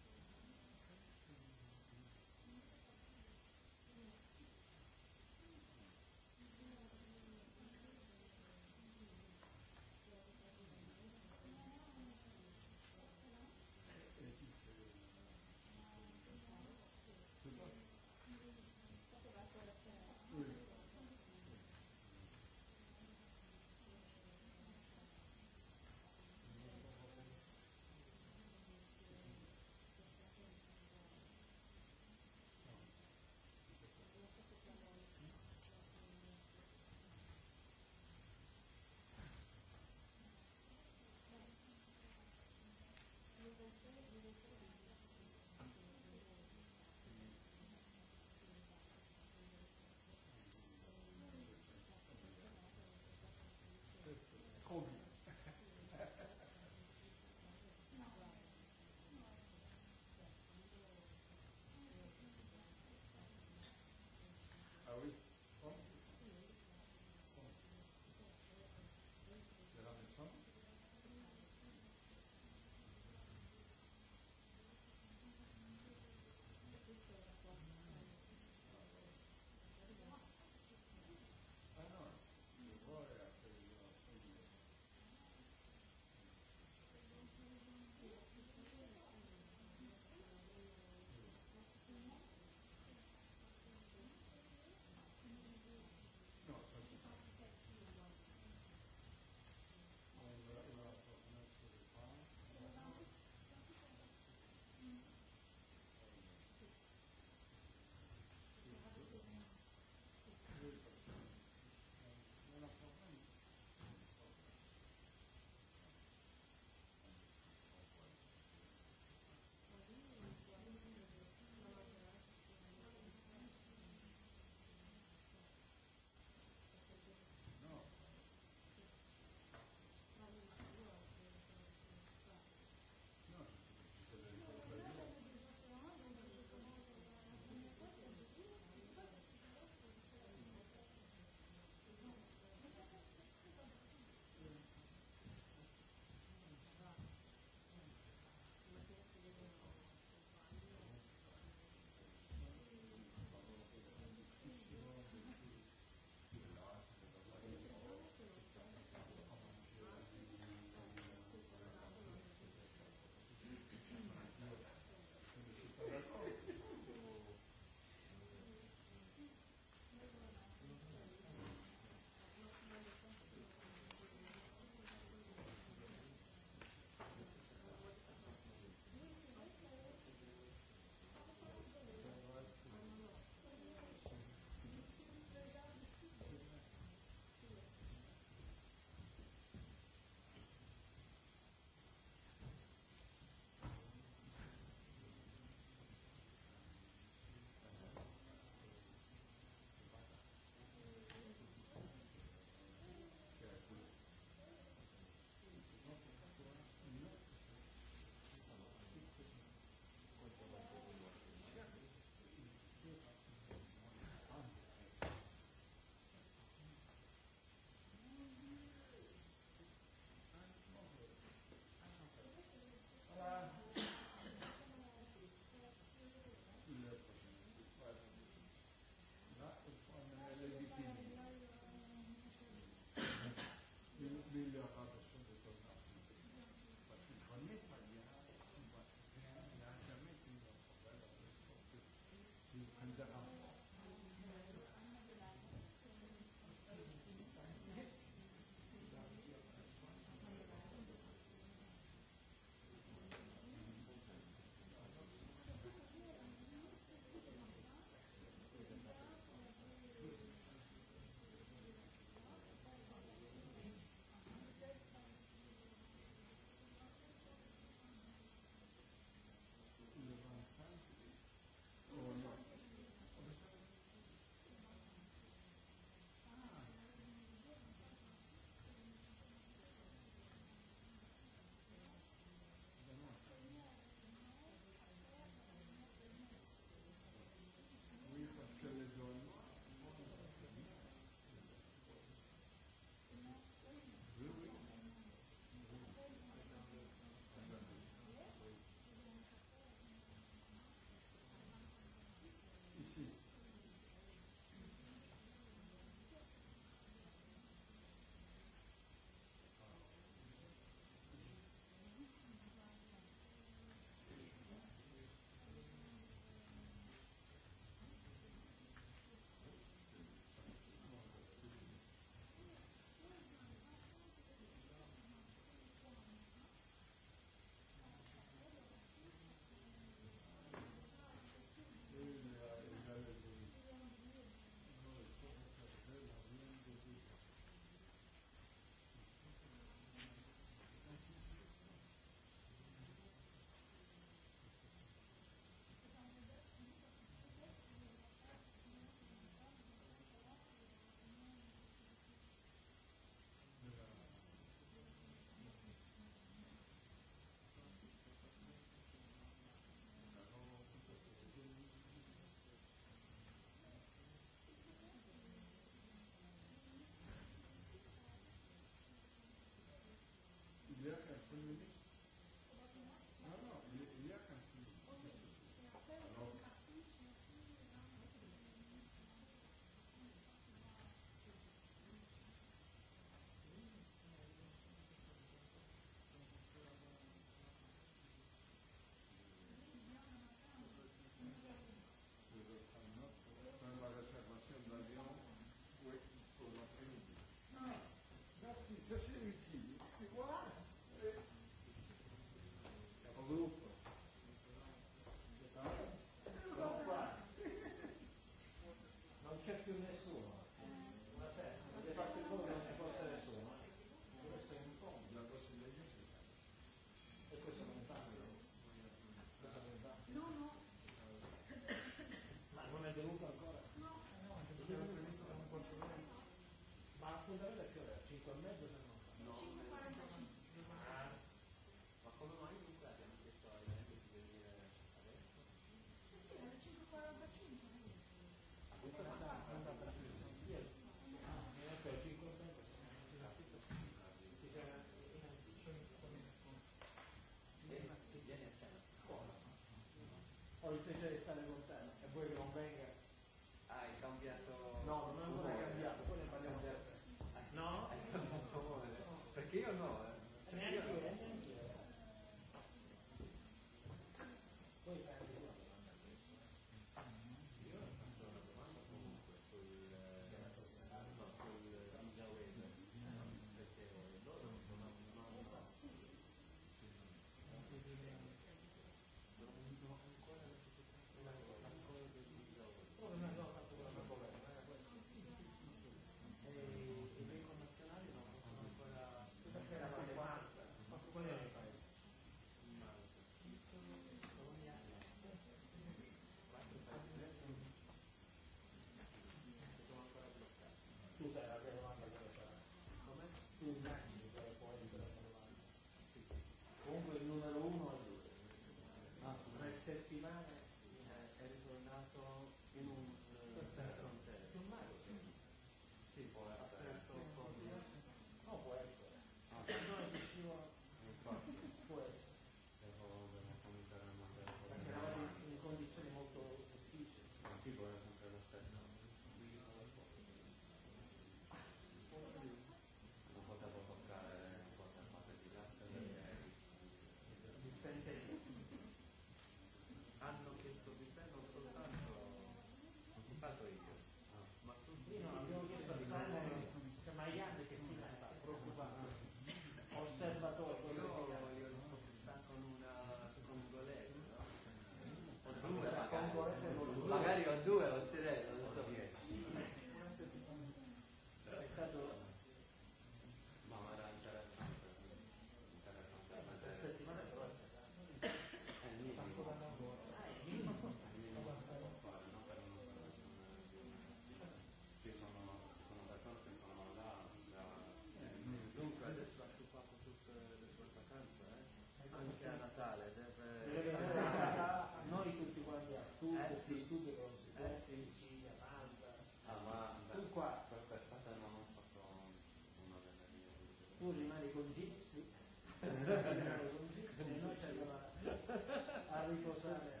[SPEAKER 4] di posare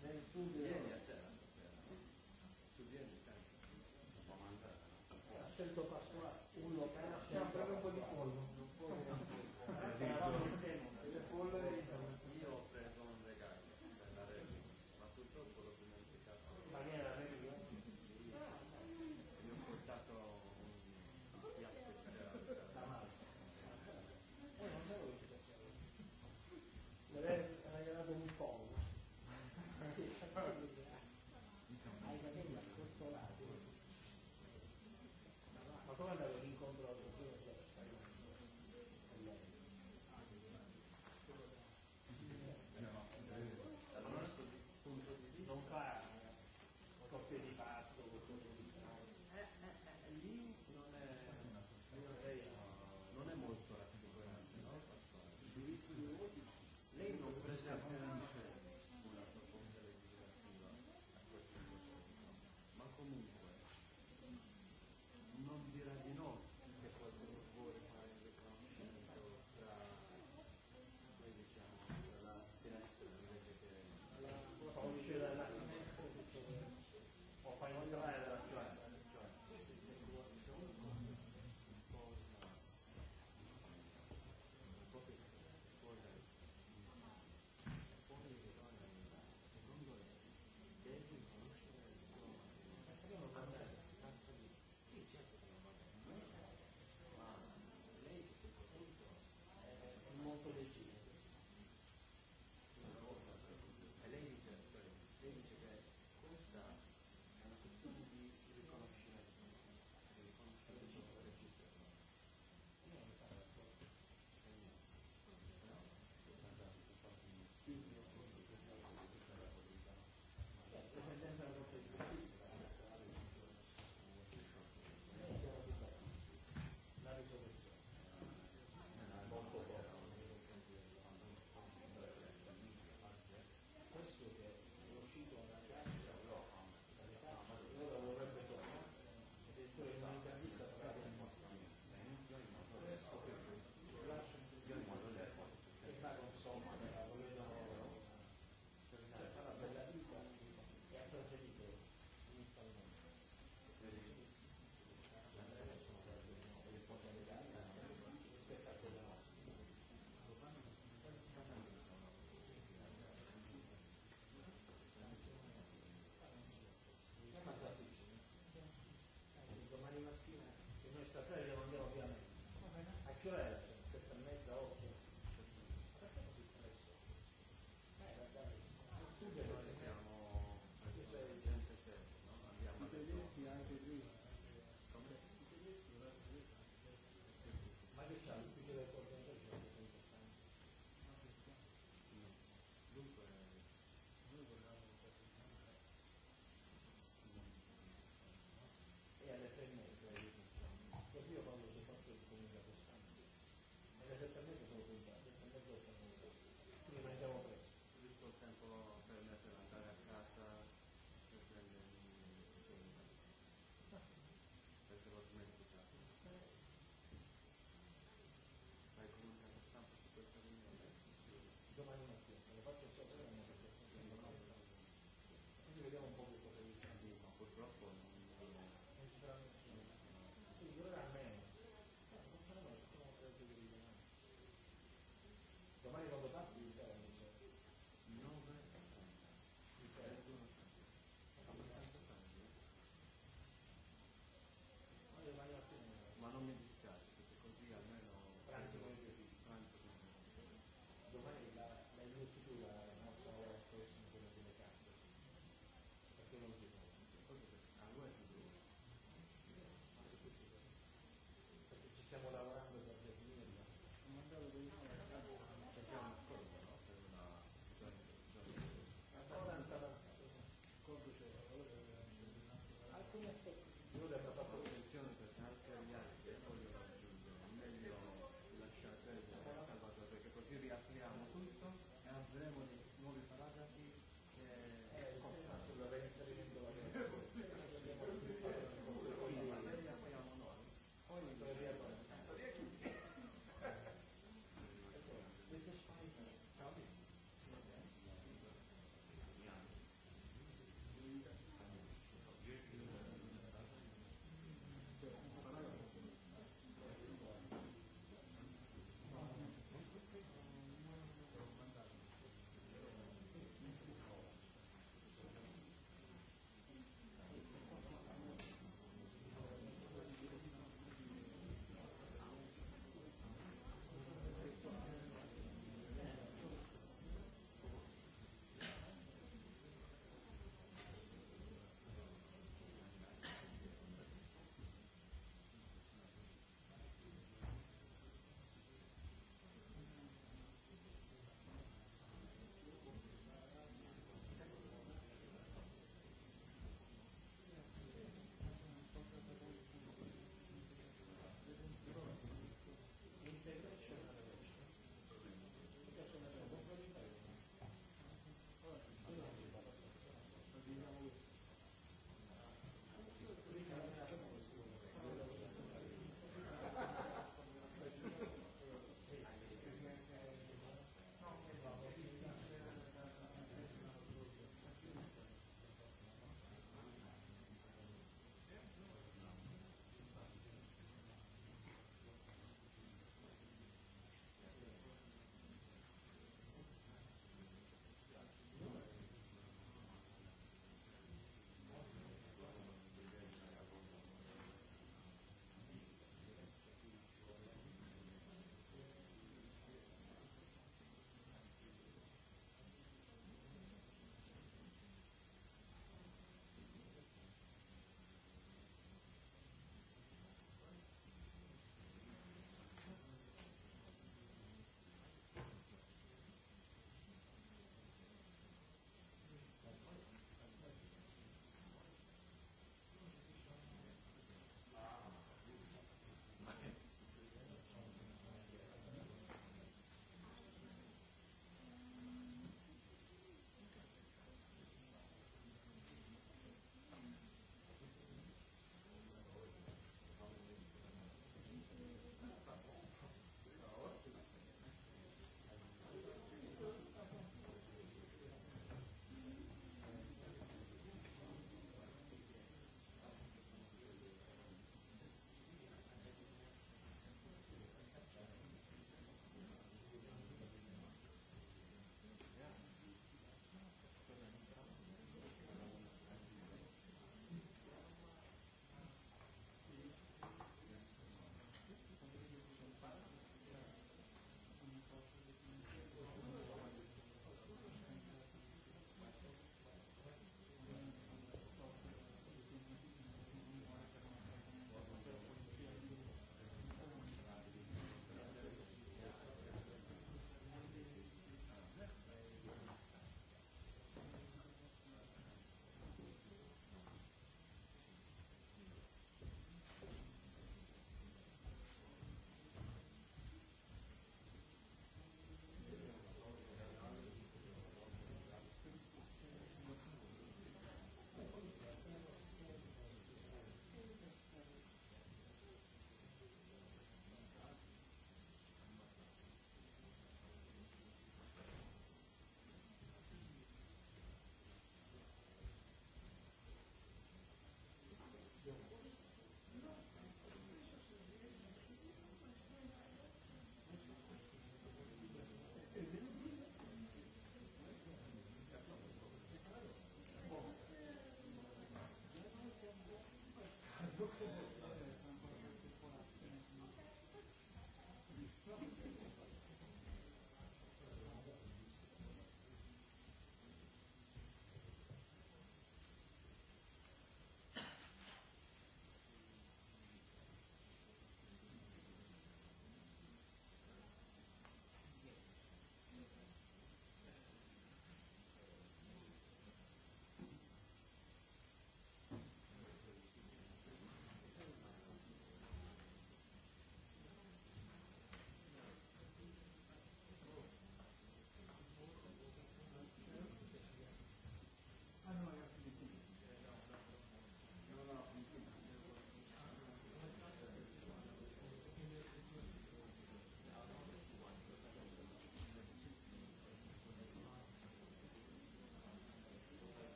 [SPEAKER 4] nel sud vieni a c'è la stasera su vieni a c'è la stasera un po' mangiata a certo punto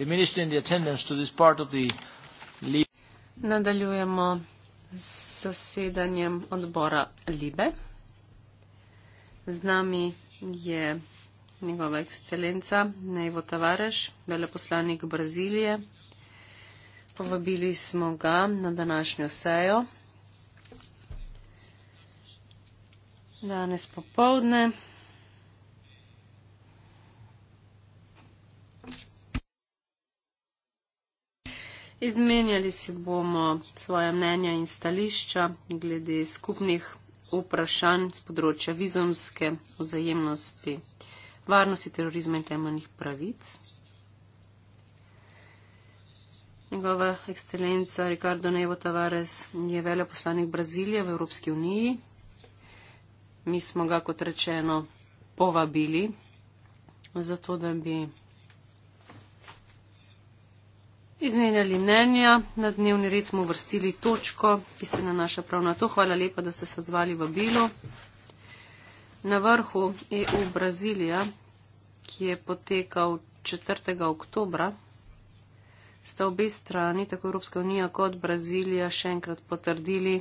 [SPEAKER 1] the minister in the attendance to this part of the
[SPEAKER 2] Nadaljujemo z zasedanjem odbora Libe. Z nami je njegova ekscelenca Nevo Tavares, veleposlanik Brazilije. Povabili smo ga na današnjo sejo. Danes popovdne. Izmenjali si bomo svoje mnenja in stališča glede skupnih vprašanj z področja vizumske vzajemnosti, varnosti terorizma in temeljnih pravic. Njegova ekscelenca Ricardo Nevo Tavares je veleposlanik Brazilije v Evropski uniji. Mi smo ga, kot rečeno, povabili, zato da bi izmenjali mnenja, na dnevni red smo vrstili točko, ki se nanaša prav na to. Hvala lepa, da ste se odzvali v bilo. Na vrhu EU Brazilija, ki je potekal 4. oktobra, sta obe strani, tako Evropska unija kot Brazilija, še enkrat potrdili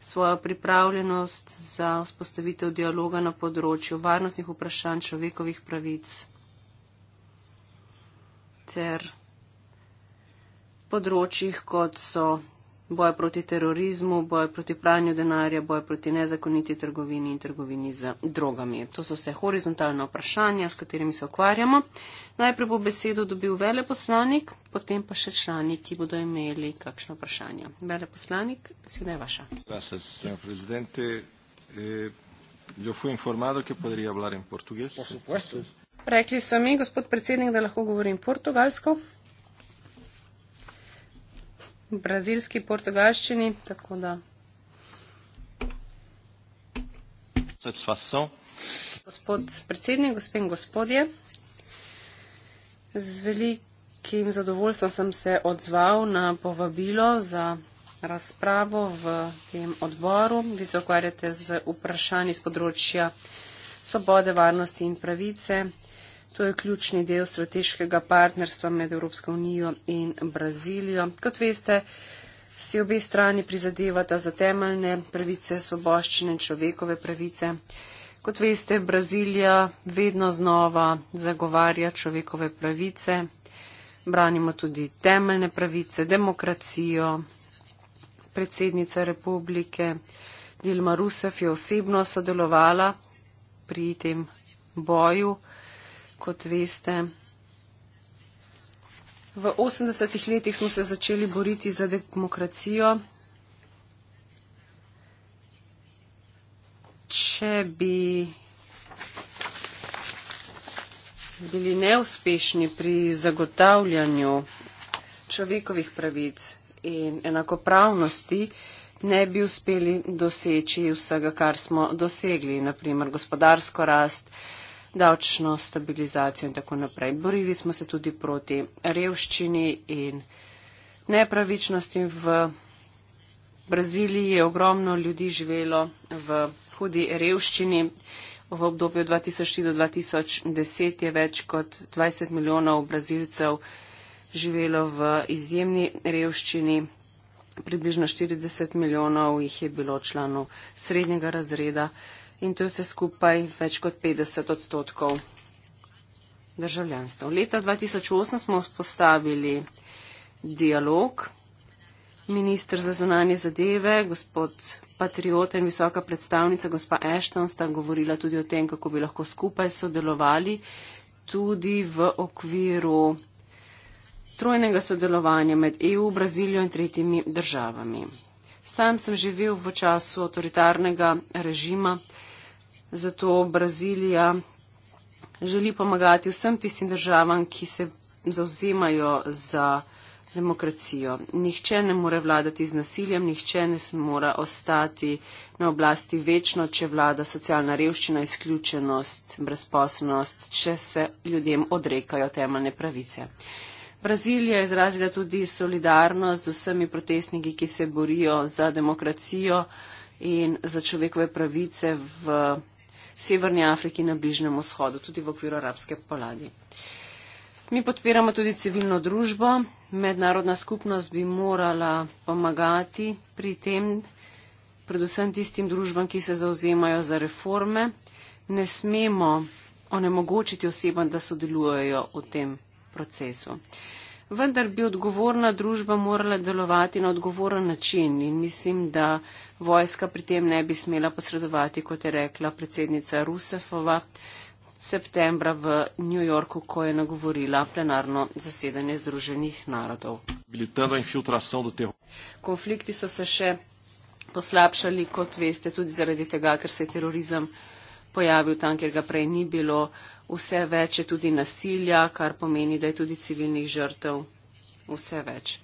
[SPEAKER 2] svojo pripravljenost za vzpostavitev dialoga na področju varnostnih vprašanj človekovih pravic ter področjih, kot so boj proti terorizmu, boj proti pranju denarja, boj proti nezakoniti trgovini in trgovini z drogami. To so vse horizontalne vprašanja, s katerimi se okvarjamo. Najprej bo besedo dobil veleposlanik, potem pa še člani, ki bodo imeli kakšno vprašanje. Veleposlanik, beseda je vaša. Eh, Rekli so mi, gospod predsednik, da lahko govorim portugalsko brazilski portugalščini, tako da. Gospod predsednik, gospe in gospodje, z velikim zadovoljstvom sem se odzval na povabilo za razpravo v tem odboru. Vi se ukvarjate z vprašanji z področja svobode, varnosti in pravice. To je ključni del strateškega partnerstva med Evropsko unijo in Brazilijo. Kot veste, si obe strani prizadevata za temeljne pravice, svoboščine in človekove pravice. Kot veste, Brazilija vedno znova zagovarja človekove pravice. Branimo tudi temeljne pravice, demokracijo. Predsednica republike Dilma Rousseff je osebno sodelovala pri tem boju kot veste, v 80 letih smo se začeli boriti za demokracijo. Če bi bili neuspešni pri zagotavljanju človekovih pravic in enakopravnosti, ne bi uspeli doseči vsega, kar smo dosegli, naprimer gospodarsko rast, davčno stabilizacijo in tako naprej. Borili smo se tudi proti revščini in nepravičnosti. V Braziliji je ogromno ljudi živelo v hudi revščini. V obdobju 2004 do 2010 je več kot 20 milijonov brazilcev živelo v izjemni revščini. Približno 40 milijonov jih je bilo članov srednjega razreda in to se skupaj več kot 50 odstotkov državljanstva. Leta 2008 smo vzpostavili dialog. Ministr za zunanje zadeve, gospod Patriot in visoka predstavnica, gospa Ashton, sta govorila tudi o tem, kako bi lahko skupaj sodelovali tudi v okviru trojnega sodelovanja med EU, Brazilijo in tretjimi državami. Sam sem živel v času avtoritarnega režima. Zato Brazilija želi pomagati vsem tistim državam, ki se zauzemajo za demokracijo. Nihče ne more vladati z nasiljem, nihče ne mora ostati na oblasti večno, če vlada socialna revščina, izključenost, brezposobnost, če se ljudem odrekajo temeljne pravice. Brazilija je izrazila tudi solidarnost z vsemi protestniki, ki se borijo za demokracijo in za človekove pravice v Severni Afriki in na Bližnjem vzhodu, tudi v okviru arabske poladi. Mi podpiramo tudi civilno družbo. Mednarodna skupnost bi morala pomagati pri tem, predvsem tistim družbam, ki se zauzemajo za reforme. Ne smemo onemogočiti osebam, da sodelujejo v tem procesu vendar bi odgovorna družba morala delovati na odgovoren način in mislim, da vojska pri tem ne bi smela posredovati, kot je rekla predsednica Rusefova septembra v New Yorku, ko je nagovorila plenarno zasedanje Združenih narodov. Konflikti so se še poslabšali, kot veste, tudi zaradi tega, ker se je terorizem pojavil tam, kjer ga prej ni bilo vse več je tudi nasilja, kar pomeni, da je tudi civilnih žrtev vse več.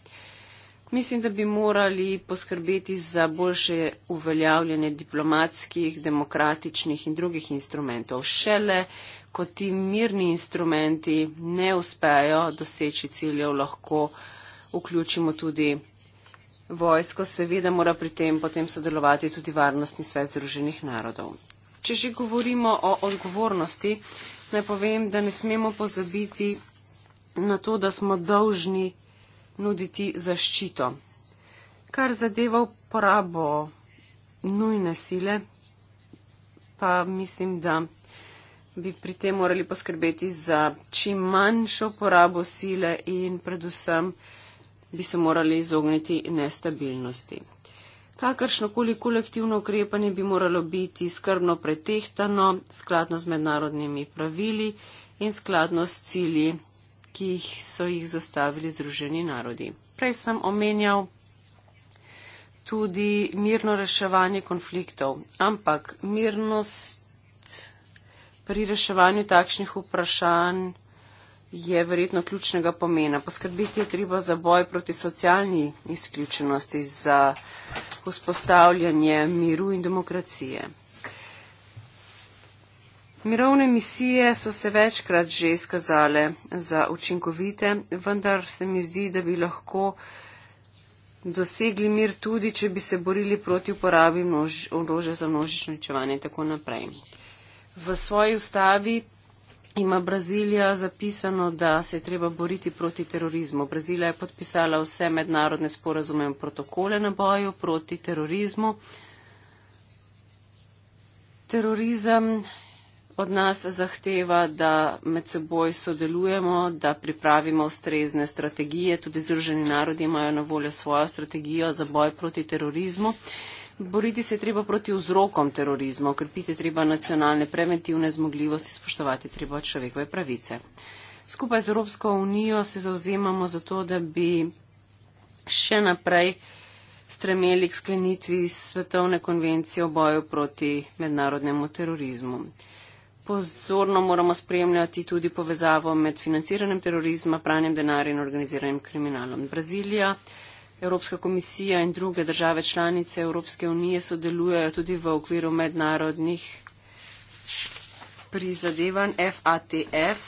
[SPEAKER 2] Mislim, da bi morali poskrbeti za boljše uveljavljanje diplomatskih, demokratičnih in drugih instrumentov. Šele, ko ti mirni instrumenti ne uspejo doseči ciljev, lahko vključimo tudi vojsko. Seveda mora pri tem potem sodelovati tudi Varnostni svet Združenih narodov. Če že govorimo o odgovornosti, naj povem, da ne smemo pozabiti na to, da smo dolžni nuditi zaščito. Kar zadeva uporabo nujne sile, pa mislim, da bi pri tem morali poskrbeti za čim manjšo uporabo sile in predvsem bi se morali izogniti nestabilnosti. Kakršnokoli kolektivno ukrepanje bi moralo biti skrbno pretehtano, skladno z mednarodnimi pravili in skladno s cilji, ki jih so jih zastavili Združeni narodi. Prej sem omenjal tudi mirno reševanje konfliktov, ampak mirnost pri reševanju takšnih vprašanj je verjetno ključnega pomena. Poskrbiti je treba za boj proti socialni izključenosti, za vzpostavljanje miru in demokracije. Mirovne misije so se večkrat že izkazale za učinkovite, vendar se mi zdi, da bi lahko dosegli mir tudi, če bi se borili proti uporabi množ, orožja za množično ničevanje in tako naprej. V svoji ustavi ima Brazilija zapisano, da se je treba boriti proti terorizmu. Brazilija je podpisala vse mednarodne sporazume in protokole na boju proti terorizmu. Terorizem od nas zahteva, da med seboj sodelujemo, da pripravimo ustrezne strategije. Tudi Združeni narodi imajo na voljo svojo strategijo za boj proti terorizmu. Boriti se je treba proti vzrokom terorizma, okrepiti treba nacionalne preventivne zmogljivosti, spoštovati treba človekove pravice. Skupaj z Evropsko unijo se zauzemamo za to, da bi še naprej stremeli k sklenitvi svetovne konvencije o boju proti mednarodnemu terorizmu. Pozorno moramo spremljati tudi povezavo med financiranjem terorizma, pranjem denarja in organiziranim kriminalom. Brazilija Evropska komisija in druge države članice Evropske unije sodelujejo tudi v okviru mednarodnih prizadevanj FATF,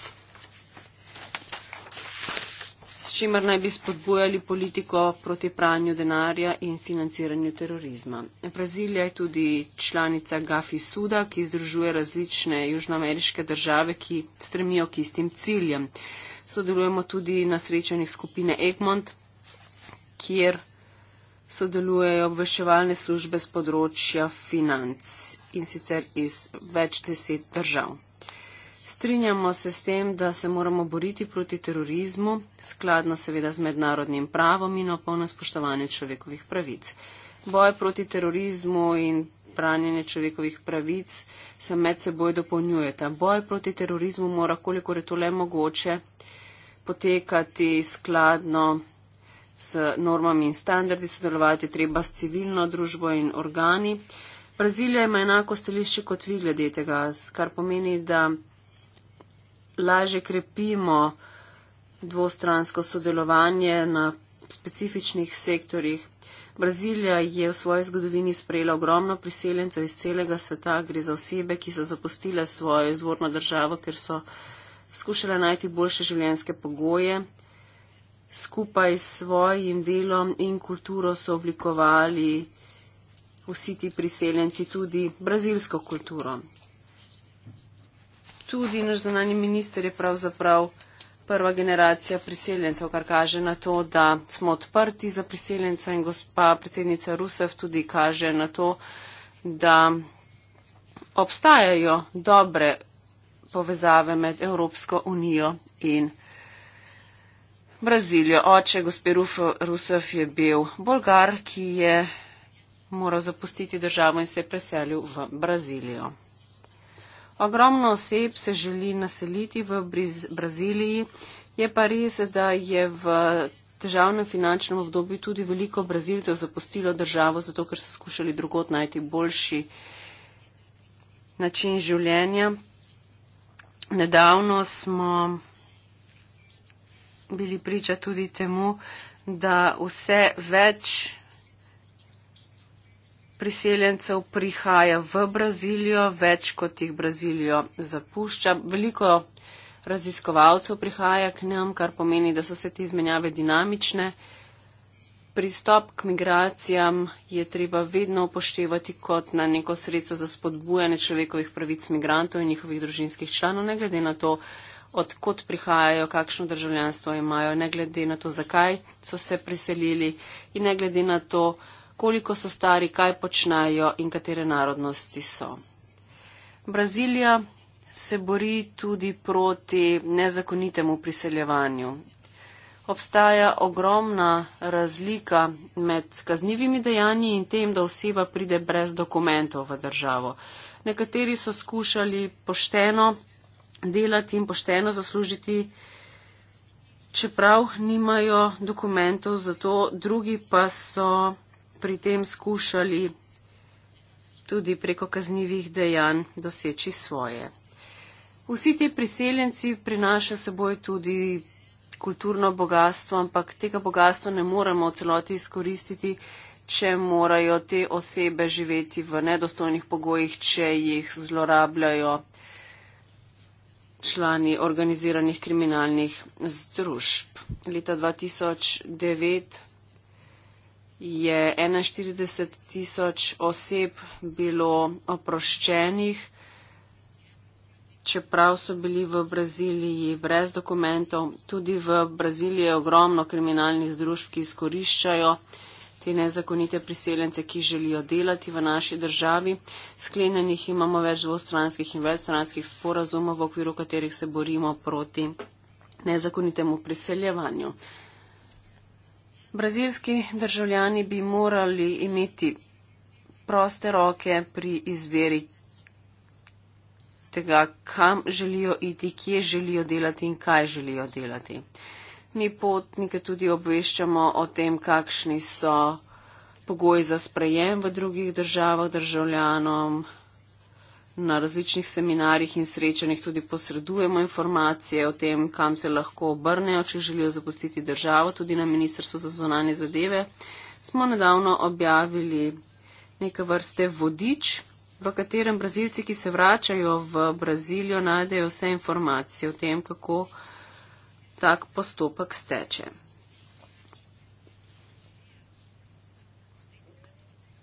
[SPEAKER 2] s čimer naj bi spodbujali politiko proti pranju denarja in financiranju terorizma. Brazilija je tudi članica Gafi Suda, ki združuje različne južnoameriške države, ki stremijo k istim ciljem. Sodelujemo tudi na srečanjih skupine Egmont, kjer sodelujejo obveščevalne službe z področja financ in sicer iz več deset držav. Strinjamo se s tem, da se moramo boriti proti terorizmu, skladno seveda z mednarodnim pravom in opolno spoštovanje človekovih pravic. Boj proti terorizmu in branjenje človekovih pravic se med seboj dopolnjujeta. Boj proti terorizmu mora, koliko je to le mogoče, potekati skladno s normami in standardi, sodelovati treba s civilno družbo in organi. Brazilija ima enako stališče kot vi glede tega, kar pomeni, da lažje krepimo dvostransko sodelovanje na specifičnih sektorjih. Brazilija je v svoji zgodovini sprejela ogromno priseljencev iz celega sveta, gre za osebe, ki so zapustile svojo izvorno državo, ker so skušale najti boljše življenjske pogoje skupaj s svojim delom in kulturo so oblikovali vsi ti priseljenci tudi brazilsko kulturo. Tudi naš zunani minister je pravzaprav prva generacija priseljencev, kar kaže na to, da smo odprti za priseljenca in gospa predsednica Rusev tudi kaže na to, da obstajajo dobre povezave med Evropsko unijo in Evropsko unijo. Brazilijo. Oče gospe Rusev je bil bolgar, ki je moral zapustiti državo in se je preselil v Brazilijo. Ogromno oseb se želi naseliti v Braziliji, je pa res, da je v težavnem finančnem obdobju tudi veliko Brazilcev zapustilo državo, zato ker so skušali drugot najti boljši način življenja. Nedavno smo bili priča tudi temu, da vse več priseljencev prihaja v Brazilijo, več kot jih Brazilijo zapušča. Veliko raziskovalcev prihaja k nam, kar pomeni, da so vse te izmenjave dinamične. Pristop k migracijam je treba vedno upoštevati kot na neko sredstvo za spodbujanje človekovih pravic migrantov in njihovih družinskih članov, ne glede na to, odkot prihajajo, kakšno državljanstvo imajo, ne glede na to, zakaj so se priselili in ne glede na to, koliko so stari, kaj počnajo in katere narodnosti so. Brazilija se bori tudi proti nezakonitemu priseljevanju. Obstaja ogromna razlika med kaznjivimi dejanji in tem, da oseba pride brez dokumentov v državo. Nekateri so skušali pošteno delati in pošteno zaslužiti, čeprav nimajo dokumentov za to, drugi pa so pri tem skušali tudi preko kaznjivih dejanj doseči svoje. Vsi ti priseljenci prinašajo seboj tudi kulturno bogatstvo, ampak tega bogatstva ne moremo v celoti izkoristiti, če morajo te osebe živeti v nedostojnih pogojih, če jih zlorabljajo člani organiziranih kriminalnih združb. Leta 2009 je 41 tisoč oseb bilo oproščenih, čeprav so bili v Braziliji brez dokumentov. Tudi v Braziliji je ogromno kriminalnih združb, ki izkoriščajo te nezakonite priseljence, ki želijo delati v naši državi. Sklenjenih imamo več dvostranskih in večstranskih sporazumov, v okviru katerih se borimo proti nezakonitemu priseljevanju. Brazilski državljani bi morali imeti proste roke pri izveri tega, kam želijo iti, kje želijo delati in kaj želijo delati mi potnike tudi obveščamo o tem, kakšni so pogoji za sprejem v drugih državah državljanom. Na različnih seminarjih in srečanjih tudi posredujemo informacije o tem, kam se lahko obrnejo, če želijo zapustiti državo, tudi na Ministrstvu za zonanje zadeve. Smo nedavno objavili neke vrste vodič, v katerem brazilci, ki se vračajo v Brazilijo, najdejo vse informacije o tem, kako tak postopek steče.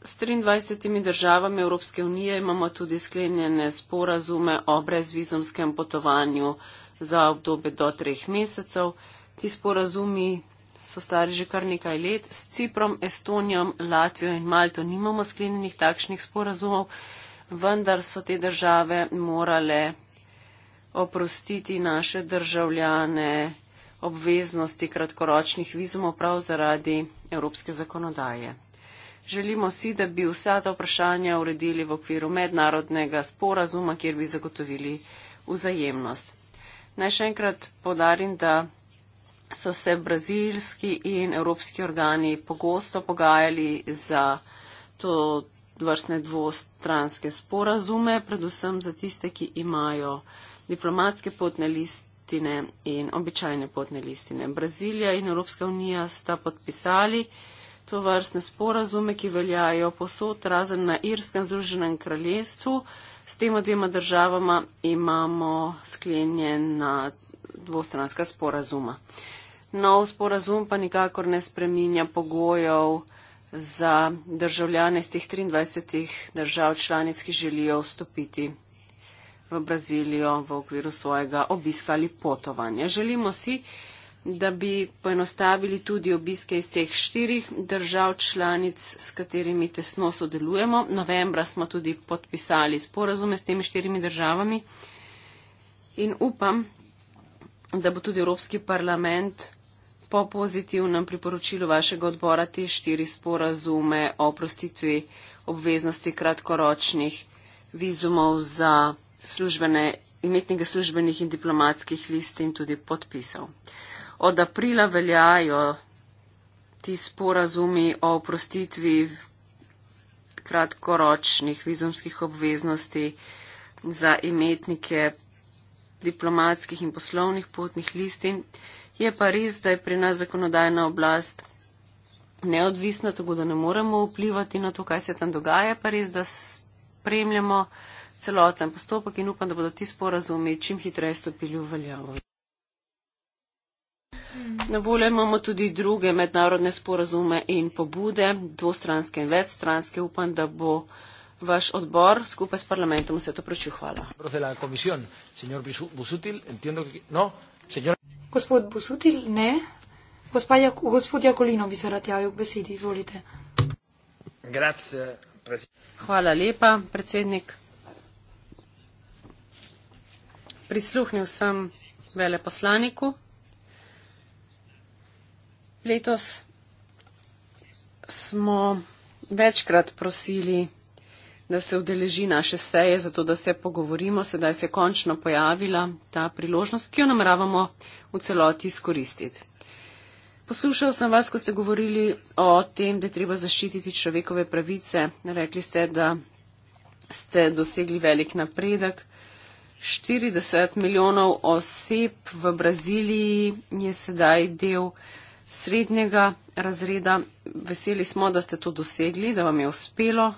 [SPEAKER 2] S 23 državami Evropske unije imamo tudi sklenjene sporazume o brezvizumskem potovanju za obdobje do treh mesecev. Ti sporazumi so stari že kar nekaj let. S Ciprom, Estonijo, Latvijo in Malto nimamo sklenjenih takšnih sporazumov, vendar so te države morale oprostiti naše državljane obveznosti kratkoročnih vizumov prav zaradi evropske zakonodaje. Želimo si, da bi vsa ta vprašanja uredili v okviru mednarodnega sporazuma, kjer bi zagotovili vzajemnost. Naj še enkrat podarim, da so se brazilski in evropski organi pogosto pogajali za to vrstne dvostranske sporazume, predvsem za tiste, ki imajo diplomatske potne liste listine in običajne potne listine. Brazilija in Evropska unija sta podpisali to vrstne sporazume, ki veljajo posod razen na Irskem združenem kraljestvu. S tema dvema državama imamo sklenjena dvostranska sporazuma. Nov sporazum pa nikakor ne spreminja pogojev za državljane iz teh 23 držav članic, ki želijo vstopiti v Brazilijo v okviru svojega obiska ali potovanja. Želimo si, da bi poenostavili tudi obiske iz teh štirih držav članic, s katerimi tesno sodelujemo. Novembra smo tudi podpisali sporazume s temi štirimi državami in upam, da bo tudi Evropski parlament po pozitivnem priporočilu vašega odbora te štiri sporazume o prostitvi obveznosti kratkoročnih vizumov za službene, imetnika službenih in diplomatskih listin tudi podpisal. Od aprila veljajo ti sporazumi o oprostitvi kratkoročnih vizumskih obveznosti za imetnike diplomatskih in poslovnih potnih listin. Je pa res, da je pri nas zakonodajna oblast neodvisna, tako da ne moremo vplivati na to, kaj se tam dogaja, pa res, da spremljamo celoten postopek in upam, da bodo ti sporazumi čim hitreje stopili v veljavo. Hmm. Na voljo imamo tudi druge mednarodne sporazume in pobude, dvostranske in večstranske. Upam, da bo vaš odbor skupaj s parlamentom vse to pročil. Hvala. No.
[SPEAKER 3] Gospod Busutil, ne. Gospod Jakolino bi se rad javil k besedi. Izvolite. Hvala lepa, predsednik
[SPEAKER 2] prisluhnil sem veleposlaniku. Letos smo večkrat prosili, da se udeleži naše seje, zato da se pogovorimo. Sedaj se je končno pojavila ta priložnost, ki jo nameravamo v celoti izkoristiti. Poslušal sem vas, ko ste govorili o tem, da je treba zaščititi človekove pravice. Rekli ste, da ste dosegli velik napredek. 40 milijonov oseb v Braziliji je sedaj del srednjega razreda. Veseli smo, da ste to dosegli, da vam je uspelo.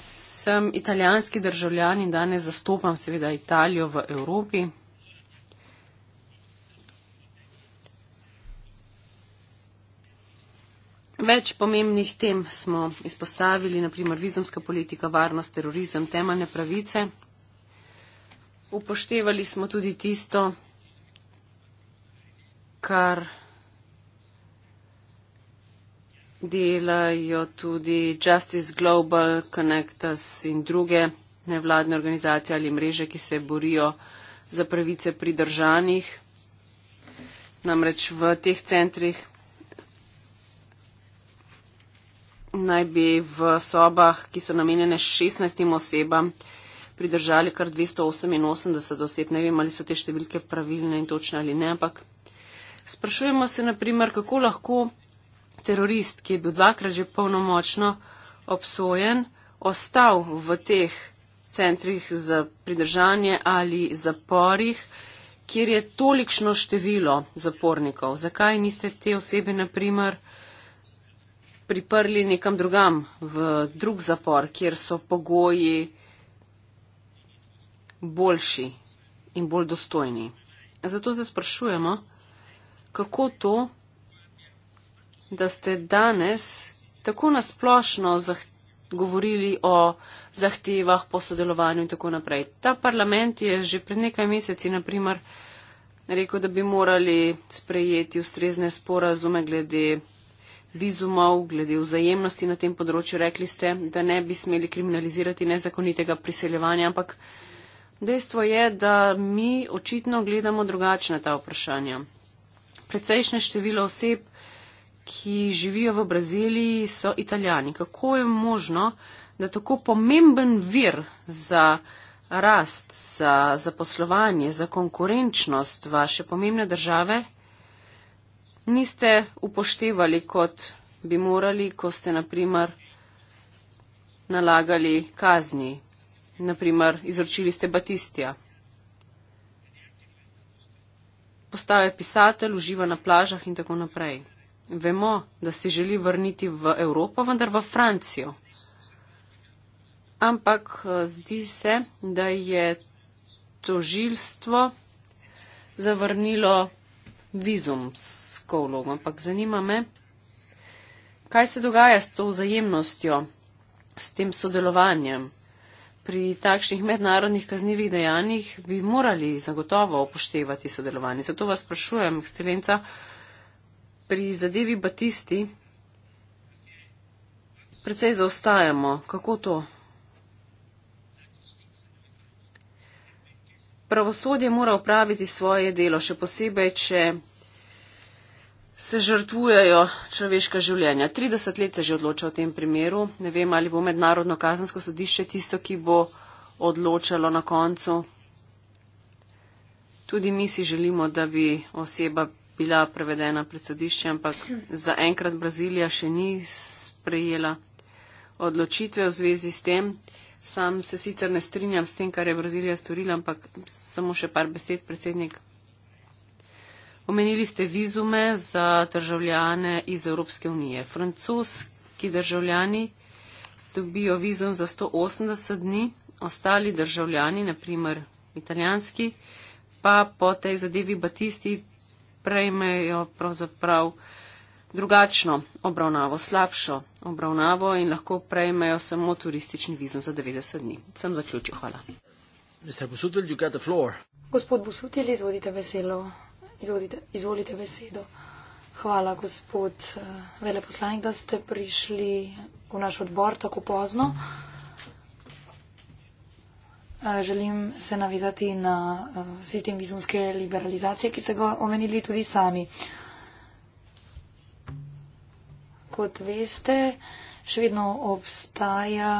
[SPEAKER 2] Sem italijanski državljan in danes zastopam seveda Italijo v Evropi. Več pomembnih tem smo izpostavili, naprimer vizumska politika, varnost, terorizem, temeljne pravice. Upoštevali smo tudi tisto, kar delajo tudi Justice Global, Connect Us in druge nevladne organizacije ali mreže, ki se borijo za pravice pridržanih. Namreč v teh centrih naj bi v sobah, ki so namenjene 16 osebam, pridržali kar 288 oseb. Ne vem, ali so te številke pravilne in točne ali ne, ampak sprašujemo se, naprimer, kako lahko terorist, ki je bil dvakrat že polnomočno obsojen, ostal v teh centrih za pridržanje ali zaporih, kjer je tolikšno število zapornikov. Zakaj niste te osebe, naprimer, priprli nekam drugam, v drug zapor, kjer so pogoji boljši in bolj dostojni. Zato se sprašujemo, kako to, da ste danes tako nasplošno zahtevali govorili o zahtevah po sodelovanju in tako naprej. Ta parlament je že pred nekaj meseci, naprimer, rekel, da bi morali sprejeti ustrezne sporazume glede vizumov, glede vzajemnosti na tem področju. Rekli ste, da ne bi smeli kriminalizirati nezakonitega priseljevanja, ampak dejstvo je, da mi očitno gledamo drugače na ta vprašanja. Predsejšnje število oseb, ki živijo v Braziliji, so italijani. Kako je možno, da tako pomemben vir za rast, za zaposlovanje, za konkurenčnost vaše pomembne države niste upoštevali, kot bi morali, ko ste naprimer nalagali kazni, naprimer izročili ste Batistija. Postal je pisatelj, uživa na plažah in tako naprej. Vemo, da se želi vrniti v Evropo, vendar v Francijo. Ampak eh, zdi se, da je tožilstvo zavrnilo vizumsko vlogo, ampak zanima me, kaj se dogaja s to vzajemnostjo, s tem sodelovanjem. Pri takšnih mednarodnih kaznivih dejanjih bi morali zagotovo upoštevati sodelovanje. Zato vas sprašujem, ekscelenca, pri zadevi Batisti precej zaostajamo. Kako to? pravosodje mora upraviti svoje delo, še posebej, če se žrtvujejo človeška življenja. 30 let se že odloča o tem primeru. Ne vem, ali bo mednarodno kazansko sodišče tisto, ki bo odločalo na koncu. Tudi mi si želimo, da bi oseba bila prevedena pred sodišče, ampak zaenkrat Brazilija še ni sprejela odločitve v zvezi s tem. Sam se sicer ne strinjam s tem, kar je Brazilija storila, ampak samo še par besed, predsednik. Omenili ste vizume za državljane iz Evropske unije. Francoski državljani dobijo vizum za 180 dni, ostali državljani, naprimer italijanski, pa po tej zadevi Batisti prejmejo pravzaprav drugačno obravnavo, slabšo obravnavo in lahko prejmejo samo turistični vizum za 90 dni. Sem zaključil. Hvala.
[SPEAKER 3] Gospod Busutil, izvolite veselo. Izvolite, izvolite besedo. Hvala, gospod eh, veleposlanik, da ste prišli v naš odbor tako pozno. Eh, želim se navizati na eh, sistem vizumske liberalizacije, ki ste ga omenili tudi sami kot veste, še vedno obstaja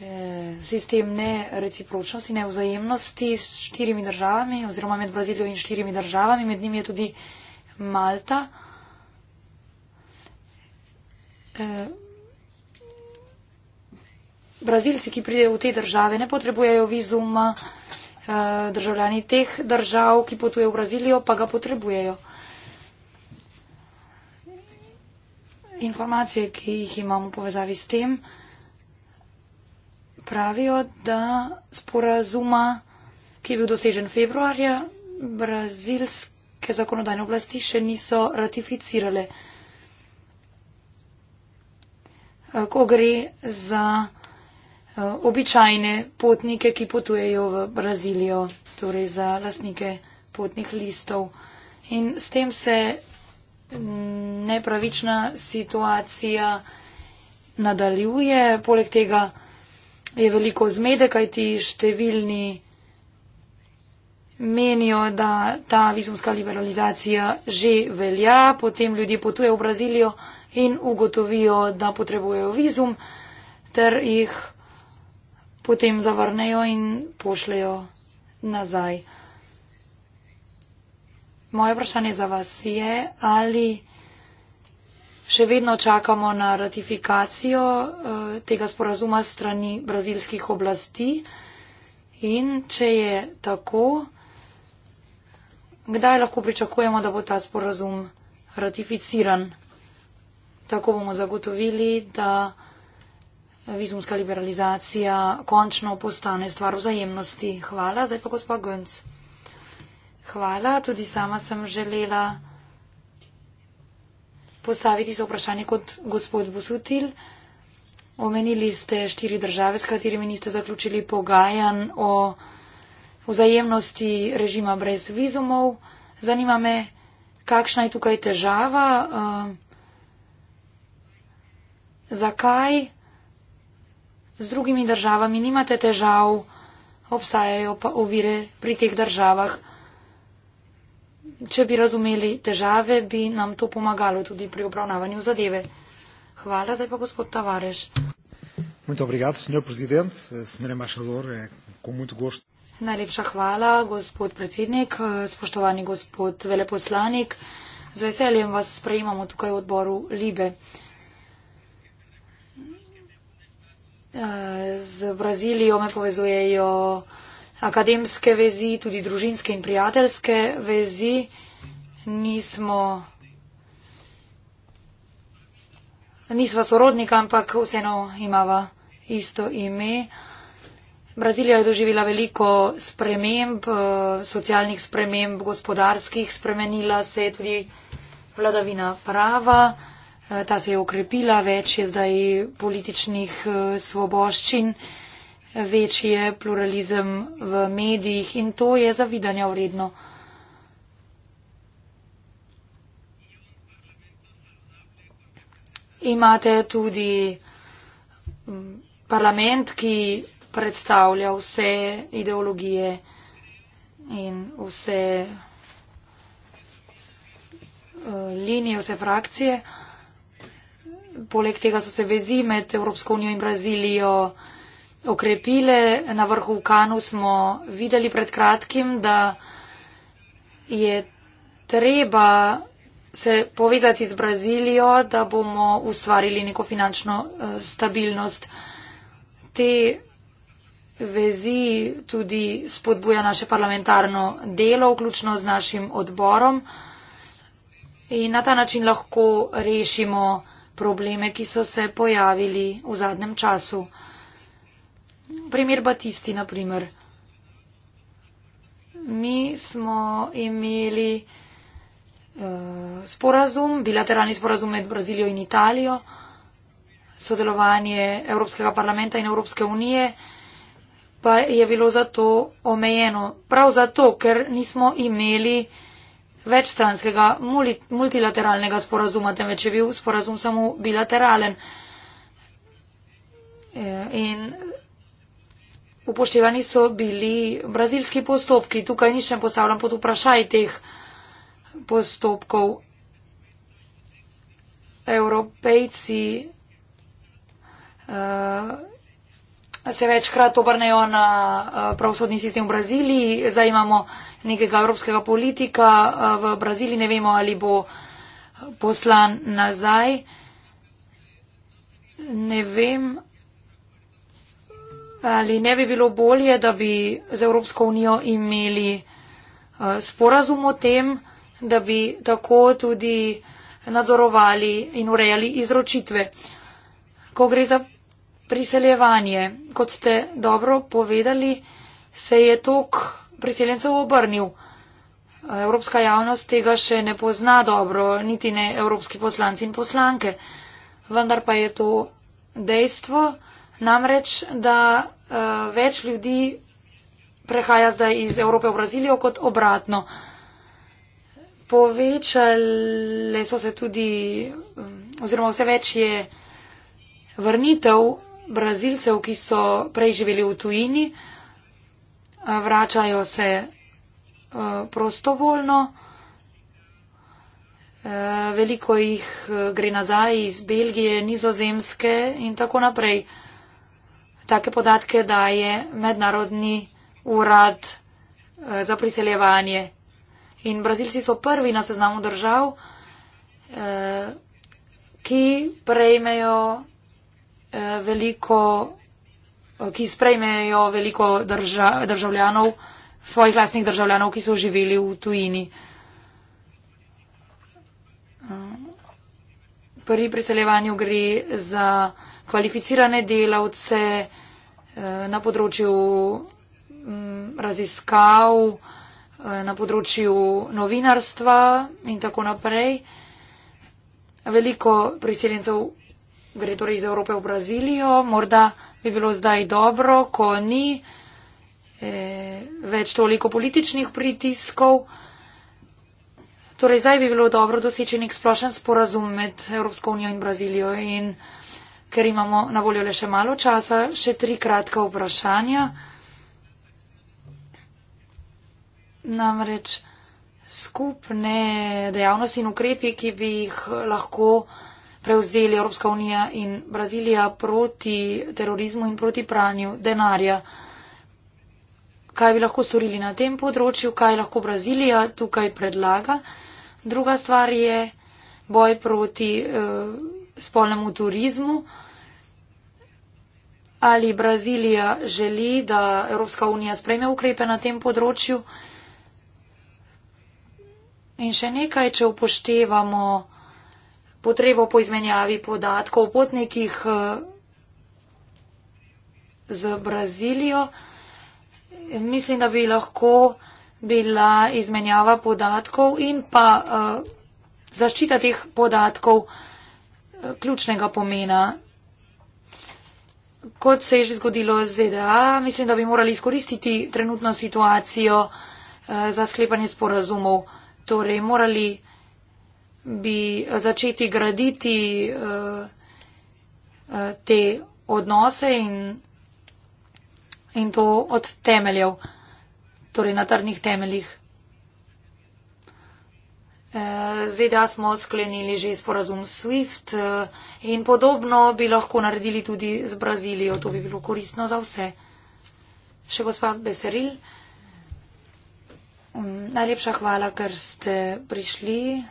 [SPEAKER 3] eh, sistem ne recipročnosti, ne vzajemnosti s štirimi državami oziroma med Brazilijo in štirimi državami, med njimi je tudi Malta. Eh, Brazilci, ki pridejo v te države, ne potrebujejo vizuma, eh, državljani teh držav, ki potujejo v Brazilijo, pa ga potrebujejo. informacije, ki jih imamo povezavi s tem, pravijo, da sporazuma, ki je bil dosežen februarja, brazilske zakonodajne oblasti še niso ratificirale. Eh, ko gre za eh, običajne potnike, ki potujejo v Brazilijo, torej za lastnike potnih listov. In s tem se nepravična situacija nadaljuje. Poleg tega je veliko zmede, kajti številni menijo, da ta vizumska liberalizacija že velja, potem ljudje potujejo v Brazilijo in ugotovijo, da potrebujejo vizum, ter jih potem zavrnejo in pošljejo nazaj. Moje vprašanje za vas je, ali še vedno čakamo na ratifikacijo eh, tega sporazuma strani brazilskih oblasti in če je tako, kdaj lahko pričakujemo, da bo ta sporazum ratificiran. Tako bomo zagotovili, da vizumska liberalizacija končno postane stvar vzajemnosti. Hvala, zdaj pa gospod Gönc. Hvala. Tudi sama sem želela postaviti se vprašanje kot gospod Busutil. Omenili ste štiri države, s katerimi niste zaključili pogajan o vzajemnosti režima brez vizumov. Zanima me, kakšna je tukaj težava, uh, zakaj z drugimi državami nimate težav, obstajajo pa ovire pri teh državah če bi razumeli težave, bi nam to pomagalo tudi pri obravnavanju zadeve. Hvala, zdaj pa gospod Tavares. Najlepša hvala, gospod predsednik, spoštovani gospod veleposlanik. Z veseljem vas sprejemamo tukaj v odboru Libe. Eh, z Brazilijo me povezujejo akademske vezi, tudi družinske in prijateljske vezi. Nismo, nismo sorodnika, ampak vseeno imava isto ime. Brazilija je doživela veliko sprememb, eh, socialnih sprememb, gospodarskih, spremenila se je tudi vladavina prava, eh, ta se je okrepila, več je zdaj političnih eh, svoboščin večji je pluralizem v medijih in to je zavidanja vredno. Imate tudi mm, parlament, ki predstavlja vse ideologije in vse eh, linije, vse frakcije. Poleg tega so se vezi med Evropsko unijo in Brazilijo okrepile. Na vrhu v Kanu smo videli pred kratkim, da je treba se povezati z Brazilijo, da bomo ustvarili neko finančno eh, stabilnost. Te vezi tudi spodbuja naše parlamentarno delo, vključno z našim odborom. In na ta način lahko rešimo probleme, ki so se pojavili v zadnjem času. Primer Batisti, naprimer. Mi smo imeli uh, sporazum, bilateralni sporazum med Brazilijo in Italijo, sodelovanje Evropskega parlamenta in Evropske unije, pa je bilo zato omejeno. Prav zato, ker nismo imeli večstranskega muli, multilateralnega sporazuma, temveč je bil sporazum samo bilateralen. Uh, in, upoštevani so bili brazilski postopki. Tukaj nič ne postavljam pod vprašaj teh postopkov. Evropejci uh, se večkrat obrnejo na uh, pravosodni sistem v Braziliji. Zdaj imamo nekega evropskega politika uh, v Braziliji, ne vemo, ali bo poslan nazaj. Ne vem. Ali ne bi bilo bolje, da bi z Evropsko unijo imeli eh, sporazum o tem, da bi tako tudi nadzorovali in urejali izročitve? Ko gre za priseljevanje, kot ste dobro povedali, se je tok priseljencev obrnil. Eh, evropska javnost tega še ne pozna dobro, niti ne evropski poslanci in poslanke. Vendar pa je to dejstvo, namreč, da uh, več ljudi prehaja zdaj iz Evrope v Brazilijo kot obratno. Povečale so se tudi, eh, oziroma vse več je vrnitev brazilcev, ki so prej živeli v tujini, eh, vračajo se prostovoljno, veliko jih gre nazaj iz Belgije, nizozemske in tako naprej take podatke daje mednarodni urad eh, za priseljevanje. In Brazilci so prvi na seznamu držav, eh, ki prejmejo eh, veliko, ki sprejmejo veliko drža, državljanov, svojih lastnih državljanov, ki so živeli v tujini. Pri priseljevanju gre za kvalificirane delavce eh, na področju mm, raziskav, eh, na področju novinarstva in tako naprej. Veliko priseljencev gre torej iz Evrope v Brazilijo. Morda bi bilo zdaj dobro, ko ni eh, več toliko političnih pritiskov. Torej, zdaj bi bilo dobro doseči nek splošen sporazum med Evropsko unijo in Brazilijo in ker imamo na voljo le še malo časa, še tri kratka vprašanja. Namreč skupne dejavnosti in ukrepi, ki bi jih lahko prevzeli Evropska unija in Brazilija proti terorizmu in proti pranju denarja. Kaj bi lahko storili na tem področju, kaj lahko Brazilija tukaj predlaga. Druga stvar je boj proti. Uh, spolnemu turizmu. Ali Brazilija želi, da Evropska unija spreme ukrepe na tem področju? In še nekaj, če upoštevamo potrebo po izmenjavi podatkov o potnikih eh, z Brazilijo, mislim, da bi lahko bila izmenjava podatkov in pa eh, zaščita teh podatkov ključnega pomena. Kot se je že zgodilo z ZDA, mislim, da bi morali izkoristiti trenutno situacijo eh, za sklepanje sporazumov. Torej, morali bi eh, začeti graditi eh, eh, te odnose in, in to od temeljev, torej na trdnih temeljih. ZDA smo sklenili že sporazum SWIFT eh, in podobno bi lahko naredili tudi z Brazilijo. To bi bilo koristno za vse. Še gospa Beseril. Mm, najlepša hvala, ker ste prišli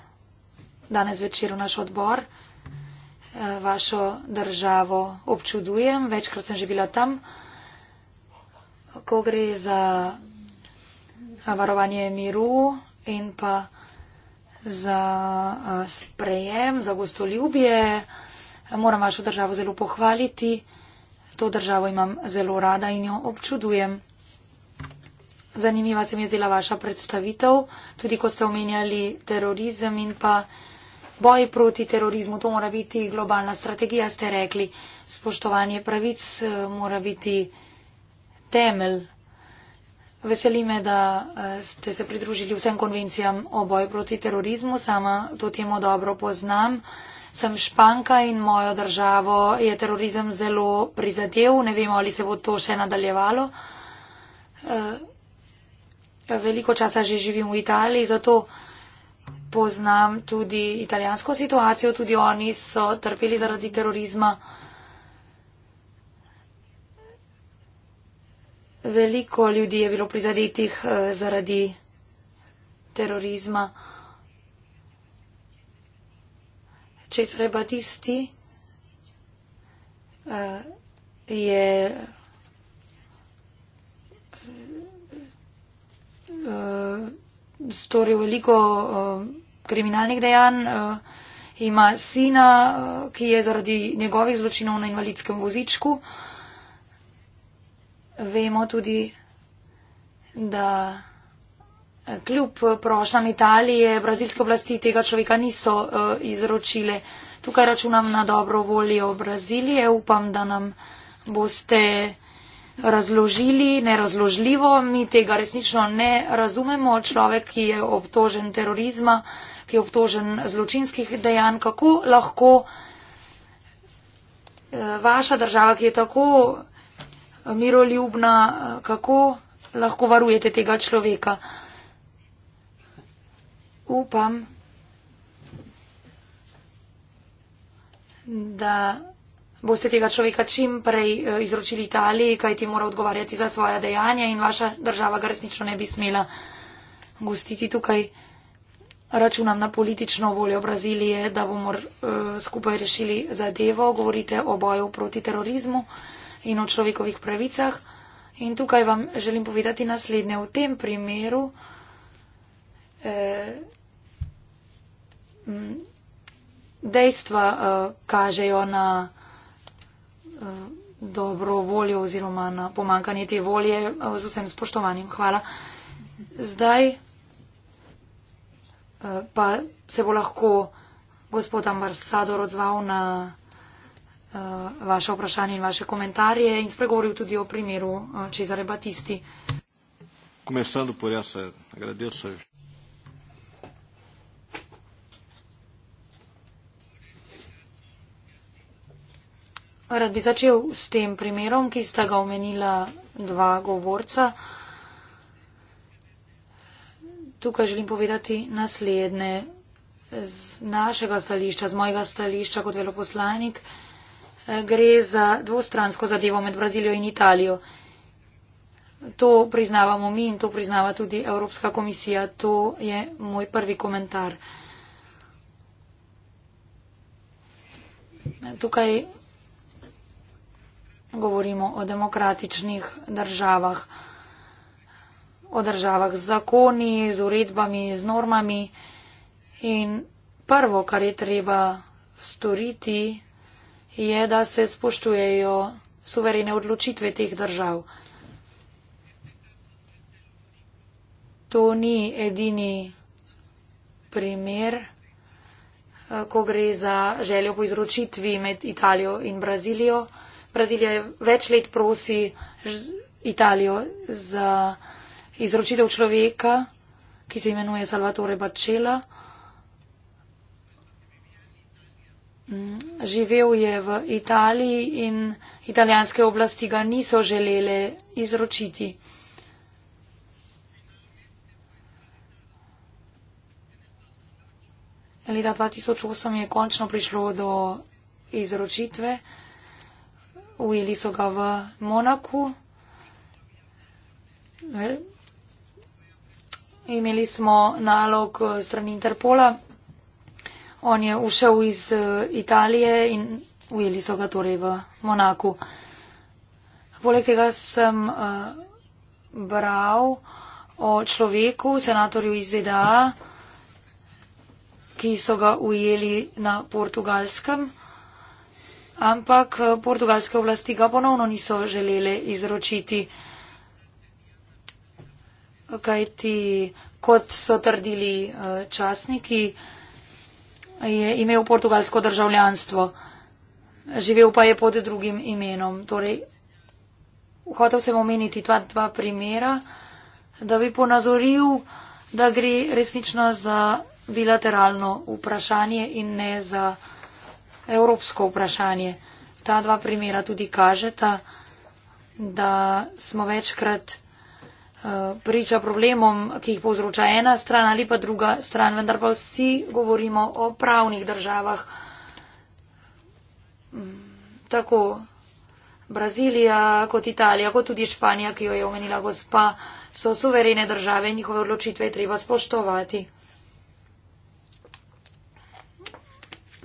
[SPEAKER 3] danes večer v naš odbor. Eh, vašo državo občudujem, večkrat sem že bila tam. Ko gre za varovanje miru in pa za eh, sprejem, za gostoljubje. Moram vašo državo zelo pohvaliti. To državo imam zelo rada in jo občudujem. Zanimiva se mi je zdela vaša predstavitev, tudi ko ste omenjali terorizem in pa boj proti terorizmu. To mora biti globalna strategija, ste rekli. Spoštovanje pravic eh, mora biti temelj Veseli me, da eh, ste se pridružili vsem konvencijam o boju proti terorizmu. Sama to temo dobro poznam. Sem španka in mojo državo je terorizem zelo prizadel. Ne vemo, ali se bo to še nadaljevalo. Eh, veliko časa že živim v Italiji, zato poznam tudi italijansko situacijo. Tudi oni so trpeli zaradi terorizma. veliko ljudi je bilo prizadetih eh, zaradi terorizma. Česar eh, je Batisti eh, je storil veliko kriminalnih dejanj, ima sina, ki je zaradi njegovih zločinov na invalidskem vozičku vemo tudi, da eh, kljub prošljam Italije, brazilske oblasti tega človeka niso uh, izročile. Tukaj računam na dobro voljo Brazilije. Upam, da nam boste razložili nerazložljivo. Mi tega resnično ne razumemo. Človek, ki je obtožen terorizma, ki je obtožen zločinskih dejanj, kako lahko eh, vaša država, ki je tako miroljubna, eh, kako lahko varujete tega človeka. Upam, da boste tega človeka čim prej eh, izročili Italiji, kaj ti mora odgovarjati za svoja dejanja in vaša država ga resnično ne bi smela gostiti tukaj. Računam na politično voljo Brazilije, da bomo eh, skupaj rešili zadevo. Govorite o boju proti terorizmu in o človekovih pravicah. In tukaj vam želim povedati naslednje. V tem primeru eh, dejstva eh, kažejo na eh, dobro voljo oziroma na pomankanje te volje eh, z vsem spoštovanjem. Hvala. Zdaj eh, pa se bo lahko gospod ambasador odzval na. Eh, vaše vprašanje in vaše komentarje in spregovoril tudi o primeru eh, Cezare Batisti.
[SPEAKER 1] Começando por essa, agradeço
[SPEAKER 3] a Rad bi začel s tem primerom, ki sta ga omenila dva govorca. Tukaj želim povedati naslednje. Z našega stališča, z mojega stališča kot veloposlanik, gre za dvostransko zadevo med Brazilijo in Italijo. To priznavamo mi in to priznava tudi Evropska komisija. To je moj prvi komentar. Tukaj govorimo o demokratičnih državah, o državah z zakoni, z uredbami, z normami. In prvo, kar je treba storiti, je, da se spoštujejo suverene odločitve teh držav. To ni edini primer, eh, ko gre za željo po izročitvi med Italijo in Brazilijo. Brazilija več let prosi Italijo za izročitev človeka, ki se imenuje Salvatore Bacela. Živel je v Italiji in italijanske oblasti ga niso želele izročiti. Leta 2008 je končno prišlo do izročitve. Ujeli so ga v Monaku. Imeli smo nalog strani Interpola. On je ušel iz eh, Italije in ujeli so ga torej v Monaku. Poleg tega sem uh, bral o človeku, senatorju iz ZDA, ki so ga ujeli na portugalskem, ampak eh, portugalske oblasti ga ponovno niso želele izročiti, kajti, kot so trdili uh, časniki, je imel portugalsko državljanstvo, živel pa je pod drugim imenom. Torej, hotel sem omeniti dva, dva primera, da bi ponazoril, da gre resnično za bilateralno vprašanje in ne za evropsko vprašanje. Ta dva primera tudi kažeta, da smo večkrat Eh, priča problemom, ki jih povzroča ena stran ali pa druga stran, vendar pa vsi govorimo o pravnih državah. Mm, tako Brazilija kot Italija, kot tudi Španija, ki jo je omenila gospa, so suverene države in njihove odločitve je treba spoštovati.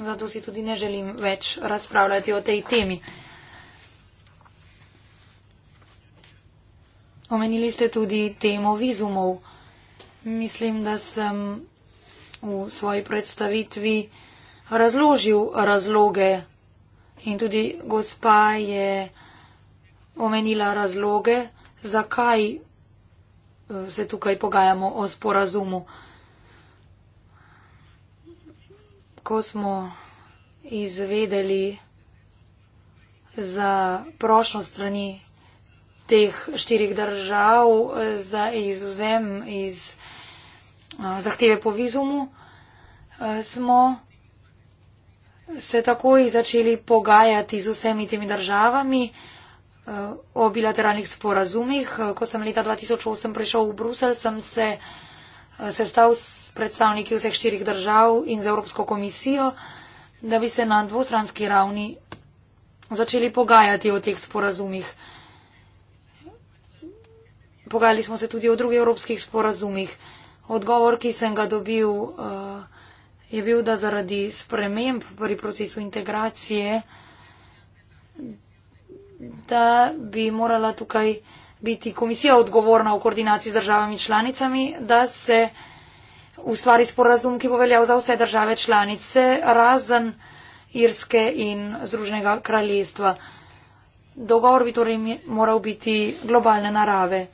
[SPEAKER 3] Zato si tudi ne želim več razpravljati o tej temi. Omenili ste tudi temo vizumov. Mislim, da sem v svoji predstavitvi razložil razloge in tudi gospa je omenila razloge, zakaj eh, se tukaj pogajamo o sporazumu. Ko smo izvedeli za prošlost strani teh štirih držav eh, za izuzem iz eh, zahteve po vizumu, eh, smo se takoj začeli pogajati z vsemi temi državami o bilateralnih sporazumih. Ko sem leta 2008 prišel v Bruselj, sem se sestal s predstavniki vseh štirih držav in z Evropsko komisijo, da bi se na dvostranski ravni začeli pogajati o teh sporazumih pogajali smo se tudi o drugih evropskih sporazumih. Odgovor, ki sem ga dobil, eh, je bil, da zaradi sprememb pri procesu integracije, da bi morala tukaj biti komisija odgovorna v koordinaciji z državami članicami, da se ustvari sporazum, ki bo veljal za vse države članice, razen Irske in Združnega kraljestva. Dogovor bi torej moral biti globalne narave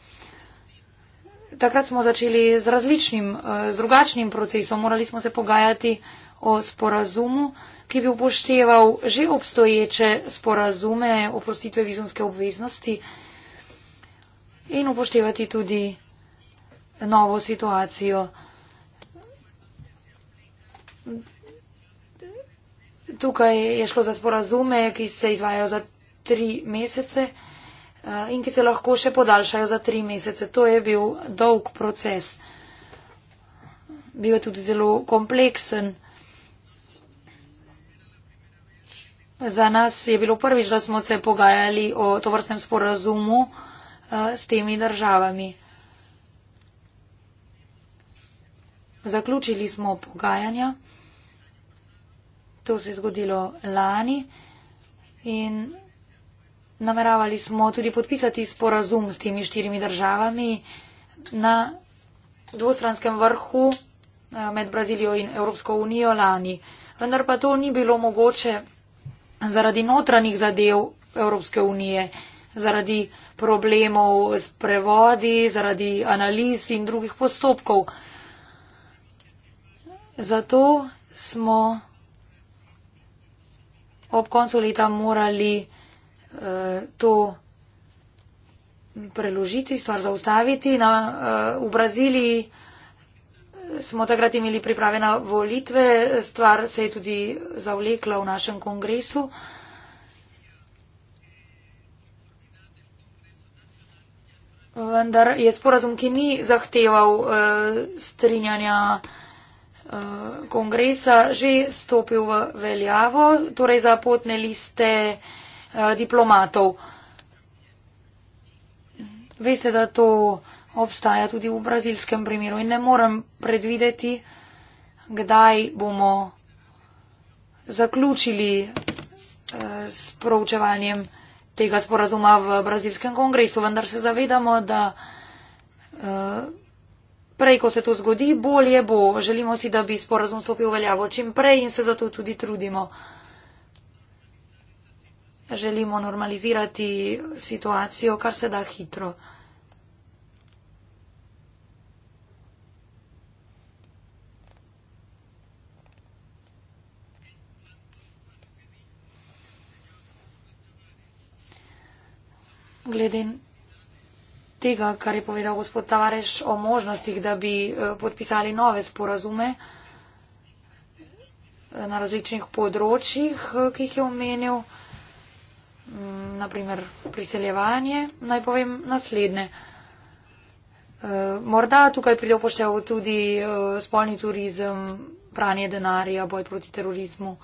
[SPEAKER 3] takrat smo začeli z različnim, eh, z drugačnim procesom. Morali smo se pogajati o sporazumu, ki bi upošteval že obstoječe sporazume o prostitve vizumske obveznosti in upoštevati tudi novo situacijo. Tukaj je šlo za sporazume, ki se izvajajo za tri mesece. Eh, in ki se lahko še podaljšajo za tri mesece. To je bil dolg proces. Bil je tudi zelo kompleksen. Za nas je bilo prvič, da smo se pogajali o tovrstnem sporazumu eh, s temi državami. Zaključili smo pogajanja. To se je zgodilo lani in Nameravali smo tudi podpisati sporazum s temi štirimi državami na dvostranskem vrhu eh, med Brazilijo in Evropsko unijo lani. Vendar pa to ni bilo mogoče zaradi notranjih zadev Evropske unije, zaradi problemov s prevodi, zaradi analiz in drugih postopkov. Zato smo ob koncu leta morali to preložiti, stvar zaustaviti. Na, uh, v Braziliji smo takrat imeli pripravljena volitve, stvar se je tudi zavlekla v našem kongresu. Vendar je sporazum, ki ni zahteval uh, strinjanja uh, kongresa, že stopil v veljavo, torej za potne liste. Eh, diplomatov. Veste, da to obstaja tudi v brazilskem primeru in ne morem predvideti, kdaj bomo zaključili eh, s proučevanjem tega sporazuma v brazilskem kongresu, vendar se zavedamo, da eh, prej, ko se to zgodi, bolje bo. Želimo si, da bi sporazum stopil veljavo čim prej in se zato tudi trudimo želimo normalizirati situacijo kar se da hitro. Glede tega, kar je povedal gospod Tavareš o možnostih, da bi eh, podpisali nove sporazume eh, na različnih področjih, eh, ki jih je omenil, naprimer priseljevanje, naj povem naslednje. Eh, morda tukaj pride upoštevo tudi eh, spolni turizem, pranje denarja, boj proti terorizmu.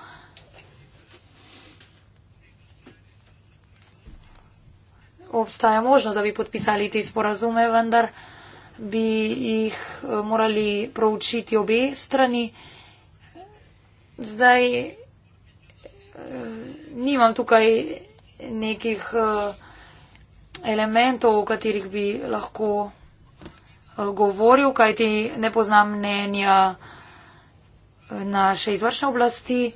[SPEAKER 3] Obstaja možnost, da bi podpisali te sporazume, vendar bi jih eh, morali proučiti obe strani. Zdaj nimam tukaj nekih eh, elementov, o katerih bi lahko eh, govoril, kajti ne poznam mnenja eh, naše izvršne oblasti.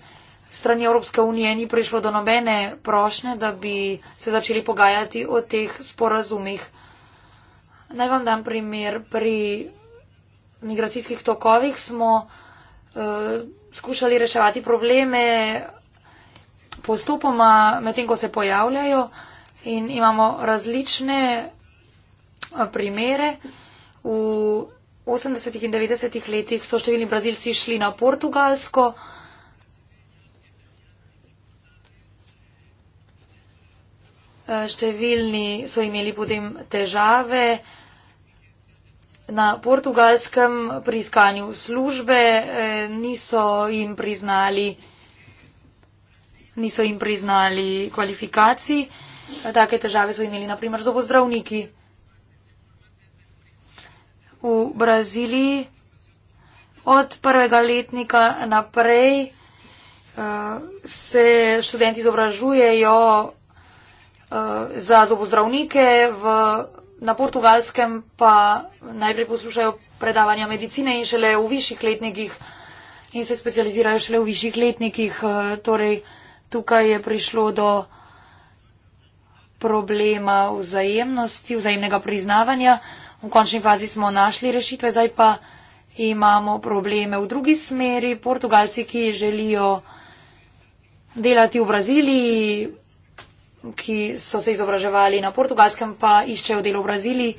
[SPEAKER 3] Strani Evropske unije ni prišlo do nobene prošnje, da bi se začeli pogajati o teh sporazumih. Naj vam dam primer. Pri migracijskih tokovih smo uh, skušali reševati probleme postopoma, medtem ko se pojavljajo in imamo različne eh, primere. V 80. in 90. letih so številni Brazilci šli na Portugalsko. Eh, številni so imeli potem težave na portugalskem pri iskanju službe, eh, niso jim priznali niso jim priznali kvalifikacij. Take težave so imeli naprimer zobozdravniki. V Braziliji od prvega letnika naprej eh, se študenti izobražujejo eh, za zobozdravnike, v, na portugalskem pa najprej poslušajo predavanja medicine in šele v višjih letnikih in se specializirajo šele v višjih letnikih. Eh, torej, tukaj je prišlo do problema vzajemnosti, vzajemnega priznavanja. V končni fazi smo našli rešitve, zdaj pa imamo probleme v drugi smeri. Portugalci, ki želijo delati v Braziliji, ki so se izobraževali na portugalskem, pa iščejo delo v Braziliji,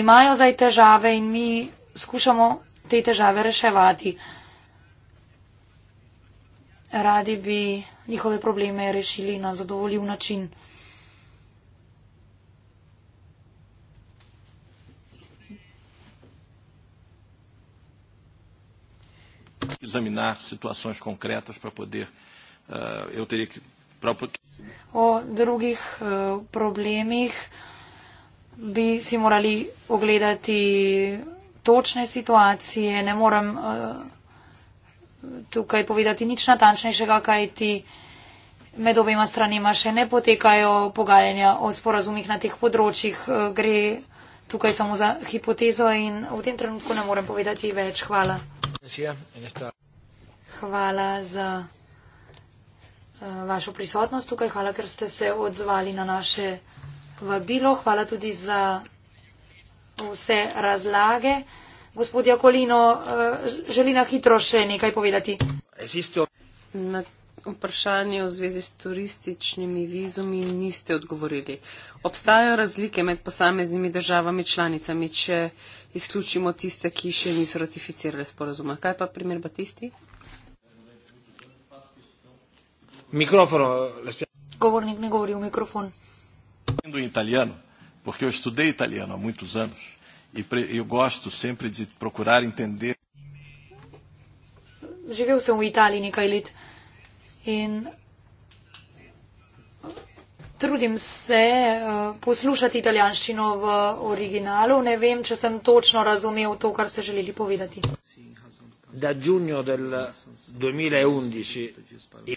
[SPEAKER 3] imajo zdaj težave in mi skušamo te težave reševati. Radi bi njihove probleme rešili na zadovoljiv način.
[SPEAKER 1] Examinar situacije konkretne, pa poder, uh, eu teria que, pra...
[SPEAKER 3] O drugih uh, problemih bi si morali ogledati točne situacije, ne morem. Uh, tukaj povedati nič natančnejšega, kaj ti med obima stranima še ne potekajo pogajanja o sporazumih na teh področjih. Eh, gre tukaj samo za hipotezo in v tem trenutku ne morem povedati več. Hvala. Hvala za eh, vašo prisotnost tukaj. Hvala, ker ste se odzvali na naše vabilo. Hvala tudi za vse razlage. Gospod Jakolino, eh, želi na hitro še nekaj povedati.
[SPEAKER 2] Na vprašanje v zvezi s turističnimi vizumi niste odgovorili. Obstajajo razlike med posameznimi državami članicami, če izključimo tiste, ki še niso ratificirali sporozuma. Kaj pa primer Batisti?
[SPEAKER 3] Mikrofono. Eh, Govornik ne govori v mikrofon. Govorim italijano,
[SPEAKER 1] ker študiram italijano veliko časa e eu gosto sempre de procurar entender.
[SPEAKER 3] Živel sem v Italiji nekaj let in trudim se eh, poslušati italijanščino v originalu. Ne vem, če sem točno razumel to, kar ste želeli povedati.
[SPEAKER 1] Da junijo del 2011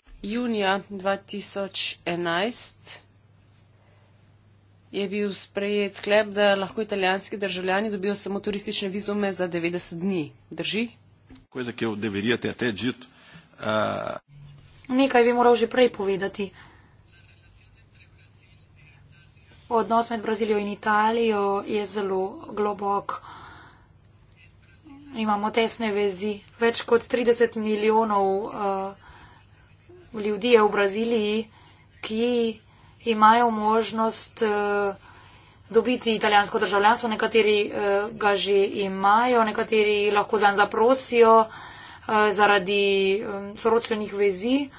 [SPEAKER 2] je bil sprejet sklep, da lahko italijanski državljani dobijo samo turistične vizume za 90 dni. Drži? Koza, ki jo deverijate, te džit. Uh... Ah,
[SPEAKER 3] Nekaj bi moral že prej povedati. Odnos med Brazilijo in Italijo je zelo globok. Imamo tesne vezi. Več kot 30 milijonov uh, ljudi je v Braziliji, ki imajo možnost eh, dobiti italijansko državljanstvo, nekateri eh, ga že imajo, nekateri lahko zanj zaprosijo eh, zaradi sorodstvenih vezi.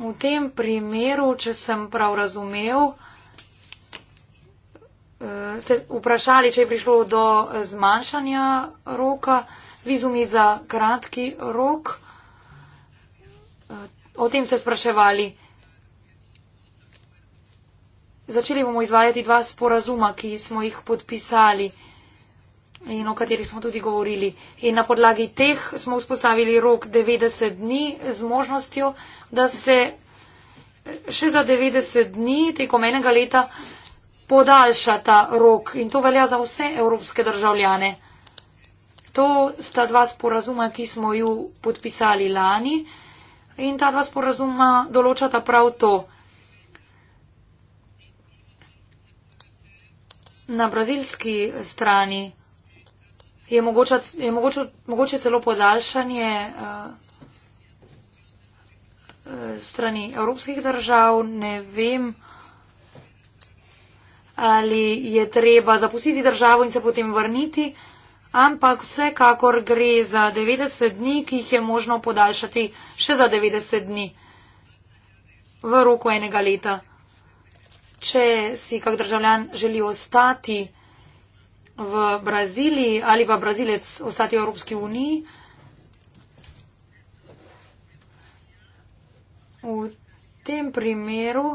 [SPEAKER 3] V tem primeru, če sem prav razumel, ste vprašali, če je prišlo do zmanjšanja roka, vizumi za kratki rok. O tem ste spraševali. Začeli bomo izvajati dva sporazuma, ki smo jih podpisali in o katerih smo tudi govorili. In na podlagi teh smo vzpostavili rok 90 dni z možnostjo, da se še za 90 dni tekom enega leta podaljša ta rok. In to velja za vse evropske državljane. To sta dva sporazuma, ki smo ju podpisali lani. In ta dva sporazuma določata prav to. Na brazilski strani je, mogoča, je mogoče, mogoče celo podaljšanje uh, strani evropskih držav. Ne vem, ali je treba zapustiti državo in se potem vrniti, ampak vsekakor gre za 90 dni, ki jih je možno podaljšati še za 90 dni v roku enega leta če si kak državljan želi ostati v Braziliji ali pa brazilec ostati v Evropski uniji, v tem primeru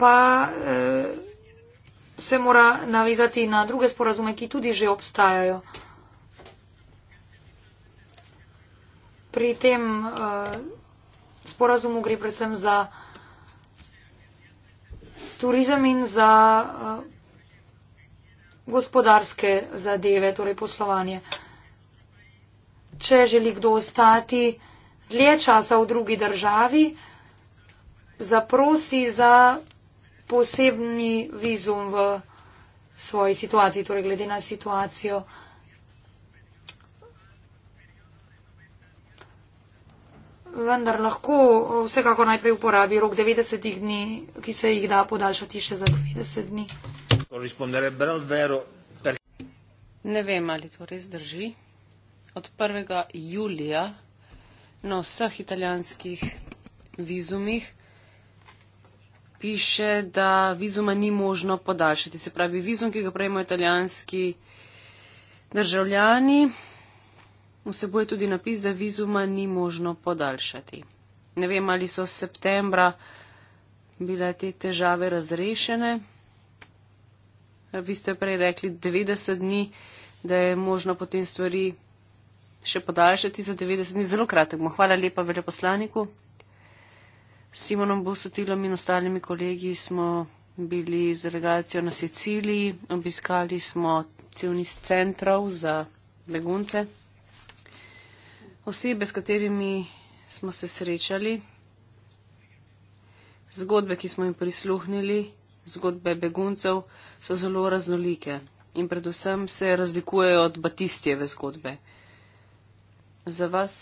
[SPEAKER 3] pa eh, se mora navezati na druge sporazume, ki tudi že obstajajo. Pri tem eh, sporazumu gre predvsem za turizem in za uh, gospodarske zadeve, torej poslovanje. Če želi kdo ostati dlje časa v drugi državi, zaprosi za posebni vizum v svoji situaciji, torej glede na situacijo. vendar lahko vsekako najprej uporabi rok 90 dni, ki se jih da podaljšati še za 90 dni. Ne vem,
[SPEAKER 2] ali to res drži. Od 1. julija na vseh italijanskih vizumih piše, da vizuma ni možno podaljšati. Se pravi, vizum, ki ga prejmo italijanski državljani, Vsebuje tudi napis, da vizuma ni možno podaljšati. Ne vem, ali so septembra bile te težave razrešene. Vi ste prej rekli 90 dni, da je možno potem stvari še podaljšati za 90 dni. Zelo kratek bom. Hvala lepa veleposlaniku. Simonom Bosotilom in ostalimi kolegi smo bili z delegacijo na Siciliji, obiskali smo cel niz centrov za begunce osebe, s katerimi smo se srečali, zgodbe, ki smo jim prisluhnili, zgodbe beguncev so zelo raznolike in predvsem se razlikujejo od Batistijeve zgodbe. Za vas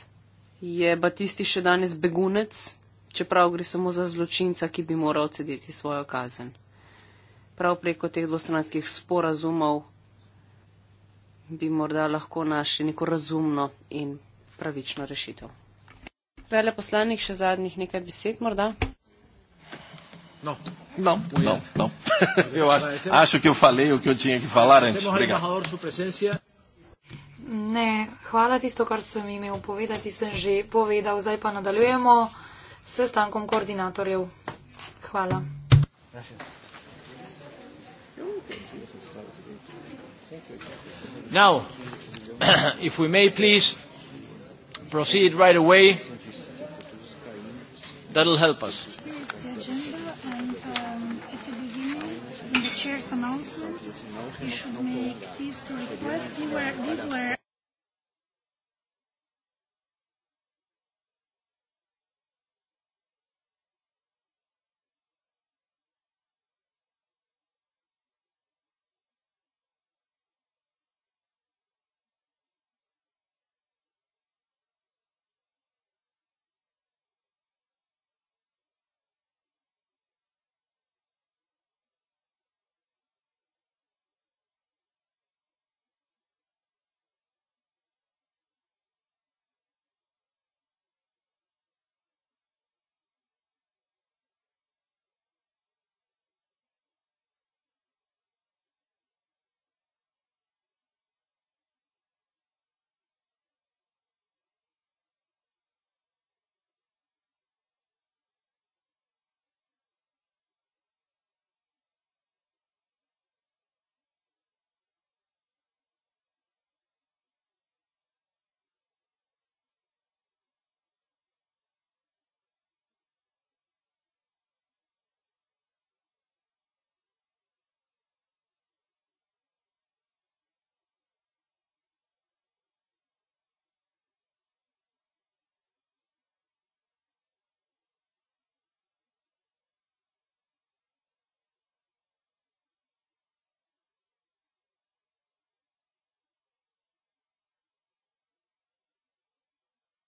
[SPEAKER 2] je Batisti še danes begunec, čeprav gre samo za zločinca, ki bi moral odsedeti svojo kazen. Prav preko teh dvostranskih sporazumov bi morda lahko našli neko razumno in pravično rešitev. Vele poslanik, še zadnjih nekaj besed morda? No. No, no,
[SPEAKER 1] no. Eu acho, acho que eu falei o que eu tinha que falar antes. Obrigado.
[SPEAKER 3] Ne, hvala tisto, kar sem imel povedati, sem že povedal. Zdaj pa nadaljujemo s stankom koordinatorjev. Hvala.
[SPEAKER 4] Now,
[SPEAKER 1] if we may please proceed right away. That'll help us. Here's the agenda, and um, at the beginning, in
[SPEAKER 4] the chair's announcement, you should make these two requests. These were